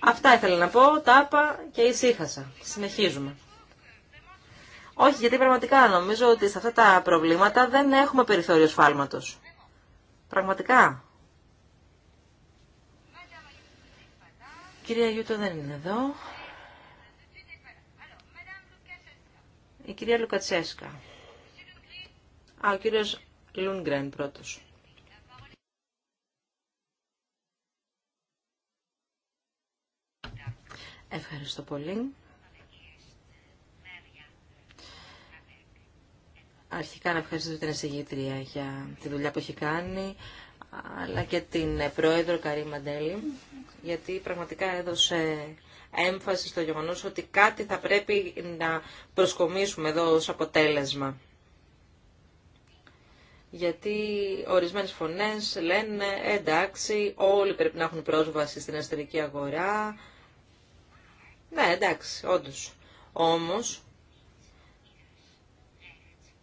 Αυτά ήθελα να πω, τα άπα και ησύχασα. Συνεχίζουμε. Όχι, γιατί πραγματικά νομίζω ότι σε αυτά τα προβλήματα δεν έχουμε περιθώριο σφάλματος. Πραγματικά. Κυρία Γιούτο δεν είναι εδώ. Η κυρία Λουκατσέσκα. Α, ο κύριος Λούνγκρεν πρώτος. Ευχαριστώ πολύ. αρχικά να ευχαριστήσω την εισηγήτρια για τη δουλειά που έχει κάνει, αλλά και την πρόεδρο Καρή Μαντέλη, γιατί πραγματικά έδωσε έμφαση στο γεγονός ότι κάτι θα πρέπει να προσκομίσουμε εδώ ως αποτέλεσμα. Γιατί ορισμένες φωνές λένε εντάξει όλοι πρέπει να έχουν πρόσβαση στην αστερική αγορά. Ναι εντάξει όντως. Όμως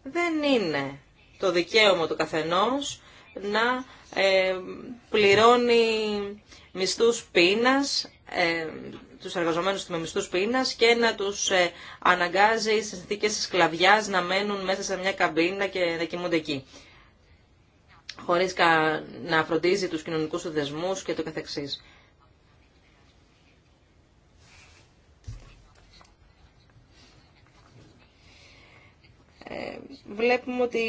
δεν είναι το δικαίωμα του καθενός να ε, πληρώνει μισθούς πείνας, ε, τους εργαζομένους με μισθούς πείνας και να τους ε, αναγκάζει σε συνθήκες σκλαβιάς να μένουν μέσα σε μια καμπίνα και να κοιμούνται εκεί. Χωρίς να φροντίζει τους κοινωνικούς δεσμούς και το καθεξής. βλέπουμε ότι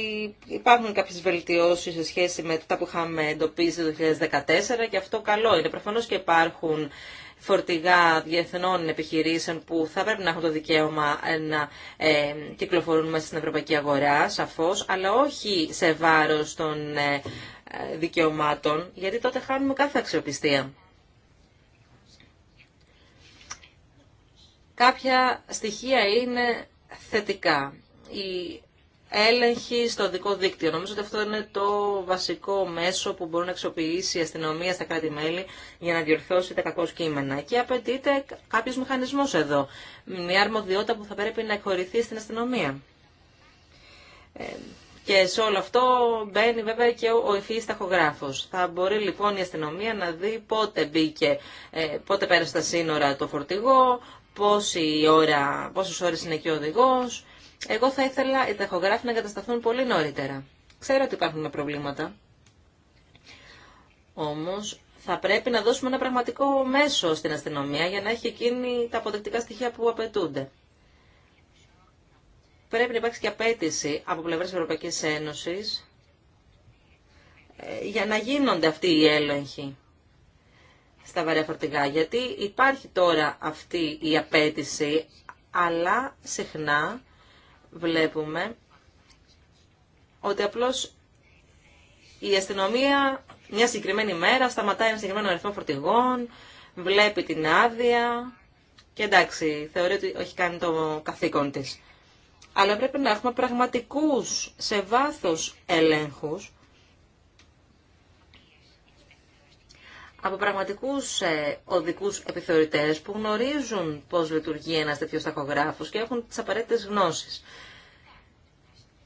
υπάρχουν κάποιες βελτιώσεις σε σχέση με τα που είχαμε εντοπίσει το 2014 και αυτό καλό είναι. Προφανώς και υπάρχουν φορτηγά διεθνών επιχειρήσεων που θα πρέπει να έχουν το δικαίωμα ε, να ε, κυκλοφορούν μέσα στην ευρωπαϊκή αγορά, σαφώς, αλλά όχι σε βάρος των ε, δικαιωμάτων, γιατί τότε χάνουμε κάθε αξιοπιστία. Κάποια στοιχεία είναι θετικά η έλεγχη στο δικό δίκτυο. Νομίζω ότι αυτό είναι το βασικό μέσο που μπορεί να αξιοποιήσει η αστυνομία στα κράτη-μέλη για να διορθώσει τα κακό κείμενα. Και απαιτείται κάποιο μηχανισμό εδώ. Μια αρμοδιότητα που θα πρέπει να εκχωρηθεί στην αστυνομία. Ε, και σε όλο αυτό μπαίνει βέβαια και ο ευφύης ταχογράφος. Θα μπορεί λοιπόν η αστυνομία να δει πότε μπήκε, ε, πότε πέρασε τα σύνορα το φορτηγό, πόση ώρα, πόσες ώρες είναι και ο οδηγός, εγώ θα ήθελα οι ταχογράφοι να κατασταθούν πολύ νωρίτερα. Ξέρω ότι υπάρχουν προβλήματα. Όμω, θα πρέπει να δώσουμε ένα πραγματικό μέσο στην αστυνομία για να έχει εκείνη τα αποδεκτικά στοιχεία που απαιτούνται. Πρέπει να υπάρξει και απέτηση από τη Ευρωπαϊκή Ένωση ε, για να γίνονται αυτοί οι έλεγχοι στα βαρέα φορτηγά. Γιατί υπάρχει τώρα αυτή η απέτηση, αλλά συχνά βλέπουμε ότι απλώς η αστυνομία μια συγκεκριμένη μέρα σταματάει ένα συγκεκριμένο αριθμό φορτηγών, βλέπει την άδεια και εντάξει, θεωρεί ότι έχει κάνει το καθήκον της. Αλλά πρέπει να έχουμε πραγματικούς σε βάθος ελέγχους από πραγματικούς ε, οδικούς επιθεωρητές που γνωρίζουν πώς λειτουργεί ένας τέτοιος ταχογράφος και έχουν τις απαραίτητες γνώσεις.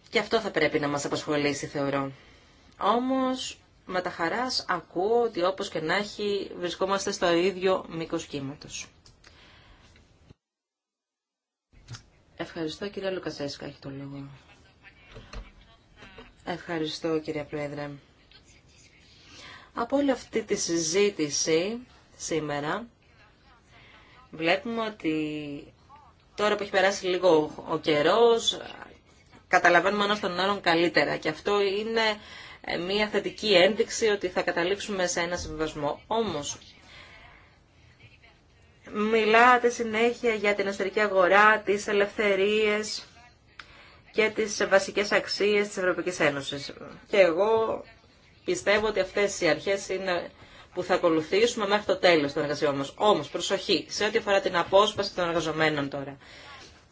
Και αυτό θα πρέπει να μας απασχολήσει, θεωρώ. Όμως, με τα χαράς ακούω ότι όπως και να έχει βρισκόμαστε στο ίδιο μήκος κύματος. Ευχαριστώ, κυρία Λουκασέσκα, έχει το λόγο. Ευχαριστώ, κυρία Πρόεδρε. Από όλη αυτή τη συζήτηση σήμερα βλέπουμε ότι τώρα που έχει περάσει λίγο ο καιρός καταλαβαίνουμε ένα τον άλλον καλύτερα και αυτό είναι ε, μια θετική ένδειξη ότι θα καταλήξουμε σε ένα συμβιβασμό. Όμως μιλάτε συνέχεια για την εσωτερική αγορά, τις ελευθερίες και τις βασικές αξίες της Ευρωπαϊκής Ένωσης. Και εγώ Πιστεύω ότι αυτές οι αρχές είναι που θα ακολουθήσουμε μέχρι το τέλος των εργασιών μας. Όμως, προσοχή, σε ό,τι αφορά την απόσπαση των εργαζομένων τώρα.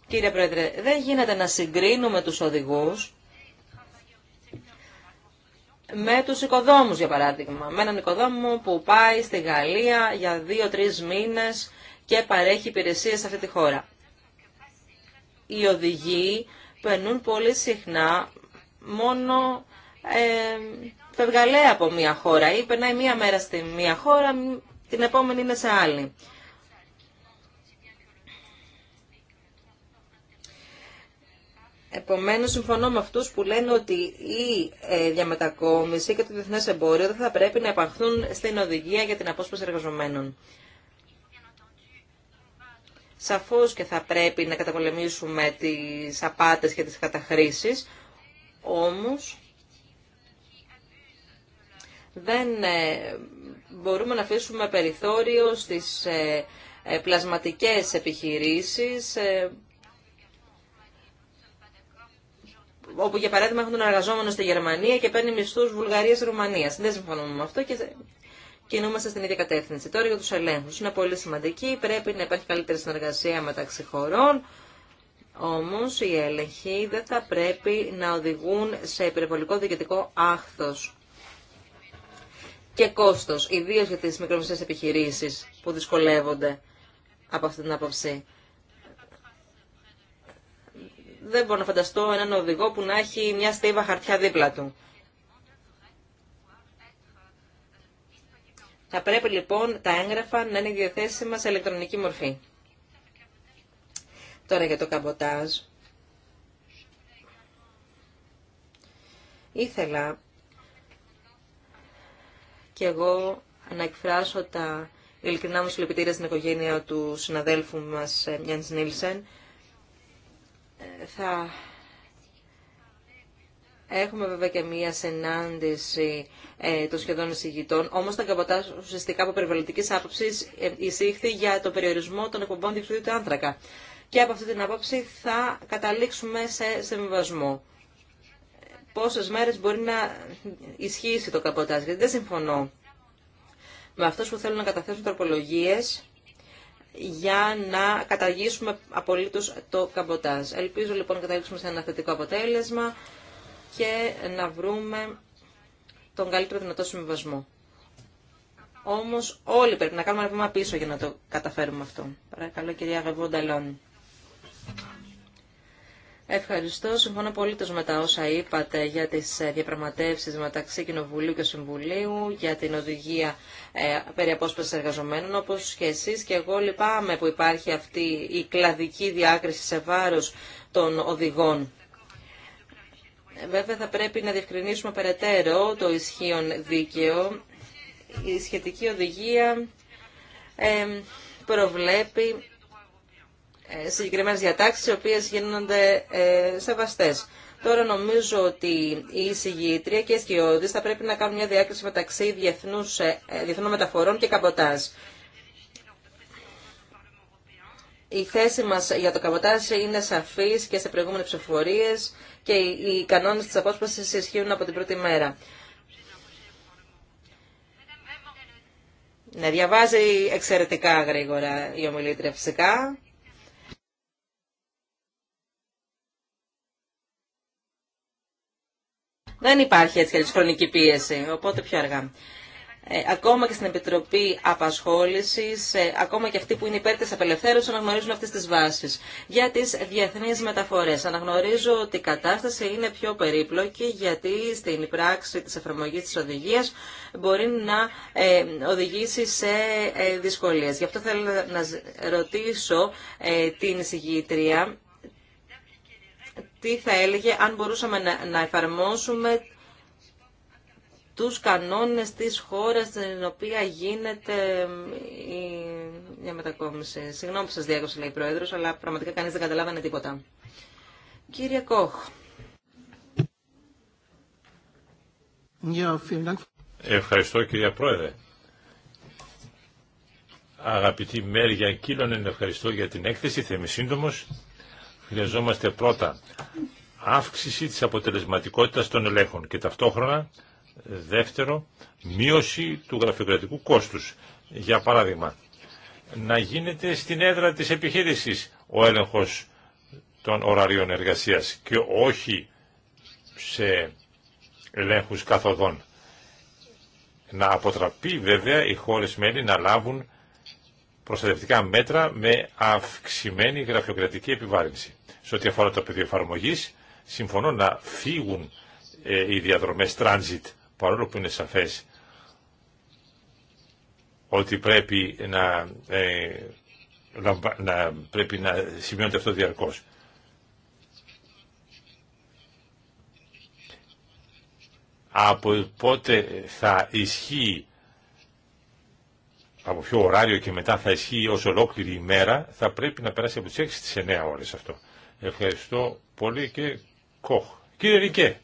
Κύριε Πρόεδρε, δεν γίνεται να συγκρίνουμε τους οδηγού με τους οικοδόμους, για παράδειγμα. Με έναν οικοδόμο που πάει στη Γαλλία για δυο τρει μήνες και παρέχει υπηρεσίε σε αυτή τη χώρα. Οι οδηγοί περνούν πολύ συχνά μόνο ε, φευγαλέα από μία χώρα ή περνάει μία μέρα στη μία χώρα, την επόμενη είναι σε άλλη. Επομένως, συμφωνώ με αυτούς που λένε ότι η ε, διαμετακόμιση και το διεθνές εμπόριο δεν θα πρέπει να επαχθούν στην οδηγία για την απόσπαση εργαζομένων. Σαφώς και θα πρέπει να καταπολεμήσουμε τις απάτες και τις καταχρήσεις, όμως δεν ε, μπορούμε να αφήσουμε περιθώριο στις ε, ε, πλασματικές επιχειρήσεις όπου για παράδειγμα έχουν τον εργαζόμενο στη Γερμανία και παίρνει μισθούς Βουλγαρίας Ρουμανίας. Δεν συμφωνούμε με αυτό και κινούμαστε στην ίδια κατεύθυνση. Τώρα για τους ελέγχους. Είναι πολύ σημαντική, πρέπει να υπάρχει καλύτερη συνεργασία μεταξύ χωρών. Όμως οι έλεγχοι δεν θα πρέπει να οδηγούν σε υπερβολικό διοικητικό άχθος και κόστος, ιδίω για τι μικρομεσαίε επιχειρήσεις που δυσκολεύονται από αυτή την άποψη. Δεν μπορώ να φανταστώ έναν οδηγό που να έχει μια στίβα χαρτιά δίπλα του. Θα πρέπει λοιπόν τα έγγραφα να είναι διαθέσιμα σε ηλεκτρονική μορφή. Τώρα για το καμποτάζ. Ήθελα και εγώ να εκφράσω τα ειλικρινά μου συλληπιτήρια στην οικογένεια του συναδέλφου μας Μιάνης ε, Νίλσεν. Ε, θα Έχουμε βέβαια και μία συνάντηση ε, των σχεδόν εισηγητών, όμως τα καμποτάζ ουσιαστικά από περιβαλλοντικής άποψης εισήχθη για το περιορισμό των εκπομπών διευθυντήτου άνθρακα. Και από αυτή την άποψη θα καταλήξουμε σε συμβιβασμό πόσες μέρες μπορεί να ισχύσει το καποτάζ. Γιατί δεν συμφωνώ με αυτούς που θέλουν να καταθέσουν τροπολογίες για να καταργήσουμε απολύτως το καμποτάζ. Ελπίζω λοιπόν να καταλήξουμε σε ένα θετικό αποτέλεσμα και να βρούμε τον καλύτερο δυνατό συμβιβασμό. Όμως όλοι πρέπει να κάνουμε ένα βήμα πίσω για να το καταφέρουμε αυτό. Παρακαλώ κυρία Γαβούντα Ευχαριστώ. Συμφωνώ πολύ με τα όσα είπατε για τις ε, διαπραγματεύσεις μεταξύ Κοινοβουλίου και Συμβουλίου, για την οδηγία ε, περί απόσπασης εργαζομένων, όπως και εσεί Και εγώ λυπάμαι που υπάρχει αυτή η κλαδική διάκριση σε βάρος των οδηγών. Βέβαια θα πρέπει να διευκρινίσουμε περαιτέρω το ισχύον δίκαιο. Η σχετική οδηγία ε, προβλέπει ε, Συγκεκριμένε διατάξει, οι οποίες γίνονται ε, σεβαστές. Τώρα νομίζω ότι η συγγήτρια και οι σκιώδη θα πρέπει να κάνουν μια διάκριση μεταξύ διεθνούς, ε, διεθνών μεταφορών και καμποτάζ. Η θέση μας για το καμποτάζ είναι σαφής και σε προηγούμενες ψηφοφορίες και οι κανόνες της απόσπασης ισχύουν από την πρώτη μέρα. Ναι, διαβάζει εξαιρετικά γρήγορα η ομιλήτρια φυσικά. Δεν υπάρχει έτσι και χρονική πίεση, οπότε πιο αργά. Ε, ακόμα και στην Επιτροπή Απασχόληση, ε, ακόμα και αυτοί που είναι υπέρ τη απελευθέρωση, αναγνωρίζουν αυτέ τι βάσει. Για τι διεθνεί μεταφορέ, αναγνωρίζω ότι η κατάσταση είναι πιο περίπλοκη, γιατί στην πράξη τη εφαρμογή τη οδηγία μπορεί να ε, οδηγήσει σε δυσκολίε. Γι' αυτό θέλω να ρωτήσω την συγγήτρια τι θα έλεγε αν μπορούσαμε να εφαρμόσουμε τους κανόνες της χώρας στην οποία γίνεται η μετακόμιση Συγγνώμη που σας διέκοψε, λέει η Πρόεδρος, αλλά πραγματικά κανείς δεν καταλάβανε τίποτα. Κύριε Κόχ. Ευχαριστώ κυρία Πρόεδρε. Αγαπητή Μέρια κύλων ευχαριστώ για την έκθεση. Θα είμαι σύντομος χρειαζόμαστε πρώτα αύξηση της αποτελεσματικότητας των ελέγχων και ταυτόχρονα δεύτερο μείωση του γραφειοκρατικού κόστους. Για παράδειγμα, να γίνεται στην έδρα της επιχείρησης ο έλεγχος των ωραρίων εργασίας και όχι σε ελέγχους καθοδών. Να αποτραπεί βέβαια οι χώρες μέλη να λάβουν προστατευτικά μέτρα με αυξημένη γραφειοκρατική επιβάρυνση. Σε ό,τι αφορά το πεδίο εφαρμογή, συμφωνώ να φύγουν ε, οι διαδρομέ transit, παρόλο που είναι σαφέ. ότι πρέπει ε, να, πρέπει να σημειώνεται αυτό διαρκώς. Από πότε θα ισχύει από ποιο ωράριο και μετά θα ισχύει ως ολόκληρη ημέρα, θα πρέπει να περάσει από τις 6 στις 9 ώρες αυτό. Ευχαριστώ πολύ και Κοχ. Κύριε Ρικέ,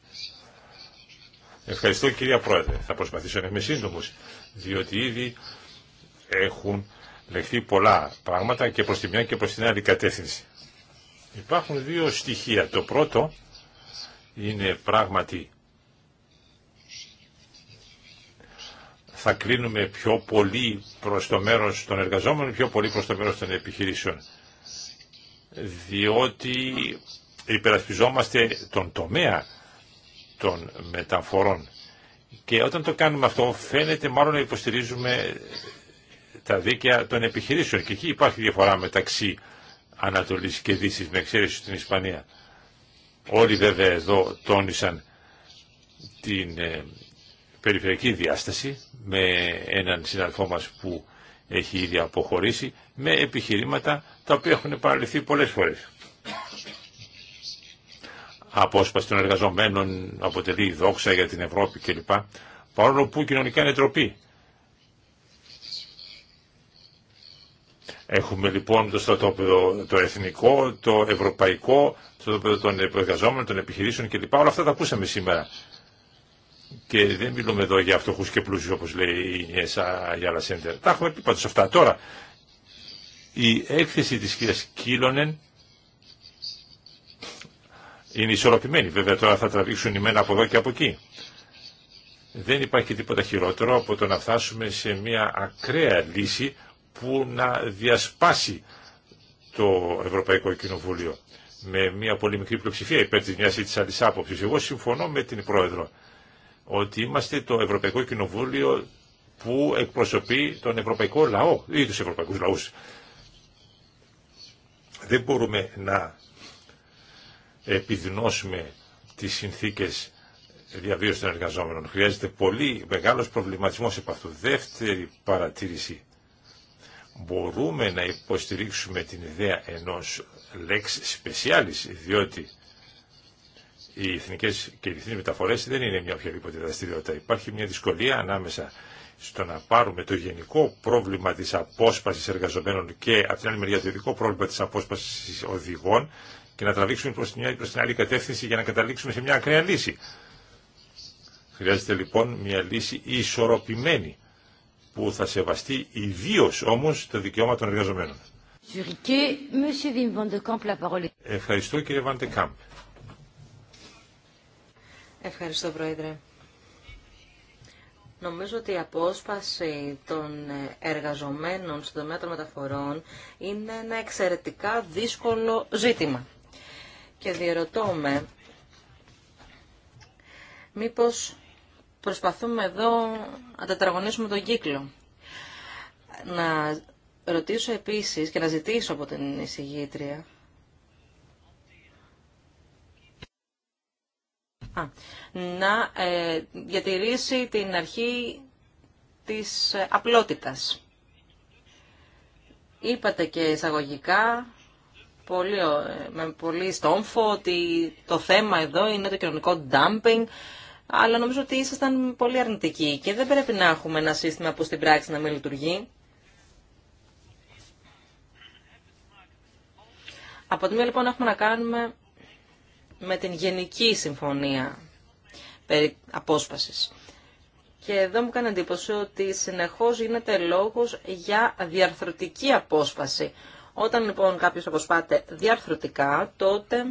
ευχαριστώ κυρία Πρόεδρε. Θα προσπαθήσω να είμαι σύντομο, διότι ήδη έχουν λεχθεί πολλά πράγματα και προς τη μια και προς την άλλη κατεύθυνση. Υπάρχουν δύο στοιχεία. Το πρώτο είναι πράγματι θα κρίνουμε πιο πολύ προς το μέρος των εργαζόμενων, πιο πολύ προς το μέρος των επιχειρήσεων. Διότι υπερασπιζόμαστε τον τομέα των μεταφορών. Και όταν το κάνουμε αυτό φαίνεται μάλλον να υποστηρίζουμε τα δίκαια των επιχειρήσεων. Και εκεί υπάρχει διαφορά μεταξύ Ανατολή και Δύσης, με εξαίρεση στην Ισπανία. Όλοι βέβαια εδώ τόνισαν την ε, περιφερειακή διάσταση με έναν συναδελφό μας που έχει ήδη αποχωρήσει με επιχειρήματα τα οποία έχουν παραλυθεί πολλές φορές. Απόσπαση των εργαζομένων αποτελεί δόξα για την Ευρώπη κλπ. Παρόλο που κοινωνικά είναι τροπή. Έχουμε λοιπόν το στρατόπεδο το εθνικό, το ευρωπαϊκό, το στρατόπεδο των εργαζόμενων, των επιχειρήσεων κλπ. Όλα αυτά τα ακούσαμε σήμερα και δεν μιλούμε εδώ για φτωχού και πλούσιου όπω λέει η Νιέσα Αγιάλα Σέντερ. Τα έχουμε πει πάντω αυτά. Τώρα, η έκθεση τη κυρία Κίλονεν είναι ισορροπημένη. Βέβαια τώρα θα τραβήξουν η μένα από εδώ και από εκεί. Δεν υπάρχει τίποτα χειρότερο από το να φτάσουμε σε μια ακραία λύση που να διασπάσει το Ευρωπαϊκό Κοινοβούλιο με μια πολύ μικρή πλειοψηφία υπέρ της μιας ή της άλλης άποψης. Εγώ συμφωνώ με την Πρόεδρο ότι είμαστε το Ευρωπαϊκό Κοινοβούλιο που εκπροσωπεί τον ευρωπαϊκό λαό ή τους ευρωπαϊκούς λαούς. Δεν μπορούμε να επιδεινώσουμε τις συνθήκες διαβίωσης των εργαζόμενων. Χρειάζεται πολύ μεγάλος προβληματισμός επ' αυτού. Δεύτερη παρατήρηση. Μπορούμε να υποστηρίξουμε την ιδέα ενός λέξη specialis, διότι οι εθνικέ και οι διεθνεί μεταφορέ δεν είναι μια οποιαδήποτε δραστηριότητα. Υπάρχει μια δυσκολία ανάμεσα στο να πάρουμε το γενικό πρόβλημα τη απόσπαση εργαζομένων και από την άλλη μεριά το ειδικό πρόβλημα τη απόσπαση οδηγών και να τραβήξουμε προ την την άλλη κατεύθυνση για να καταλήξουμε σε μια ακραία λύση. Χρειάζεται λοιπόν μια λύση ισορροπημένη που θα σεβαστεί ιδίω όμω το δικαίωμα των εργαζομένων. Ευχαριστώ κύριε Βαντεκάμπ. Ευχαριστώ, Πρόεδρε. Νομίζω ότι η απόσπαση των εργαζομένων στον τομέα των μεταφορών είναι ένα εξαιρετικά δύσκολο ζήτημα. Και διερωτώ με, μήπως προσπαθούμε εδώ να τετραγωνίσουμε τον κύκλο. Να ρωτήσω επίσης και να ζητήσω από την εισηγήτρια να ε, διατηρήσει την αρχή της ε, απλότητας. Είπατε και εισαγωγικά πολύ, ε, με πολύ στόμφο ότι το θέμα εδώ είναι το κοινωνικό dumping, αλλά νομίζω ότι ήσασταν πολύ αρνητικοί και δεν πρέπει να έχουμε ένα σύστημα που στην πράξη να μην λειτουργεί. Από τη μία λοιπόν έχουμε να κάνουμε με την Γενική Συμφωνία περί απόσπασης. Και εδώ μου κάνει εντύπωση ότι συνεχώς γίνεται λόγος για διαρθρωτική απόσπαση. Όταν λοιπόν κάποιος αποσπάται διαρθρωτικά, τότε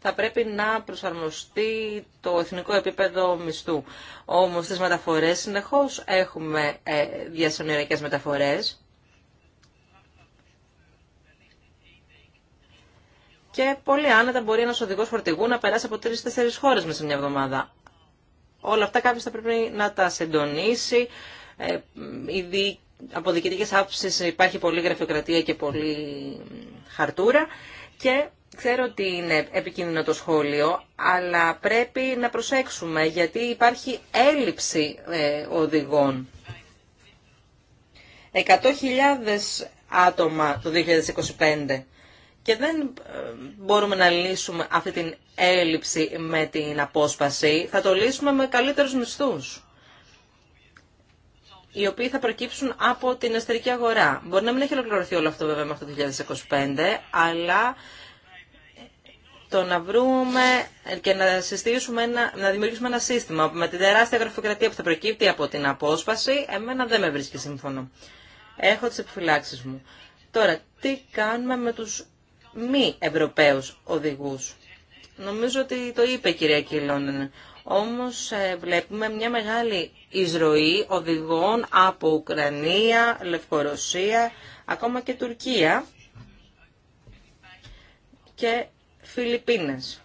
θα πρέπει να προσαρμοστεί το εθνικό επίπεδο μισθού. Όμως στις μεταφορές συνεχώς έχουμε ε, διασυνοριακές μεταφορές και πολύ άνετα μπορεί ένα οδηγό φορτηγού να περάσει από τρει-τέσσερι χώρε μέσα σε μια εβδομάδα. Όλα αυτά κάποιο θα πρέπει να τα συντονίσει. Ε, ήδη από διοικητικέ άποψει υπάρχει πολλή γραφειοκρατία και πολλή χαρτούρα και ξέρω ότι είναι επικίνδυνο το σχόλιο, αλλά πρέπει να προσέξουμε γιατί υπάρχει έλλειψη ε, οδηγών. 100.000 άτομα το 2025. Και δεν ε, μπορούμε να λύσουμε αυτή την έλλειψη με την απόσπαση. Θα το λύσουμε με καλύτερους μισθούς, οι οποίοι θα προκύψουν από την εσωτερική αγορά. Μπορεί να μην έχει ολοκληρωθεί όλο αυτό βέβαια με αυτό το 2025, αλλά το να βρούμε και να, συστήσουμε ένα, να δημιουργήσουμε ένα σύστημα με τη τεράστια γραφειοκρατία που θα προκύπτει από την απόσπαση, εμένα δεν με βρίσκει σύμφωνο. Έχω τις επιφυλάξεις μου. Τώρα, τι κάνουμε με τους μη Ευρωπαίους οδηγούς. Νομίζω ότι το είπε η κυρία Κιλόνεν. Όμως ε, βλέπουμε μια μεγάλη εισρωή οδηγών από Ουκρανία, Λευκορωσία, ακόμα και Τουρκία και Φιλιππίνες.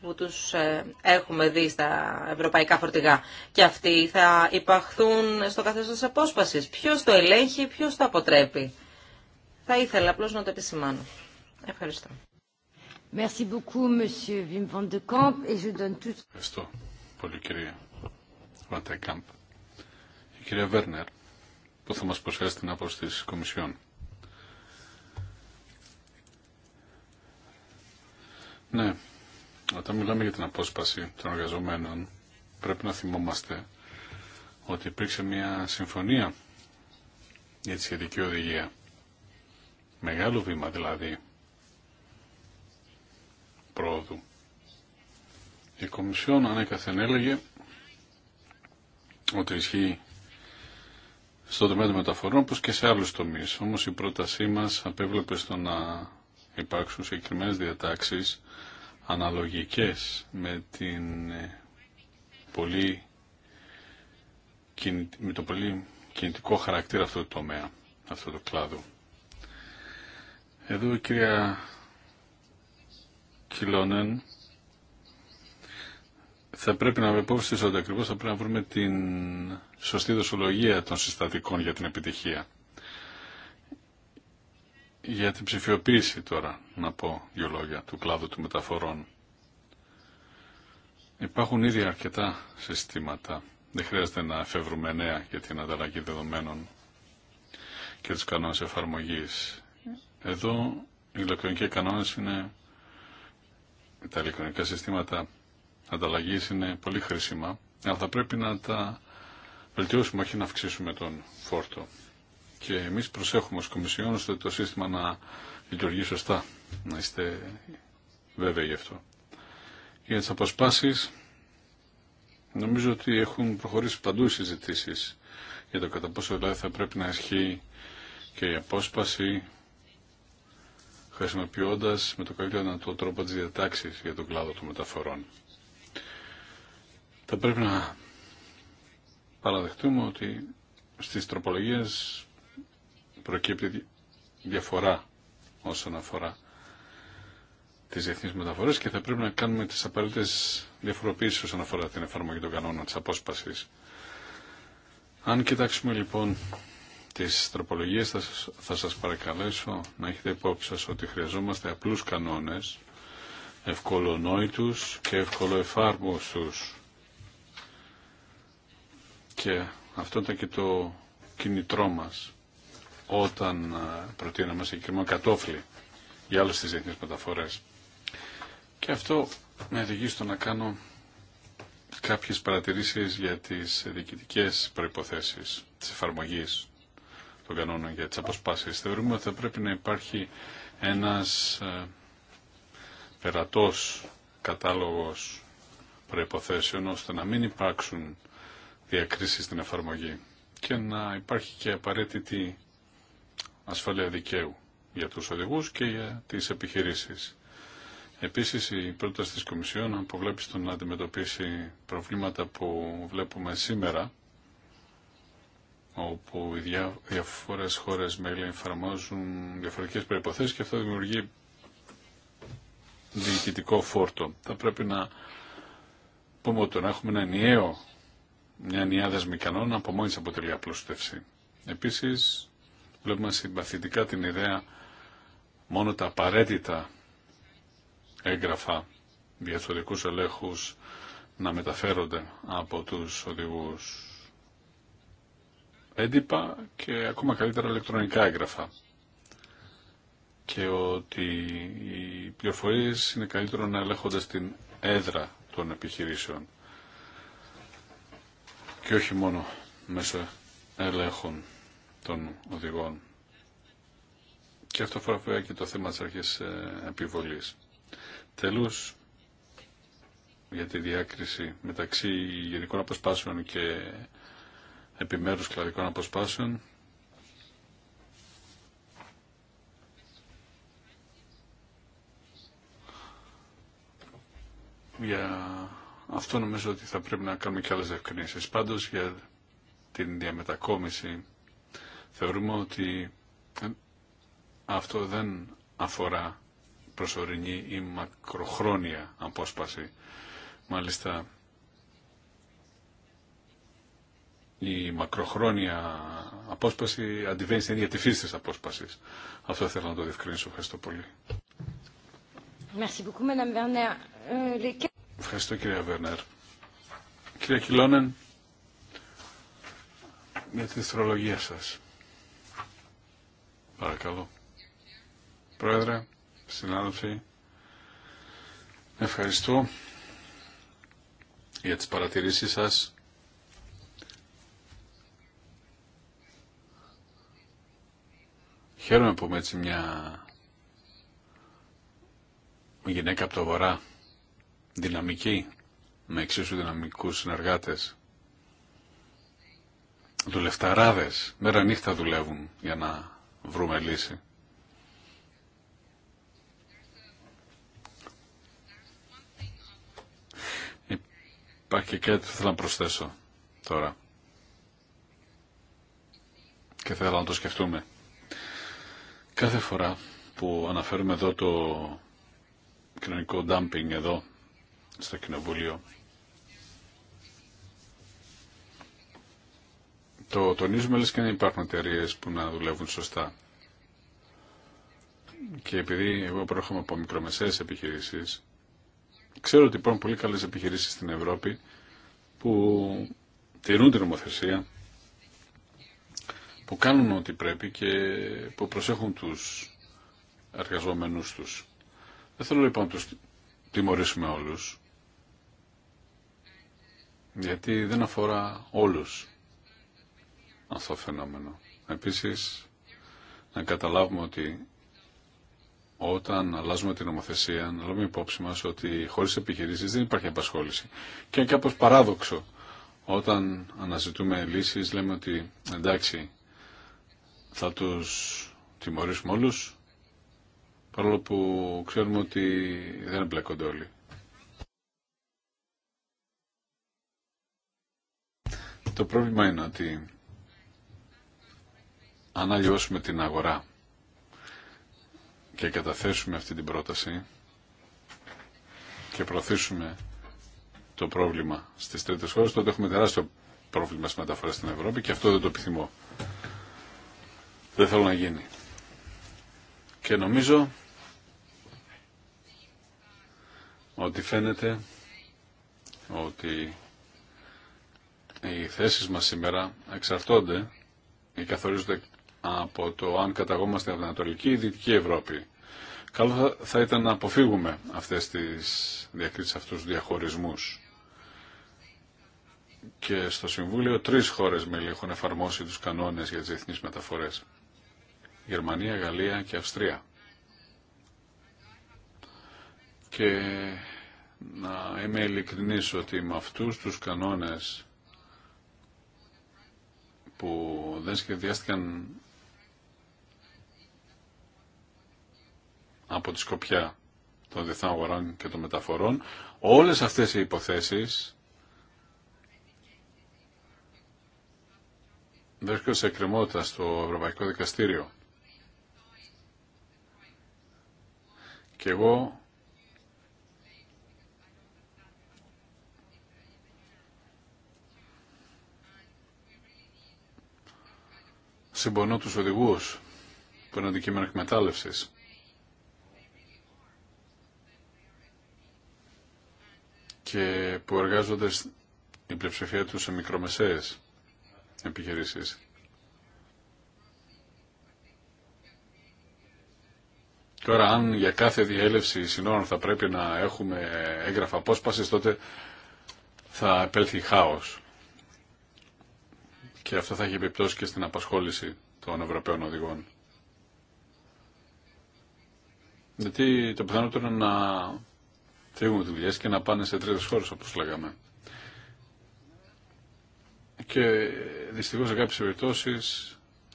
που τους ε, έχουμε δει στα ευρωπαϊκά φορτηγά. Και αυτοί θα υπαχθούν στο καθεστώς απόσπασης. Ποιος το ελέγχει, ποιος το αποτρέπει. Θα ήθελα απλώς να το επισημάνω. Ευχαριστώ. Merci beaucoup, Monsieur Wim van de Kamp, et je donne tout... Ευχαριστώ πολύ, κυρία Van de Kamp. Η κυρία Βέρνερ, που θα μας προσφέρει την άποψη της Κομισιόν. Ναι, όταν μιλάμε για την απόσπαση των εργαζομένων, πρέπει να θυμόμαστε ότι υπήρξε μια συμφωνία για τη σχετική οδηγία Μεγάλο βήμα δηλαδή πρόοδου. Η Κομισιόν ανέκαθεν έλεγε ότι ισχύει στο τομέα των μεταφορών όπως και σε άλλους τομείς. Όμως η πρότασή μας απέβλεπε στο να υπάρξουν συγκεκριμένε διατάξεις αναλογικές με την ε, πολύ με το πολύ κινητικό χαρακτήρα αυτού του τομέα, αυτού του κλάδου. Εδώ η κυρία Κιλόνεν θα πρέπει να με ότι ακριβώ θα πρέπει να βρούμε την σωστή δοσολογία των συστατικών για την επιτυχία. Για την ψηφιοποίηση τώρα, να πω δύο λόγια, του κλάδου του μεταφορών. Υπάρχουν ήδη αρκετά συστήματα. Δεν χρειάζεται να εφεύρουμε νέα για την ανταλλαγή δεδομένων και τους κανόνες εφαρμογής εδώ οι ηλεκτρονικοί κανόνες είναι, τα ηλεκτρονικά συστήματα ανταλλαγής είναι πολύ χρήσιμα, αλλά θα πρέπει να τα βελτιώσουμε, όχι να αυξήσουμε τον φόρτο. Και εμείς προσέχουμε ως Κομισιόν ώστε το σύστημα να λειτουργεί σωστά. Να είστε βέβαιοι γι' αυτό. Για τις αποσπάσεις, νομίζω ότι έχουν προχωρήσει παντού οι συζητήσεις για το κατά πόσο δηλαδή θα πρέπει να ισχύει και η απόσπαση χρησιμοποιώντας με το καλύτερο δυνατό τρόπο τις διατάξεις για τον κλάδο των μεταφορών. Θα πρέπει να παραδεχτούμε ότι στις τροπολογίες προκύπτει διαφορά όσον αφορά τις διεθνείς μεταφορές και θα πρέπει να κάνουμε τις απαραίτητες διαφοροποίησεις όσον αφορά την εφαρμογή των κανόνων της απόσπασης. Αν κοιτάξουμε λοιπόν τις τροπολογίες θα σας, θα σας παρακαλέσω να έχετε υπόψη σας ότι χρειαζόμαστε απλούς κανόνες, ευκολονόητους και ευκολοεφάρμοστους. Και αυτό ήταν και το κινητρό μας όταν ε, προτείναμε συγκεκριμένο κατόφλι για άλλες τις διεθνείς μεταφορές. Και αυτό με οδηγεί στο να κάνω κάποιες παρατηρήσεις για τις διοικητικές προϋποθέσεις της εφαρμογής τον κανόνα για τις αποσπάσεις. Θεωρούμε ότι θα πρέπει να υπάρχει ένας ε, περατός κατάλογος προϋποθέσεων ώστε να μην υπάρξουν διακρίσεις στην εφαρμογή και να υπάρχει και απαραίτητη ασφαλεία δικαίου για τους οδηγούς και για τις επιχειρήσεις. Επίσης η πρόταση της Κομισιόν αποβλέπει στο να αντιμετωπίσει προβλήματα που βλέπουμε σήμερα όπου οι διάφορες χώρες μέλη εφαρμόζουν διαφορετικές προποθέσει και αυτό δημιουργεί διοικητικό φόρτο. Θα πρέπει να πούμε ότι να έχουμε ένα ενιαίο, μια ενιαία δεσμή κανόνα από μόνη αποτελεί απλούστευση. Επίσης, βλέπουμε συμπαθητικά την ιδέα μόνο τα απαραίτητα έγγραφα διαθωρικούς ελέγχους να μεταφέρονται από τους οδηγούς έντυπα και ακόμα καλύτερα ηλεκτρονικά έγγραφα και ότι οι πληροφορίε είναι καλύτερο να ελέγχονται στην έδρα των επιχειρήσεων και όχι μόνο μέσω ελέγχων των οδηγών. Και αυτό αφορά βέβαια και το θέμα της αρχής ε, επιβολής. Τέλος, για τη διάκριση μεταξύ γενικών αποσπάσεων και επιμέρους κλαδικών αποσπάσεων για αυτό νομίζω ότι θα πρέπει να κάνουμε και άλλες διευκρινήσεις. Πάντως για την διαμετακόμιση θεωρούμε ότι αυτό δεν αφορά προσωρινή ή μακροχρόνια απόσπαση. Μάλιστα η μακροχρόνια απόσπαση αντιβαίνει στην ίδια τη φύση τη απόσπαση. Αυτό θέλω να το διευκρινίσω. Ευχαριστώ πολύ. Euh, ευχαριστώ κυρία Βέρνερ. Κυρία Κιλόνεν, για τη δευτερολογία σας. Παρακαλώ. Πρόεδρε, συνάδελφοι, ευχαριστώ για τις παρατηρήσεις σας Χαίρομαι που είμαι έτσι μια γυναίκα από το βορρά, δυναμική, με εξίσου δυναμικούς συνεργάτες, δουλευταράδες, μέρα νύχτα δουλεύουν για να βρούμε λύση. Υπάρχει και κάτι που θέλω να προσθέσω τώρα. Και θέλω να το σκεφτούμε. Κάθε φορά που αναφέρουμε εδώ το κοινωνικό ντάμπινγκ εδώ στο Κοινοβούλιο το τονίζουμε λες και να υπάρχουν εταιρείε που να δουλεύουν σωστά. Και επειδή εγώ προέρχομαι από μικρομεσαίες επιχειρήσεις, ξέρω ότι υπάρχουν πολύ καλές επιχειρήσεις στην Ευρώπη που τηρούν την νομοθεσία που κάνουν ό,τι πρέπει και που προσέχουν τους εργαζόμενους τους. Δεν θέλω λοιπόν να τους τιμωρήσουμε όλους, γιατί δεν αφορά όλους αυτό το φαινόμενο. Επίσης, να καταλάβουμε ότι όταν αλλάζουμε την νομοθεσία, να λάβουμε υπόψη μας ότι χωρίς επιχειρήσεις δεν υπάρχει απασχόληση. Και είναι κάπως παράδοξο. Όταν αναζητούμε λύσεις λέμε ότι εντάξει θα τους τιμωρήσουμε όλους παρόλο που ξέρουμε ότι δεν εμπλέκονται όλοι. Το πρόβλημα είναι ότι αν αλλιώσουμε την αγορά και καταθέσουμε αυτή την πρόταση και προωθήσουμε το πρόβλημα στις τρίτες χώρες, τότε έχουμε τεράστιο πρόβλημα στις μεταφορές στην Ευρώπη και αυτό δεν το επιθυμώ δεν θέλω να γίνει. Και νομίζω ότι φαίνεται ότι οι θέσεις μας σήμερα εξαρτώνται ή καθορίζονται από το αν καταγόμαστε από την Ανατολική ή Δυτική Ευρώπη. Καλό θα ήταν να αποφύγουμε αυτές τις διακρίσεις, αυτούς τους διαχωρισμούς. Και στο Συμβούλιο τρεις χώρες μέλη έχουν εφαρμόσει τους κανόνες για τις διεθνείς μεταφορές. Γερμανία, Γαλλία και Αυστρία. Και να είμαι ειλικρινής ότι με αυτούς τους κανόνες που δεν σχεδιάστηκαν από τη σκοπιά των διεθνών αγορών και των μεταφορών, όλες αυτές οι υποθέσεις βρίσκονται σε εκκρεμότητα στο Ευρωπαϊκό Δικαστήριο. Και εγώ συμπονώ τους οδηγούς που είναι αντικείμενο εκμετάλλευσης. και που εργάζονται η πλειοψηφία τους σε μικρομεσαίες επιχειρήσεις. Τώρα, αν για κάθε διέλευση συνόρων θα πρέπει να έχουμε έγγραφα απόσπαση, τότε θα επέλθει χάος. Και αυτό θα έχει επιπτώσει και στην απασχόληση των Ευρωπαίων οδηγών. Γιατί το πιθανότερο είναι να φύγουν δουλειέ και να πάνε σε τρίτε χώρε, όπω λέγαμε. Και δυστυχώ σε κάποιε περιπτώσει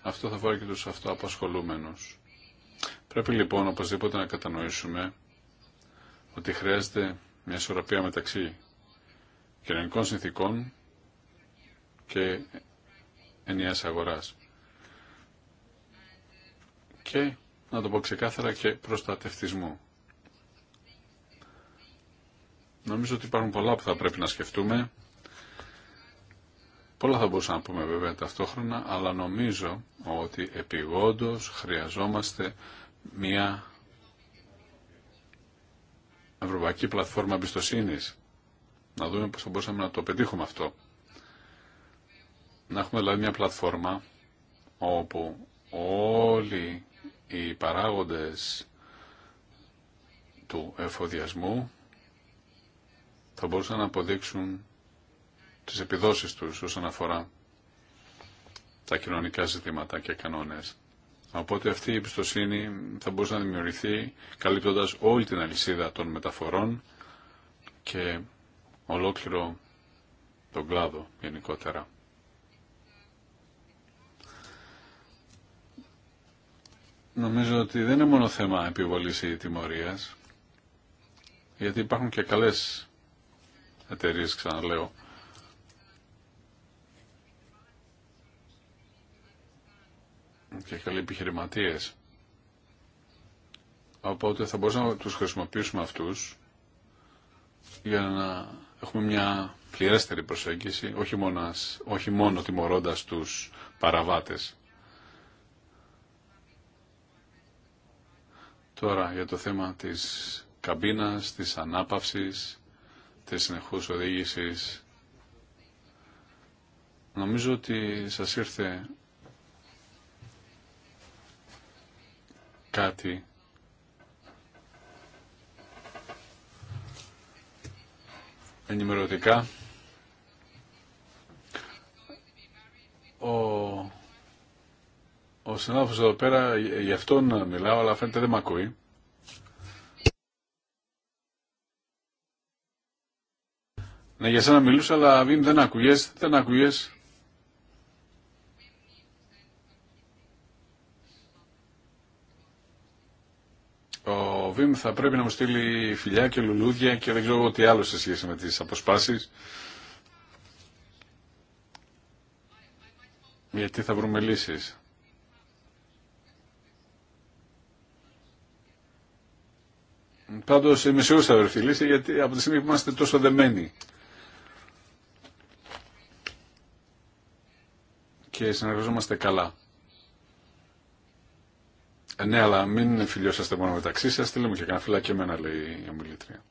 αυτό θα φορά και του αυτοαπασχολούμενους. Πρέπει λοιπόν οπωσδήποτε να κατανοήσουμε ότι χρειάζεται μια ισορροπία μεταξύ κοινωνικών συνθήκων και ενιαίας αγοράς. Και, να το πω ξεκάθαρα, και προστατευτισμού. Νομίζω ότι υπάρχουν πολλά που θα πρέπει να σκεφτούμε. Πολλά θα μπορούσαμε να πούμε βέβαια ταυτόχρονα, αλλά νομίζω ότι επιγόντως χρειαζόμαστε μια ευρωπαϊκή πλατφόρμα εμπιστοσύνη. Να δούμε πώς θα μπορούσαμε να το πετύχουμε αυτό. Να έχουμε δηλαδή μια πλατφόρμα όπου όλοι οι παράγοντες του εφοδιασμού θα μπορούσαν να αποδείξουν τις επιδόσεις τους όσον αφορά τα κοινωνικά ζητήματα και κανόνες. Οπότε αυτή η εμπιστοσύνη θα μπορούσε να δημιουργηθεί καλύπτοντας όλη την αλυσίδα των μεταφορών και ολόκληρο τον κλάδο γενικότερα. Νομίζω ότι δεν είναι μόνο θέμα επιβολής ή τιμωρίας, γιατί υπάρχουν και καλές εταιρείε, ξαναλέω, και καλοί επιχειρηματίε. Οπότε θα μπορούσαμε να τους χρησιμοποιήσουμε αυτούς για να έχουμε μια πληρέστερη προσέγγιση, όχι, όχι μόνο τιμωρώντας τους παραβάτες. Τώρα για το θέμα της καμπίνας, της ανάπαυσης, της συνεχούς οδήγησης. Νομίζω ότι σας ήρθε κάτι ενημερωτικά. Ο, ο συνάδελφος εδώ πέρα, γι' αυτόν μιλάω, αλλά φαίνεται δεν με ακούει. Ναι, για σένα μιλούσα, αλλά δεν ακούγες, δεν ακούγες. θα πρέπει να μου στείλει φιλιά και λουλούδια και δεν ξέρω τι άλλο σε σχέση με τις αποσπάσεις. Γιατί θα βρούμε λύσεις. Πάντως είμαι σίγουρος θα βρεθεί λύση γιατί από τη στιγμή που είμαστε τόσο δεμένοι. Και συνεργαζόμαστε καλά. Ναι, αλλά μην φιλιώσαστε μόνο μεταξύ σα. Στείλε μου και κανένα και εμένα, λέει η ομιλήτρια.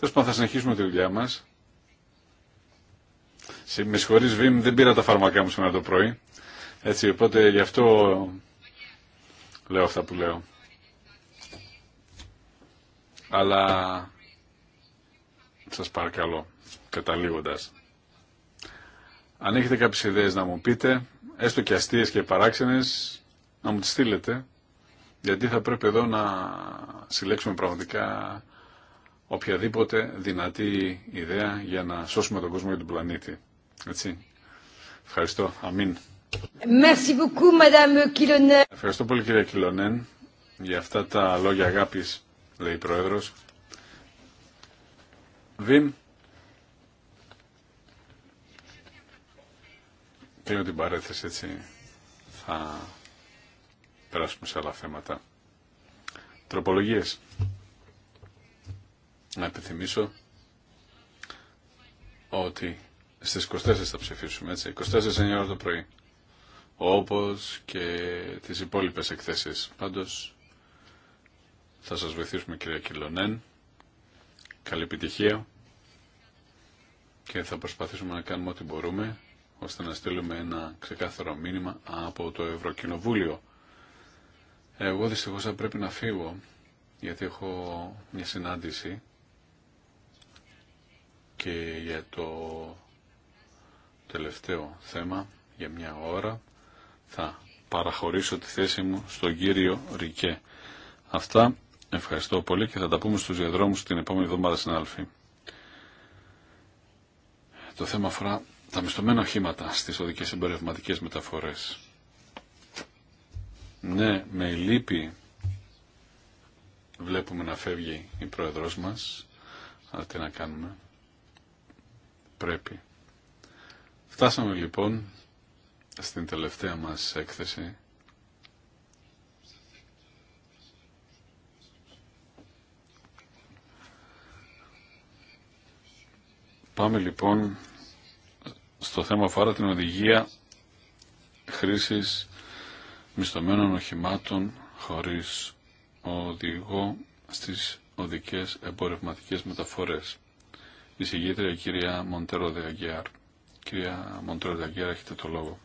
Τέλο πάντων, θα συνεχίσουμε τη δουλειά μα. Με συγχωρεί, Βίμ, δεν πήρα τα φάρμακά μου σήμερα το πρωί. Έτσι, οπότε γι' αυτό λέω αυτά που λέω. Αλλά σας παρακαλώ, καταλήγοντας. Αν έχετε κάποιες ιδέες να μου πείτε, έστω και αστείες και παράξενες, να μου τις στείλετε γιατί θα πρέπει εδώ να συλλέξουμε πραγματικά οποιαδήποτε δυνατή ιδέα για να σώσουμε τον κόσμο και τον πλανήτη. Έτσι. Ευχαριστώ. Αμήν. Ευχαριστώ πολύ κύριε Κιλονέν για αυτά τα λόγια αγάπης, λέει η Πρόεδρος. Βιν. Κλείνω την παρέθεση έτσι. Θα περάσουμε σε άλλα θέματα. Τροπολογίες. Να επιθυμίσω ότι στις 24 θα ψηφίσουμε, έτσι, 24 ώρα το πρωί, όπως και τις υπόλοιπες εκθέσεις. Πάντως, θα σας βοηθήσουμε κυρία Κιλονέν. Καλή επιτυχία και θα προσπαθήσουμε να κάνουμε ό,τι μπορούμε ώστε να στείλουμε ένα ξεκάθαρο μήνυμα από το Ευρωκοινοβούλιο εγώ δυστυχώς θα πρέπει να φύγω γιατί έχω μια συνάντηση και για το τελευταίο θέμα για μια ώρα θα παραχωρήσω τη θέση μου στον κύριο Ρικέ. Αυτά ευχαριστώ πολύ και θα τα πούμε στους διαδρόμους την επόμενη εβδομάδα στην Αλφή. Το θέμα αφορά τα μισθωμένα οχήματα στις οδικές εμπορευματικές μεταφορές. Ναι, με λύπη βλέπουμε να φεύγει η πρόεδρος μας, αλλά τι να κάνουμε. Πρέπει. Φτάσαμε λοιπόν στην τελευταία μας έκθεση Πάμε λοιπόν στο θέμα αφορά την οδηγία χρήσης μισθωμένων οχημάτων χωρίς οδηγό στις οδικές εμπορευματικές μεταφορές. Η συγγήτρια κυρία Μοντέρο Δεαγκιάρ. Κυρία Μοντέρο Δεαγκιάρ, έχετε το λόγο.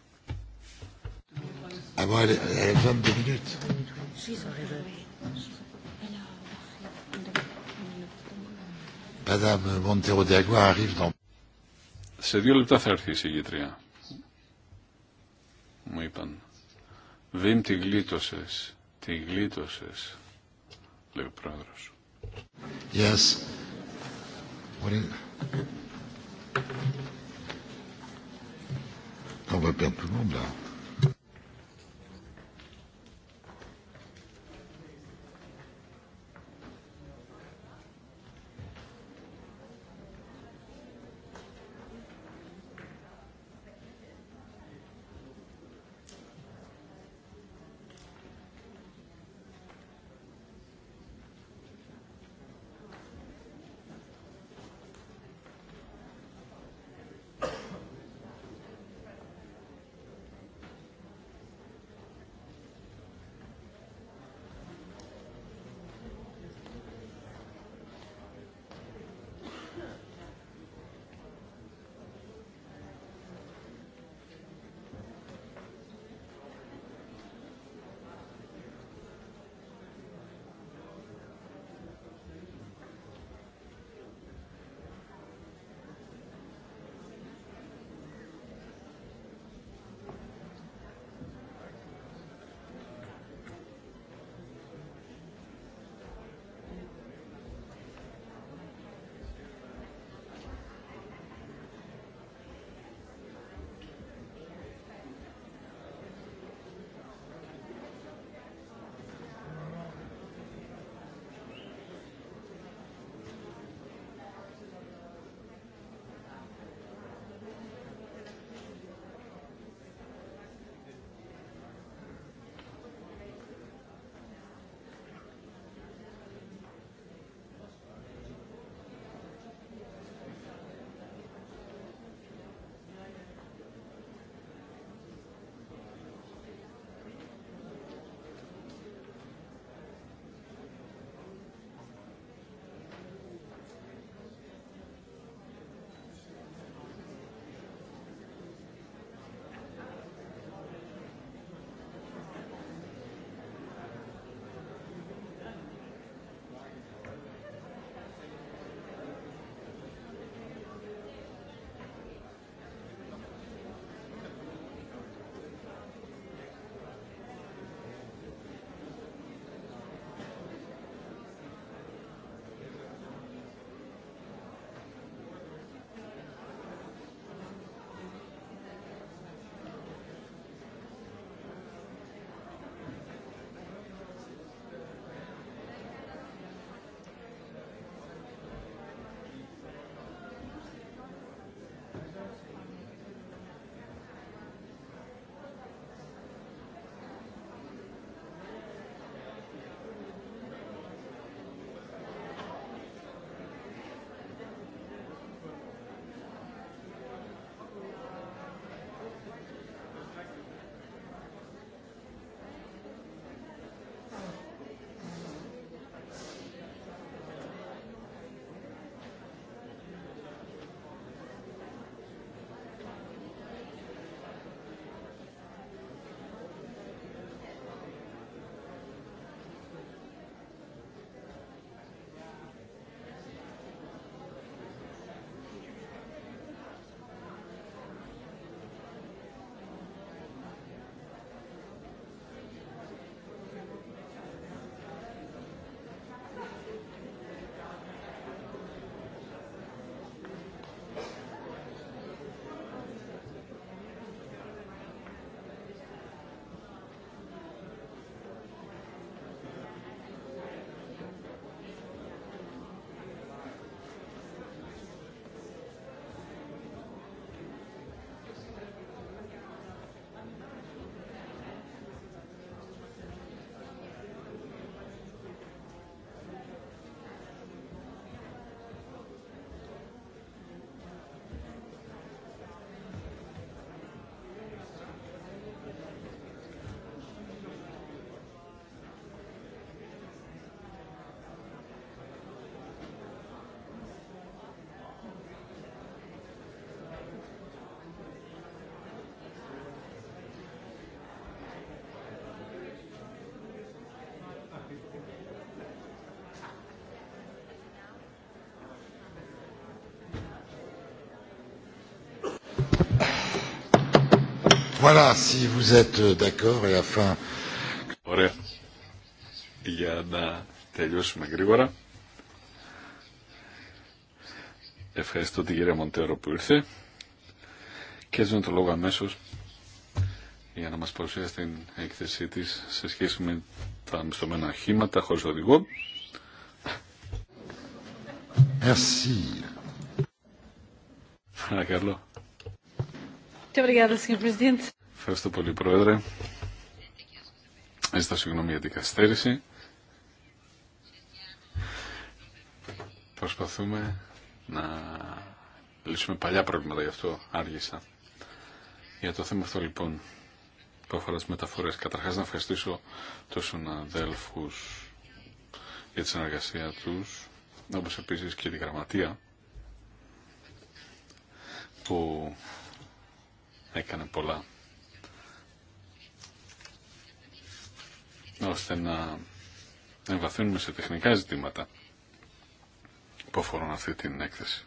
Σε δύο λεπτά θα έρθει η συγγήτρια. Μου είπαν. Δεν τη γλίτωσες. Τη γλίτωσες, λέει ο πρόεδρος. Yes. Voilà, si vous êtes euh, d'accord, et afin... Ωραία. Για να τελειώσουμε γρήγορα. Ευχαριστώ την κυρία Μοντέρο που ήρθε και ζητώ το λόγο αμέσω για να μας παρουσιάσει την έκθεσή της σε σχέση με τα μισθωμένα χήματα χωρίς οδηγό. Merci. Παρακαλώ. Ευχαριστώ πολύ, Πρόεδρε. Ζητώ συγγνώμη για την καστέρηση. Προσπαθούμε να λύσουμε παλιά προβλήματα, γι' αυτό άργησα. Για το θέμα αυτό, λοιπόν, που αφορά τι μεταφορές, καταρχάς να ευχαριστήσω του αδέλφους για τη συνεργασία τους, όπως επίσης και τη γραμματεία, που έκανε πολλά ώστε να εμβαθύνουμε σε τεχνικά ζητήματα που αφορούν αυτή την έκθεση.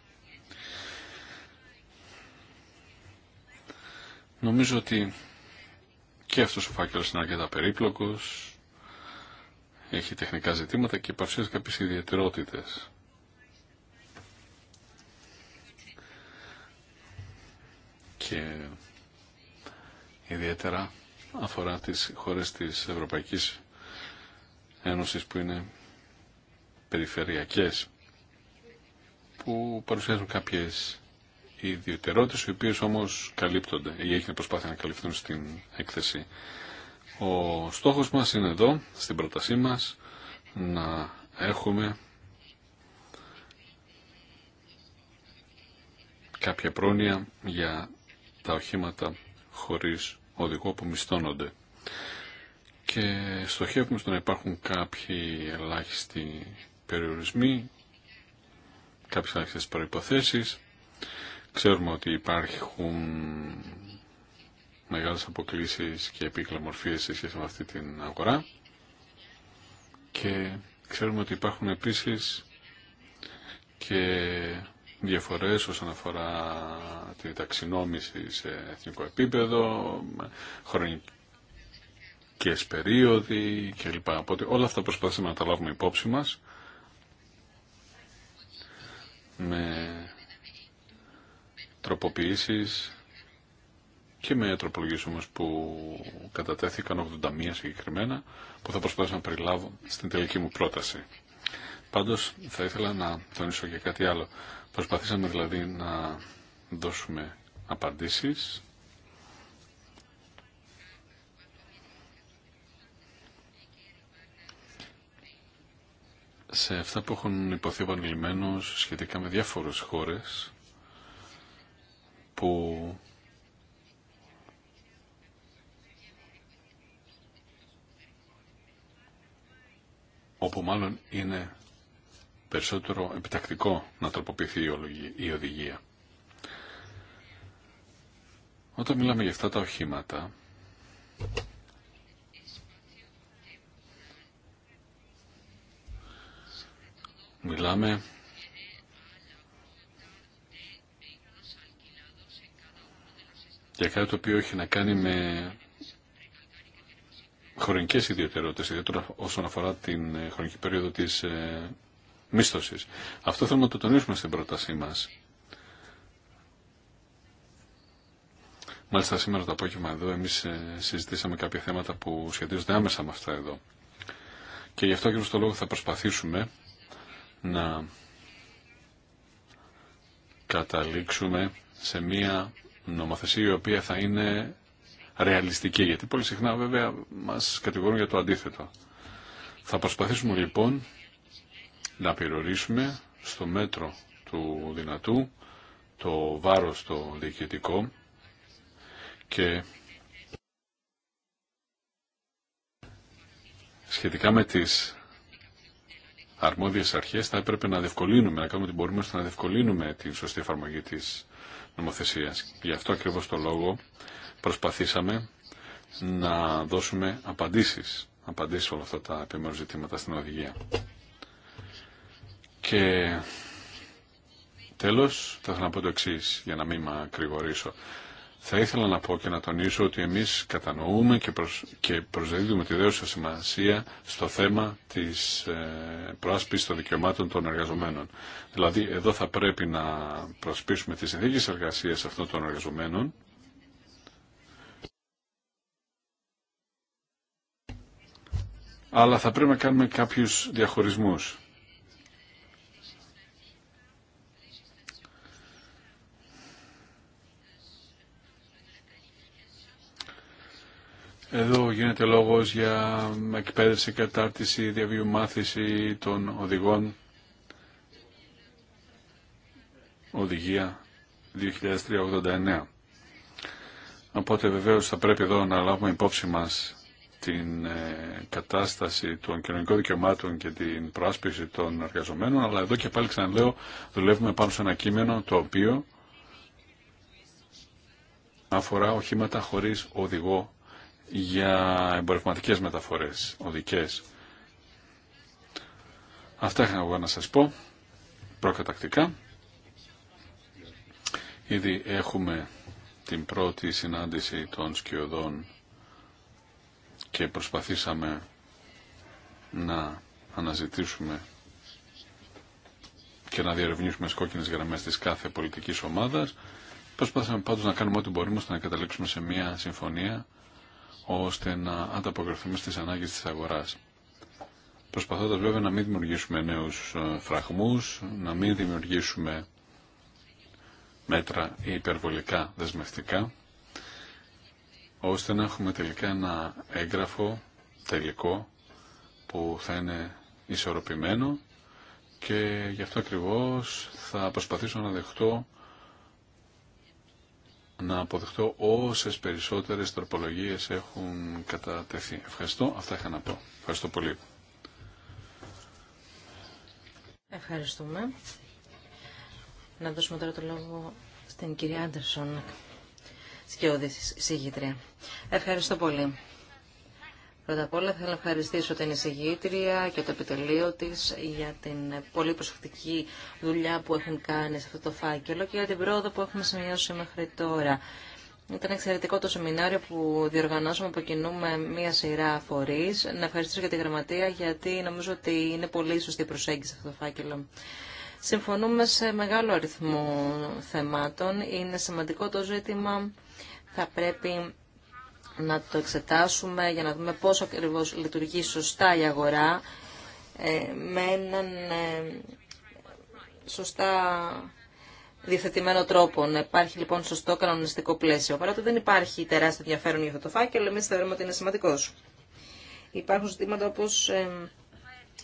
Νομίζω ότι και αυτός ο φάκελος είναι αρκετά περίπλοκος, έχει τεχνικά ζητήματα και παρουσιάζει κάποιες ιδιαιτερότητες. Και ιδιαίτερα αφορά τις χώρες της Ευρωπαϊκής Ένωσης που είναι περιφερειακές που παρουσιάζουν κάποιες ιδιαιτερότητες οι οποίες όμως καλύπτονται ή έχουν προσπάθεια να καλυφθούν στην έκθεση. Ο στόχος μας είναι εδώ, στην πρότασή μας, να έχουμε κάποια πρόνοια για τα οχήματα χωρίς που μισθώνονται. Και στοχεύουμε στο να υπάρχουν κάποιοι ελάχιστοι περιορισμοί, κάποιες ελάχιστες προϋποθέσεις. Ξέρουμε ότι υπάρχουν μεγάλες αποκλήσεις και επίκλαμορφίες σε σχέση με αυτή την αγορά και ξέρουμε ότι υπάρχουν επίσης και διαφορές όσον αφορά τη ταξινόμηση σε εθνικό επίπεδο, χρονικές περίοδοι κλπ. Οπότε όλα αυτά προσπαθήσαμε να τα λάβουμε υπόψη μας με τροποποιήσεις και με τροπολογίες όμως που κατατέθηκαν 81 συγκεκριμένα που θα προσπαθήσω να περιλάβω στην τελική μου πρόταση. Πάντως θα ήθελα να τονίσω και κάτι άλλο. Προσπαθήσαμε δηλαδή να δώσουμε απαντήσεις σε αυτά που έχουν υποθεί επανειλημμένως σχετικά με διάφορες χώρες που όπου μάλλον είναι περισσότερο επιτακτικό να τροποποιηθεί η οδηγία. Όταν μιλάμε για αυτά τα οχήματα, μιλάμε για κάτι το οποίο έχει να κάνει με χρονικές ιδιαιτερότητες, ιδιαίτερα όσον αφορά την ε, χρονική περίοδο της ε, μίσθωσης. Αυτό θέλουμε να το τονίσουμε στην πρότασή μας. Μάλιστα σήμερα το απόγευμα εδώ εμείς ε, συζητήσαμε κάποια θέματα που σχετίζονται άμεσα με αυτά εδώ. Και γι' αυτό και το λόγο θα προσπαθήσουμε να καταλήξουμε σε μία νομοθεσία η οποία θα είναι ρεαλιστική, γιατί πολύ συχνά βέβαια μας κατηγορούν για το αντίθετο. Θα προσπαθήσουμε λοιπόν να περιορίσουμε στο μέτρο του δυνατού το βάρος το διοικητικό και σχετικά με τις αρμόδιες αρχές θα έπρεπε να διευκολύνουμε, να κάνουμε ό,τι μπορούμε να διευκολύνουμε την σωστή εφαρμογή της νομοθεσίας. Γι' αυτό ακριβώς το λόγο προσπαθήσαμε να δώσουμε απαντήσεις, απαντήσεις όλα αυτά τα επιμέρους ζητήματα στην οδηγία. Και τέλος θα ήθελα να πω το εξή για να μην με Θα ήθελα να πω και να τονίσω ότι εμείς κατανοούμε και, προσ... και προσδίδουμε τη δέουσα σημασία στο θέμα της ε, προάσπισης των δικαιωμάτων των εργαζομένων. Δηλαδή εδώ θα πρέπει να προσπίσουμε τις συνθήκες εργασίας αυτών των εργαζομένων αλλά θα πρέπει να κάνουμε κάποιους διαχωρισμούς. γίνεται λόγος για εκπαίδευση, κατάρτιση, διαβίου μάθηση των οδηγών. Οδηγία 2389. Οπότε βεβαίως θα πρέπει εδώ να λάβουμε υπόψη μας την ε, κατάσταση των κοινωνικών δικαιωμάτων και την προάσπιση των εργαζομένων, αλλά εδώ και πάλι ξαναλέω δουλεύουμε πάνω σε ένα κείμενο το οποίο αφορά οχήματα χωρίς οδηγό για εμπορευματικές μεταφορές, οδικές. Αυτά είχα εγώ να σας πω, προκατακτικά. Ήδη έχουμε την πρώτη συνάντηση των σκιωδών και προσπαθήσαμε να αναζητήσουμε και να διερευνήσουμε τις κόκκινες γραμμές της κάθε πολιτικής ομάδας. Προσπάθησαμε πάντως να κάνουμε ό,τι μπορούμε ώστε να καταλήξουμε σε μια συμφωνία ώστε να ανταποκριθούμε στις ανάγκες της αγοράς. Προσπαθώντας βέβαια να μην δημιουργήσουμε νέους ε, φραγμούς, να μην δημιουργήσουμε μέτρα ή υπερβολικά δεσμευτικά, ώστε να έχουμε τελικά ένα έγγραφο τελικό που θα είναι ισορροπημένο και γι' αυτό ακριβώς θα προσπαθήσω να δεχτώ να αποδεχτώ όσες περισσότερες τροπολογίες έχουν κατατεθεί. Ευχαριστώ. Αυτά είχα να πω. Ευχαριστώ πολύ. Ευχαριστούμε. Να δώσουμε τώρα το λόγο στην κυρία Άντερσον, σκιώδη συγγήτρια. Ευχαριστώ πολύ. Πρώτα απ' όλα θέλω να ευχαριστήσω την εισηγήτρια και το επιτελείο της για την πολύ προσεκτική δουλειά που έχουν κάνει σε αυτό το φάκελο και για την πρόοδο που έχουμε σημειώσει μέχρι τώρα. Ήταν εξαιρετικό το σεμινάριο που διοργανώσαμε από κινούμε μία σειρά φορεί. Να ευχαριστήσω για τη γραμματεία, γιατί νομίζω ότι είναι πολύ σωστή η προσέγγιση αυτό το φάκελο. Συμφωνούμε σε μεγάλο αριθμό θεμάτων. Είναι σημαντικό το ζήτημα. Θα πρέπει να το εξετάσουμε για να δούμε πώς ακριβώς λειτουργεί σωστά η αγορά ε, με έναν ε, σωστά διευθετημένο τρόπο. Να υπάρχει λοιπόν σωστό κανονιστικό πλαίσιο. Παρά το δεν υπάρχει τεράστιο ενδιαφέρον για αυτό το φάκελο, εμεί θεωρούμε ότι είναι σημαντικό. Υπάρχουν ζητήματα όπω ε,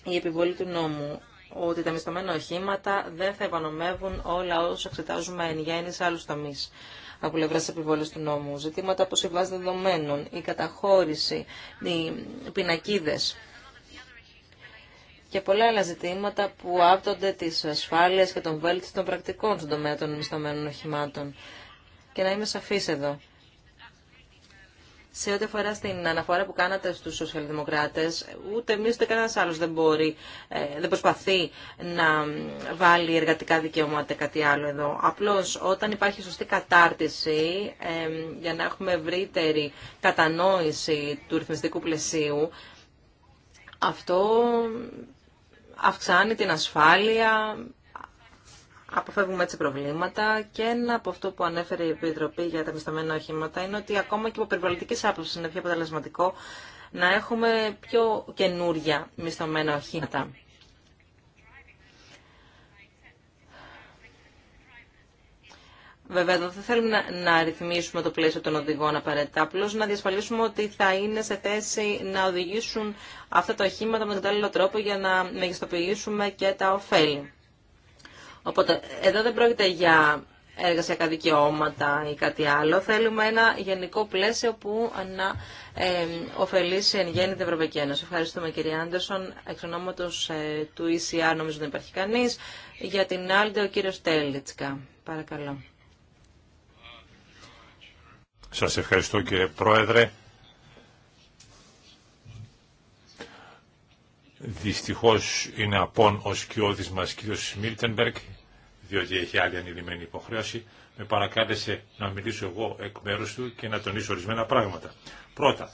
η επιβολή του νόμου, ότι τα μισθωμένα οχήματα δεν θα επανομεύουν όλα όσα εξετάζουμε εν γέννη σε άλλου τομεί από πλευρά επιβολή του νόμου. Ζητήματα όπω η βάση δεδομένων, η καταχώρηση, οι πινακίδε και πολλά άλλα ζητήματα που άπτονται τη ασφάλεια και των βέλτιστων πρακτικών στον τομέα των μισθωμένων οχημάτων. Και να είμαι σαφή εδώ σε ό,τι αφορά στην αναφορά που κάνατε στους σοσιαλδημοκράτες, ούτε εμείς ούτε κανένας άλλος δεν μπορεί, ε, δεν προσπαθεί να βάλει εργατικά δικαιώματα κάτι άλλο εδώ. Απλώς όταν υπάρχει σωστή κατάρτιση ε, για να έχουμε ευρύτερη κατανόηση του ρυθμιστικού πλαισίου, αυτό αυξάνει την ασφάλεια αποφεύγουμε έτσι προβλήματα και ένα από αυτό που ανέφερε η Επιτροπή για τα μισθωμένα οχήματα είναι ότι ακόμα και από περιβαλλοντική άποψη είναι πιο αποτελεσματικό να έχουμε πιο καινούρια μισθωμένα οχήματα. Βέβαια, δεν θέλουμε να, να ρυθμίσουμε το πλαίσιο των οδηγών απαραίτητα, απλώ να διασφαλίσουμε ότι θα είναι σε θέση να οδηγήσουν αυτά τα οχήματα με τον κατάλληλο τρόπο για να μεγιστοποιήσουμε και τα ωφέλη. Οπότε εδώ δεν πρόκειται για εργασιακά δικαιώματα ή κάτι άλλο. Θέλουμε ένα γενικό πλαίσιο που να ε, ωφελήσει εν γέννη την Ευρωπαϊκή Ένωση. Ευχαριστούμε κύριε Άντερσον. Εξ ονόματος ε, του ECR νομίζω δεν υπάρχει κανείς. Για την άλλη ο κύριος Τέλιτσκα. Παρακαλώ. Σας ευχαριστώ κύριε Πρόεδρε. Δυστυχώς είναι απόν ο σκιώδης μας κύριος Μίλτενμπεργκ διότι έχει άλλη ανηλυμένη υποχρέωση, με παρακάλεσε να μιλήσω εγώ εκ μέρους του και να τονίσω ορισμένα πράγματα. Πρώτα,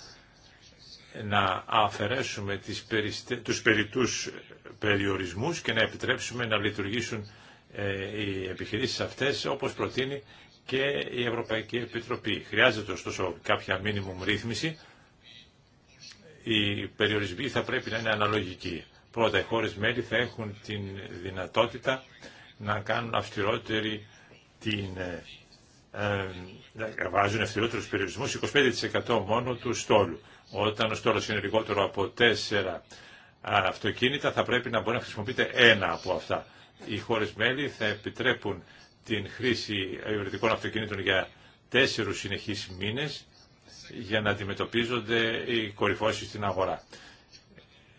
να αφαιρέσουμε τις περιστε... τους περιτούς περιορισμούς και να επιτρέψουμε να λειτουργήσουν ε, οι επιχειρήσεις αυτές όπως προτείνει και η Ευρωπαϊκή Επιτροπή. Χρειάζεται ωστόσο κάποια μίνιμουμ ρύθμιση. Οι περιορισμοί θα πρέπει να είναι αναλογικοί. Πρώτα, οι χώρες μέλη θα έχουν την δυνατότητα να κάνουν αυστηρότερη την... Ε, ε βάζουν ευθυρότερους περιορισμού, 25% μόνο του στόλου. Όταν ο στόλος είναι λιγότερο από τέσσερα αυτοκίνητα θα πρέπει να μπορεί να χρησιμοποιείται ένα από αυτά. Οι χώρες μέλη θα επιτρέπουν την χρήση υβριδικών αυτοκινήτων για τέσσερους συνεχείς μήνες για να αντιμετωπίζονται οι κορυφώσεις στην αγορά.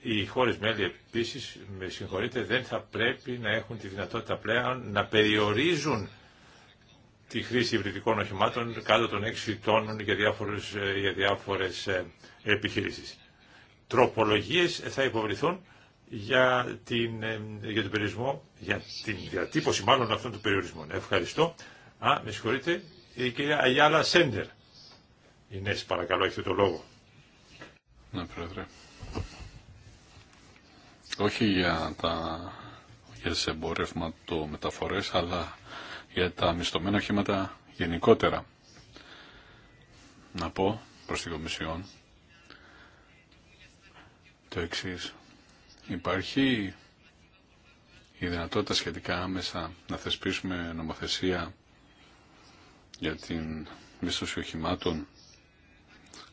Οι χώρες μέλη επίσης, με συγχωρείτε, δεν θα πρέπει να έχουν τη δυνατότητα πλέον να περιορίζουν τη χρήση υβριδικών οχημάτων κάτω των 6 τόνων για διάφορες, ε, για διάφορες ε, επιχειρήσεις. Τροπολογίες θα υποβληθούν για, την, ε, για τον περιορισμό, για την διατύπωση μάλλον αυτών των περιορισμών. Ευχαριστώ. Α, με συγχωρείτε, η κυρία Αγιάλα Σέντερ. Η Νέση, παρακαλώ, έχετε το λόγο. Ναι, πρόεδρε όχι για, τα, για τις μεταφορές αλλά για τα μισθωμένα οχήματα γενικότερα. Να πω προς την Κομισιόν το εξή. Υπάρχει η δυνατότητα σχετικά άμεσα να θεσπίσουμε νομοθεσία για την μίσθωση οχημάτων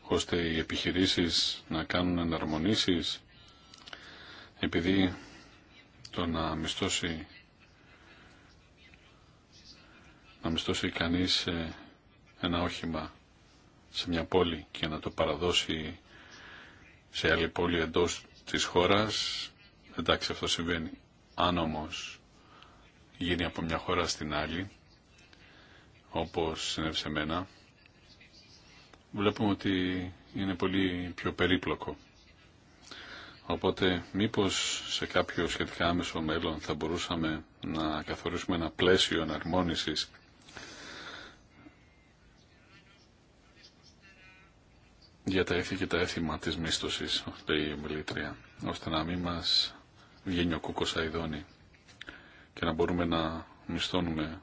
ώστε οι επιχειρήσεις να κάνουν εναρμονήσεις επειδή το να μισθώσει να μισθώσει κανείς ε, ένα όχημα σε μια πόλη και να το παραδώσει σε άλλη πόλη εντός της χώρας εντάξει αυτό συμβαίνει αν όμως γίνει από μια χώρα στην άλλη όπως συνέβη σε μένα βλέπουμε ότι είναι πολύ πιο περίπλοκο Οπότε μήπως σε κάποιο σχετικά άμεσο μέλλον θα μπορούσαμε να καθορίσουμε ένα πλαίσιο εναρμόνισης για τα έθη και τα έθιμα της μίστοσης, η ώστε να μην μας βγαίνει ο κούκος και να μπορούμε να μισθώνουμε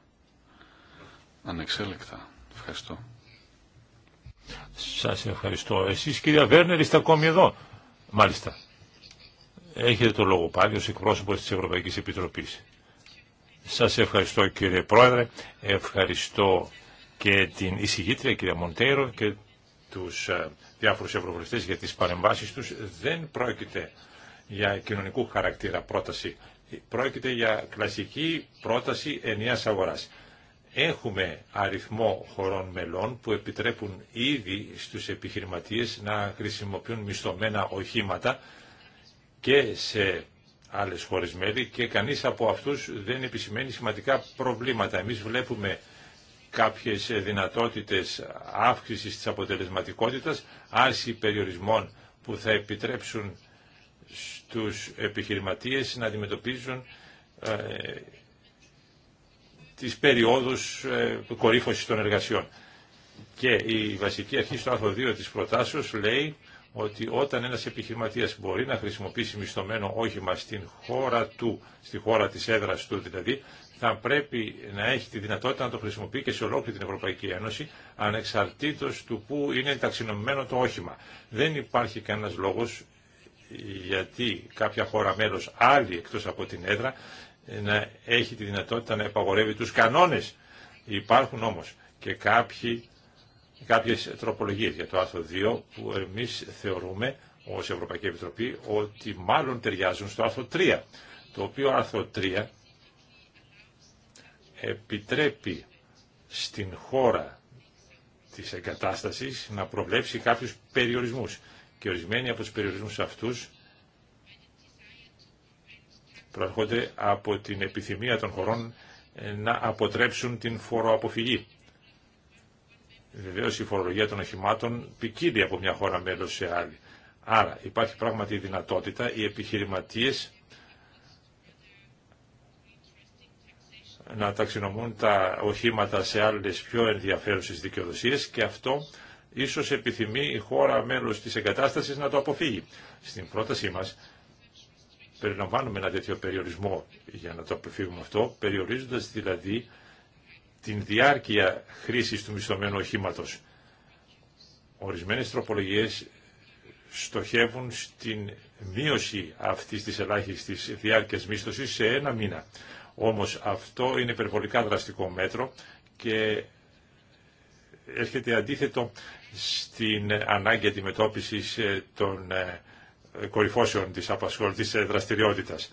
ανεξέλεκτα. Ευχαριστώ. Σας ευχαριστώ. Εσείς κυρία Βέρνερ είστε ακόμη εδώ. Μάλιστα. Έχετε το λόγο πάλι ως εκπρόσωπος της Ευρωπαϊκής Επιτροπής. Σας ευχαριστώ κύριε Πρόεδρε, ευχαριστώ και την εισηγήτρια κυρία Μοντέρο και τους ε, διάφορους ευρωβουλευτές για τις παρεμβάσεις τους. Δεν πρόκειται για κοινωνικού χαρακτήρα πρόταση. Πρόκειται για κλασική πρόταση ενιαίας αγοράς. Έχουμε αριθμό χωρών μελών που επιτρέπουν ήδη στους επιχειρηματίες να χρησιμοποιούν μισθωμένα οχήματα και σε άλλες χώρες μέλη και κανείς από αυτούς δεν επισημαίνει σημαντικά προβλήματα. Εμείς βλέπουμε κάποιες δυνατότητες αύξησης της αποτελεσματικότητας, άρση περιορισμών που θα επιτρέψουν στους επιχειρηματίες να αντιμετωπίζουν ε, τις περιόδους ε, κορύφωσης των εργασιών. Και η βασική αρχή στο άρθρο 2 της προτάσεως λέει ότι όταν ένας επιχειρηματίας μπορεί να χρησιμοποιήσει μισθωμένο όχημα στην χώρα του, στη χώρα της έδρας του δηλαδή, θα πρέπει να έχει τη δυνατότητα να το χρησιμοποιεί και σε ολόκληρη την Ευρωπαϊκή Ένωση, ανεξαρτήτως του που είναι ταξινομημένο το όχημα. Δεν υπάρχει κανένας λόγος γιατί κάποια χώρα μέλος άλλη εκτός από την έδρα να έχει τη δυνατότητα να επαγορεύει τους κανόνες. Υπάρχουν όμως και κάποιοι και κάποιες τροπολογίες για το άρθρο 2 που εμείς θεωρούμε ως Ευρωπαϊκή Επιτροπή ότι μάλλον ταιριάζουν στο άρθρο 3 το οποίο άρθρο 3 επιτρέπει στην χώρα της εγκατάστασης να προβλέψει κάποιους περιορισμούς και ορισμένοι από τους περιορισμούς αυτούς προερχόνται από την επιθυμία των χωρών να αποτρέψουν την φοροαποφυγή. Βεβαίω η φορολογία των οχημάτων ποικίλει από μια χώρα μέλο σε άλλη. Άρα υπάρχει πράγματι η δυνατότητα οι επιχειρηματίε να ταξινομούν τα οχήματα σε άλλε πιο ενδιαφέρουσε δικαιοδοσίε, και αυτό ίσω επιθυμεί η χώρα μέλο τη εγκατάσταση να το αποφύγει. Στην πρότασή μα. περιλαμβάνουμε ένα τέτοιο περιορισμό για να το αποφύγουμε αυτό, περιορίζοντα δηλαδή την διάρκεια χρήσης του μισθωμένου οχήματος. Ορισμένες τροπολογίες στοχεύουν στην μείωση αυτής της ελάχιστης διάρκειας μίσθωσης σε ένα μήνα. Όμως αυτό είναι υπερβολικά δραστικό μέτρο και έρχεται αντίθετο στην ανάγκη αντιμετώπισης ε, των ε, κορυφώσεων της απασχόλησης ε, δραστηριότητας.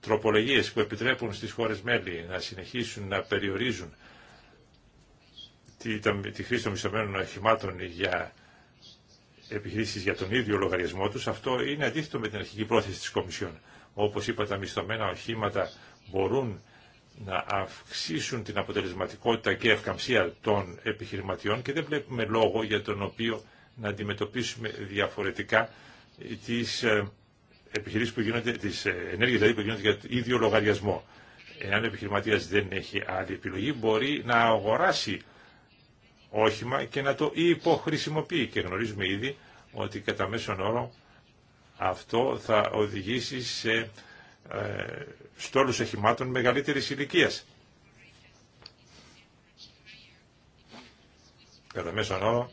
Τροπολογίες που επιτρέπουν στις χώρες μέλη να συνεχίσουν να περιορίζουν τη χρήση των μισθωμένων οχημάτων για επιχειρήσεις για τον ίδιο λογαριασμό τους, αυτό είναι αντίθετο με την αρχική πρόθεση της Κομισιόν. Όπως είπα, τα μισθωμένα οχήματα μπορούν να αυξήσουν την αποτελεσματικότητα και ευκαμψία των επιχειρηματιών και δεν βλέπουμε λόγο για τον οποίο να αντιμετωπίσουμε διαφορετικά τις ε, επιχειρήσεις που γίνονται, τις ε, ενέργειες δηλαδή που γίνονται για τον ίδιο λογαριασμό. Εάν ο επιχειρηματίας δεν έχει άλλη επιλογή, μπορεί να αγοράσει όχημα και να το υποχρησιμοποιεί. Και γνωρίζουμε ήδη ότι κατά μέσον όρο αυτό θα οδηγήσει σε ε, στόλους οχημάτων μεγαλύτερης ηλικίας. Κατά μέσον όρο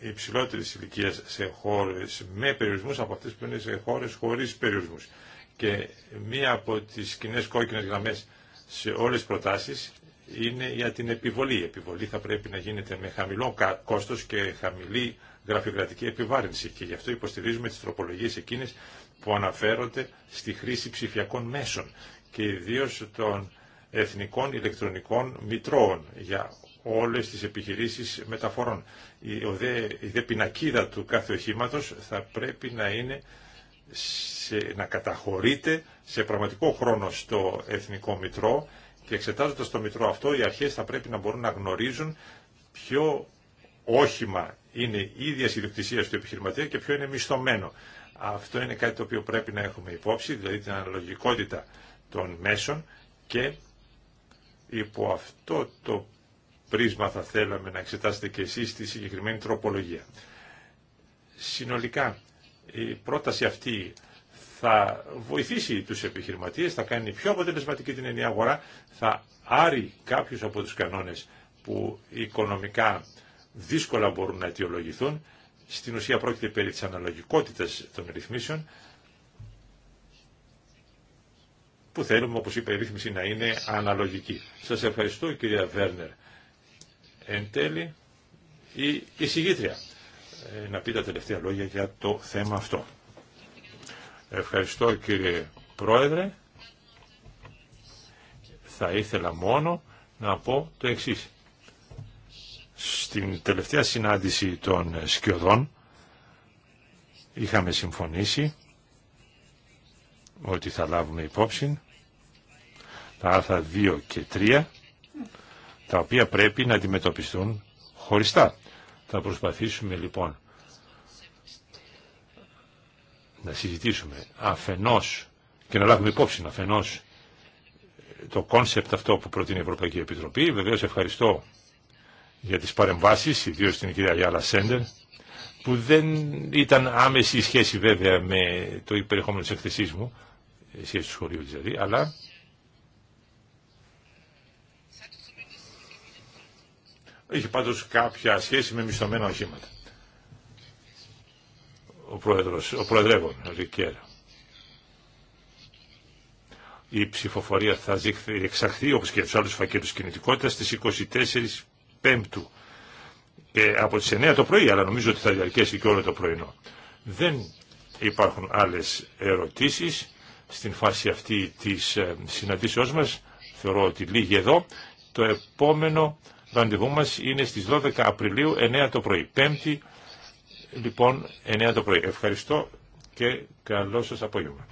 υψηλότερης ηλικίας σε χώρες με περιορισμούς από αυτές που είναι σε χώρες χωρίς περιορισμούς. Και μία από τις κοινέ κόκκινες γραμμές σε όλες τις προτάσεις είναι για την επιβολή. Η επιβολή θα πρέπει να γίνεται με χαμηλό κόστος και χαμηλή γραφειοκρατική επιβάρυνση και γι' αυτό υποστηρίζουμε τις τροπολογίες εκείνες που αναφέρονται στη χρήση ψηφιακών μέσων και ιδίω των εθνικών ηλεκτρονικών μητρώων για όλες τις επιχειρήσεις μεταφορών. Η, δε πινακίδα του κάθε οχήματο θα πρέπει να είναι να καταχωρείται σε πραγματικό χρόνο στο εθνικό μητρό και εξετάζοντα το μητρό αυτό, οι αρχές θα πρέπει να μπορούν να γνωρίζουν ποιο όχημα είναι ίδια ιδιοκτησία του επιχειρηματία και ποιο είναι μισθωμένο. Αυτό είναι κάτι το οποίο πρέπει να έχουμε υπόψη, δηλαδή την αναλογικότητα των μέσων και υπό αυτό το πρίσμα θα θέλαμε να εξετάσετε και εσείς τη συγκεκριμένη τροπολογία. Συνολικά, η πρόταση αυτή θα βοηθήσει τους επιχειρηματίες, θα κάνει πιο αποτελεσματική την ενιαία αγορά, θα άρει κάποιους από τους κανόνες που οικονομικά δύσκολα μπορούν να αιτιολογηθούν. Στην ουσία πρόκειται περί της αναλογικότητας των ρυθμίσεων, που θέλουμε, όπως είπα, η ρύθμιση να είναι αναλογική. Σας ευχαριστώ, κυρία Βέρνερ. Εν τέλει, η εισηγήτρια ε, να πει τα τελευταία λόγια για το θέμα αυτό. Ευχαριστώ κύριε Πρόεδρε. Θα ήθελα μόνο να πω το εξής. Στην τελευταία συνάντηση των σκιωδών είχαμε συμφωνήσει ότι θα λάβουμε υπόψη τα άρθρα 2 και 3 τα οποία πρέπει να αντιμετωπιστούν χωριστά. Θα προσπαθήσουμε λοιπόν να συζητήσουμε αφενός και να λάβουμε υπόψη αφενός το κόνσεπτ αυτό που προτείνει η Ευρωπαϊκή Επιτροπή. Βεβαίως ευχαριστώ για τις παρεμβάσεις, ιδίως την κυρία Γιάλα Σέντερ, που δεν ήταν άμεση η σχέση βέβαια με το υπεριεχόμενο της εκθεσής μου, σχέση του σχολείου δηλαδή, αλλά είχε πάντως κάποια σχέση με μισθωμένα οχήματα ο πρόεδρος, ο προεδρεύων Ρικέρ. Η ψηφοφορία θα εξαχθεί όπως και τους άλλους φακέτους κινητικότητας στις 24 Πέμπτου και ε, από τις 9 το πρωί, αλλά νομίζω ότι θα διαρκέσει και όλο το πρωινό. Δεν υπάρχουν άλλες ερωτήσεις στην φάση αυτή της ε, συναντήσεώς μας. Θεωρώ ότι λίγη εδώ. Το επόμενο ραντεβού μας είναι στις 12 Απριλίου 9 το πρωί. Πέμπτη λοιπόν 9 το πρωί. Ευχαριστώ και καλό σας απόγευμα.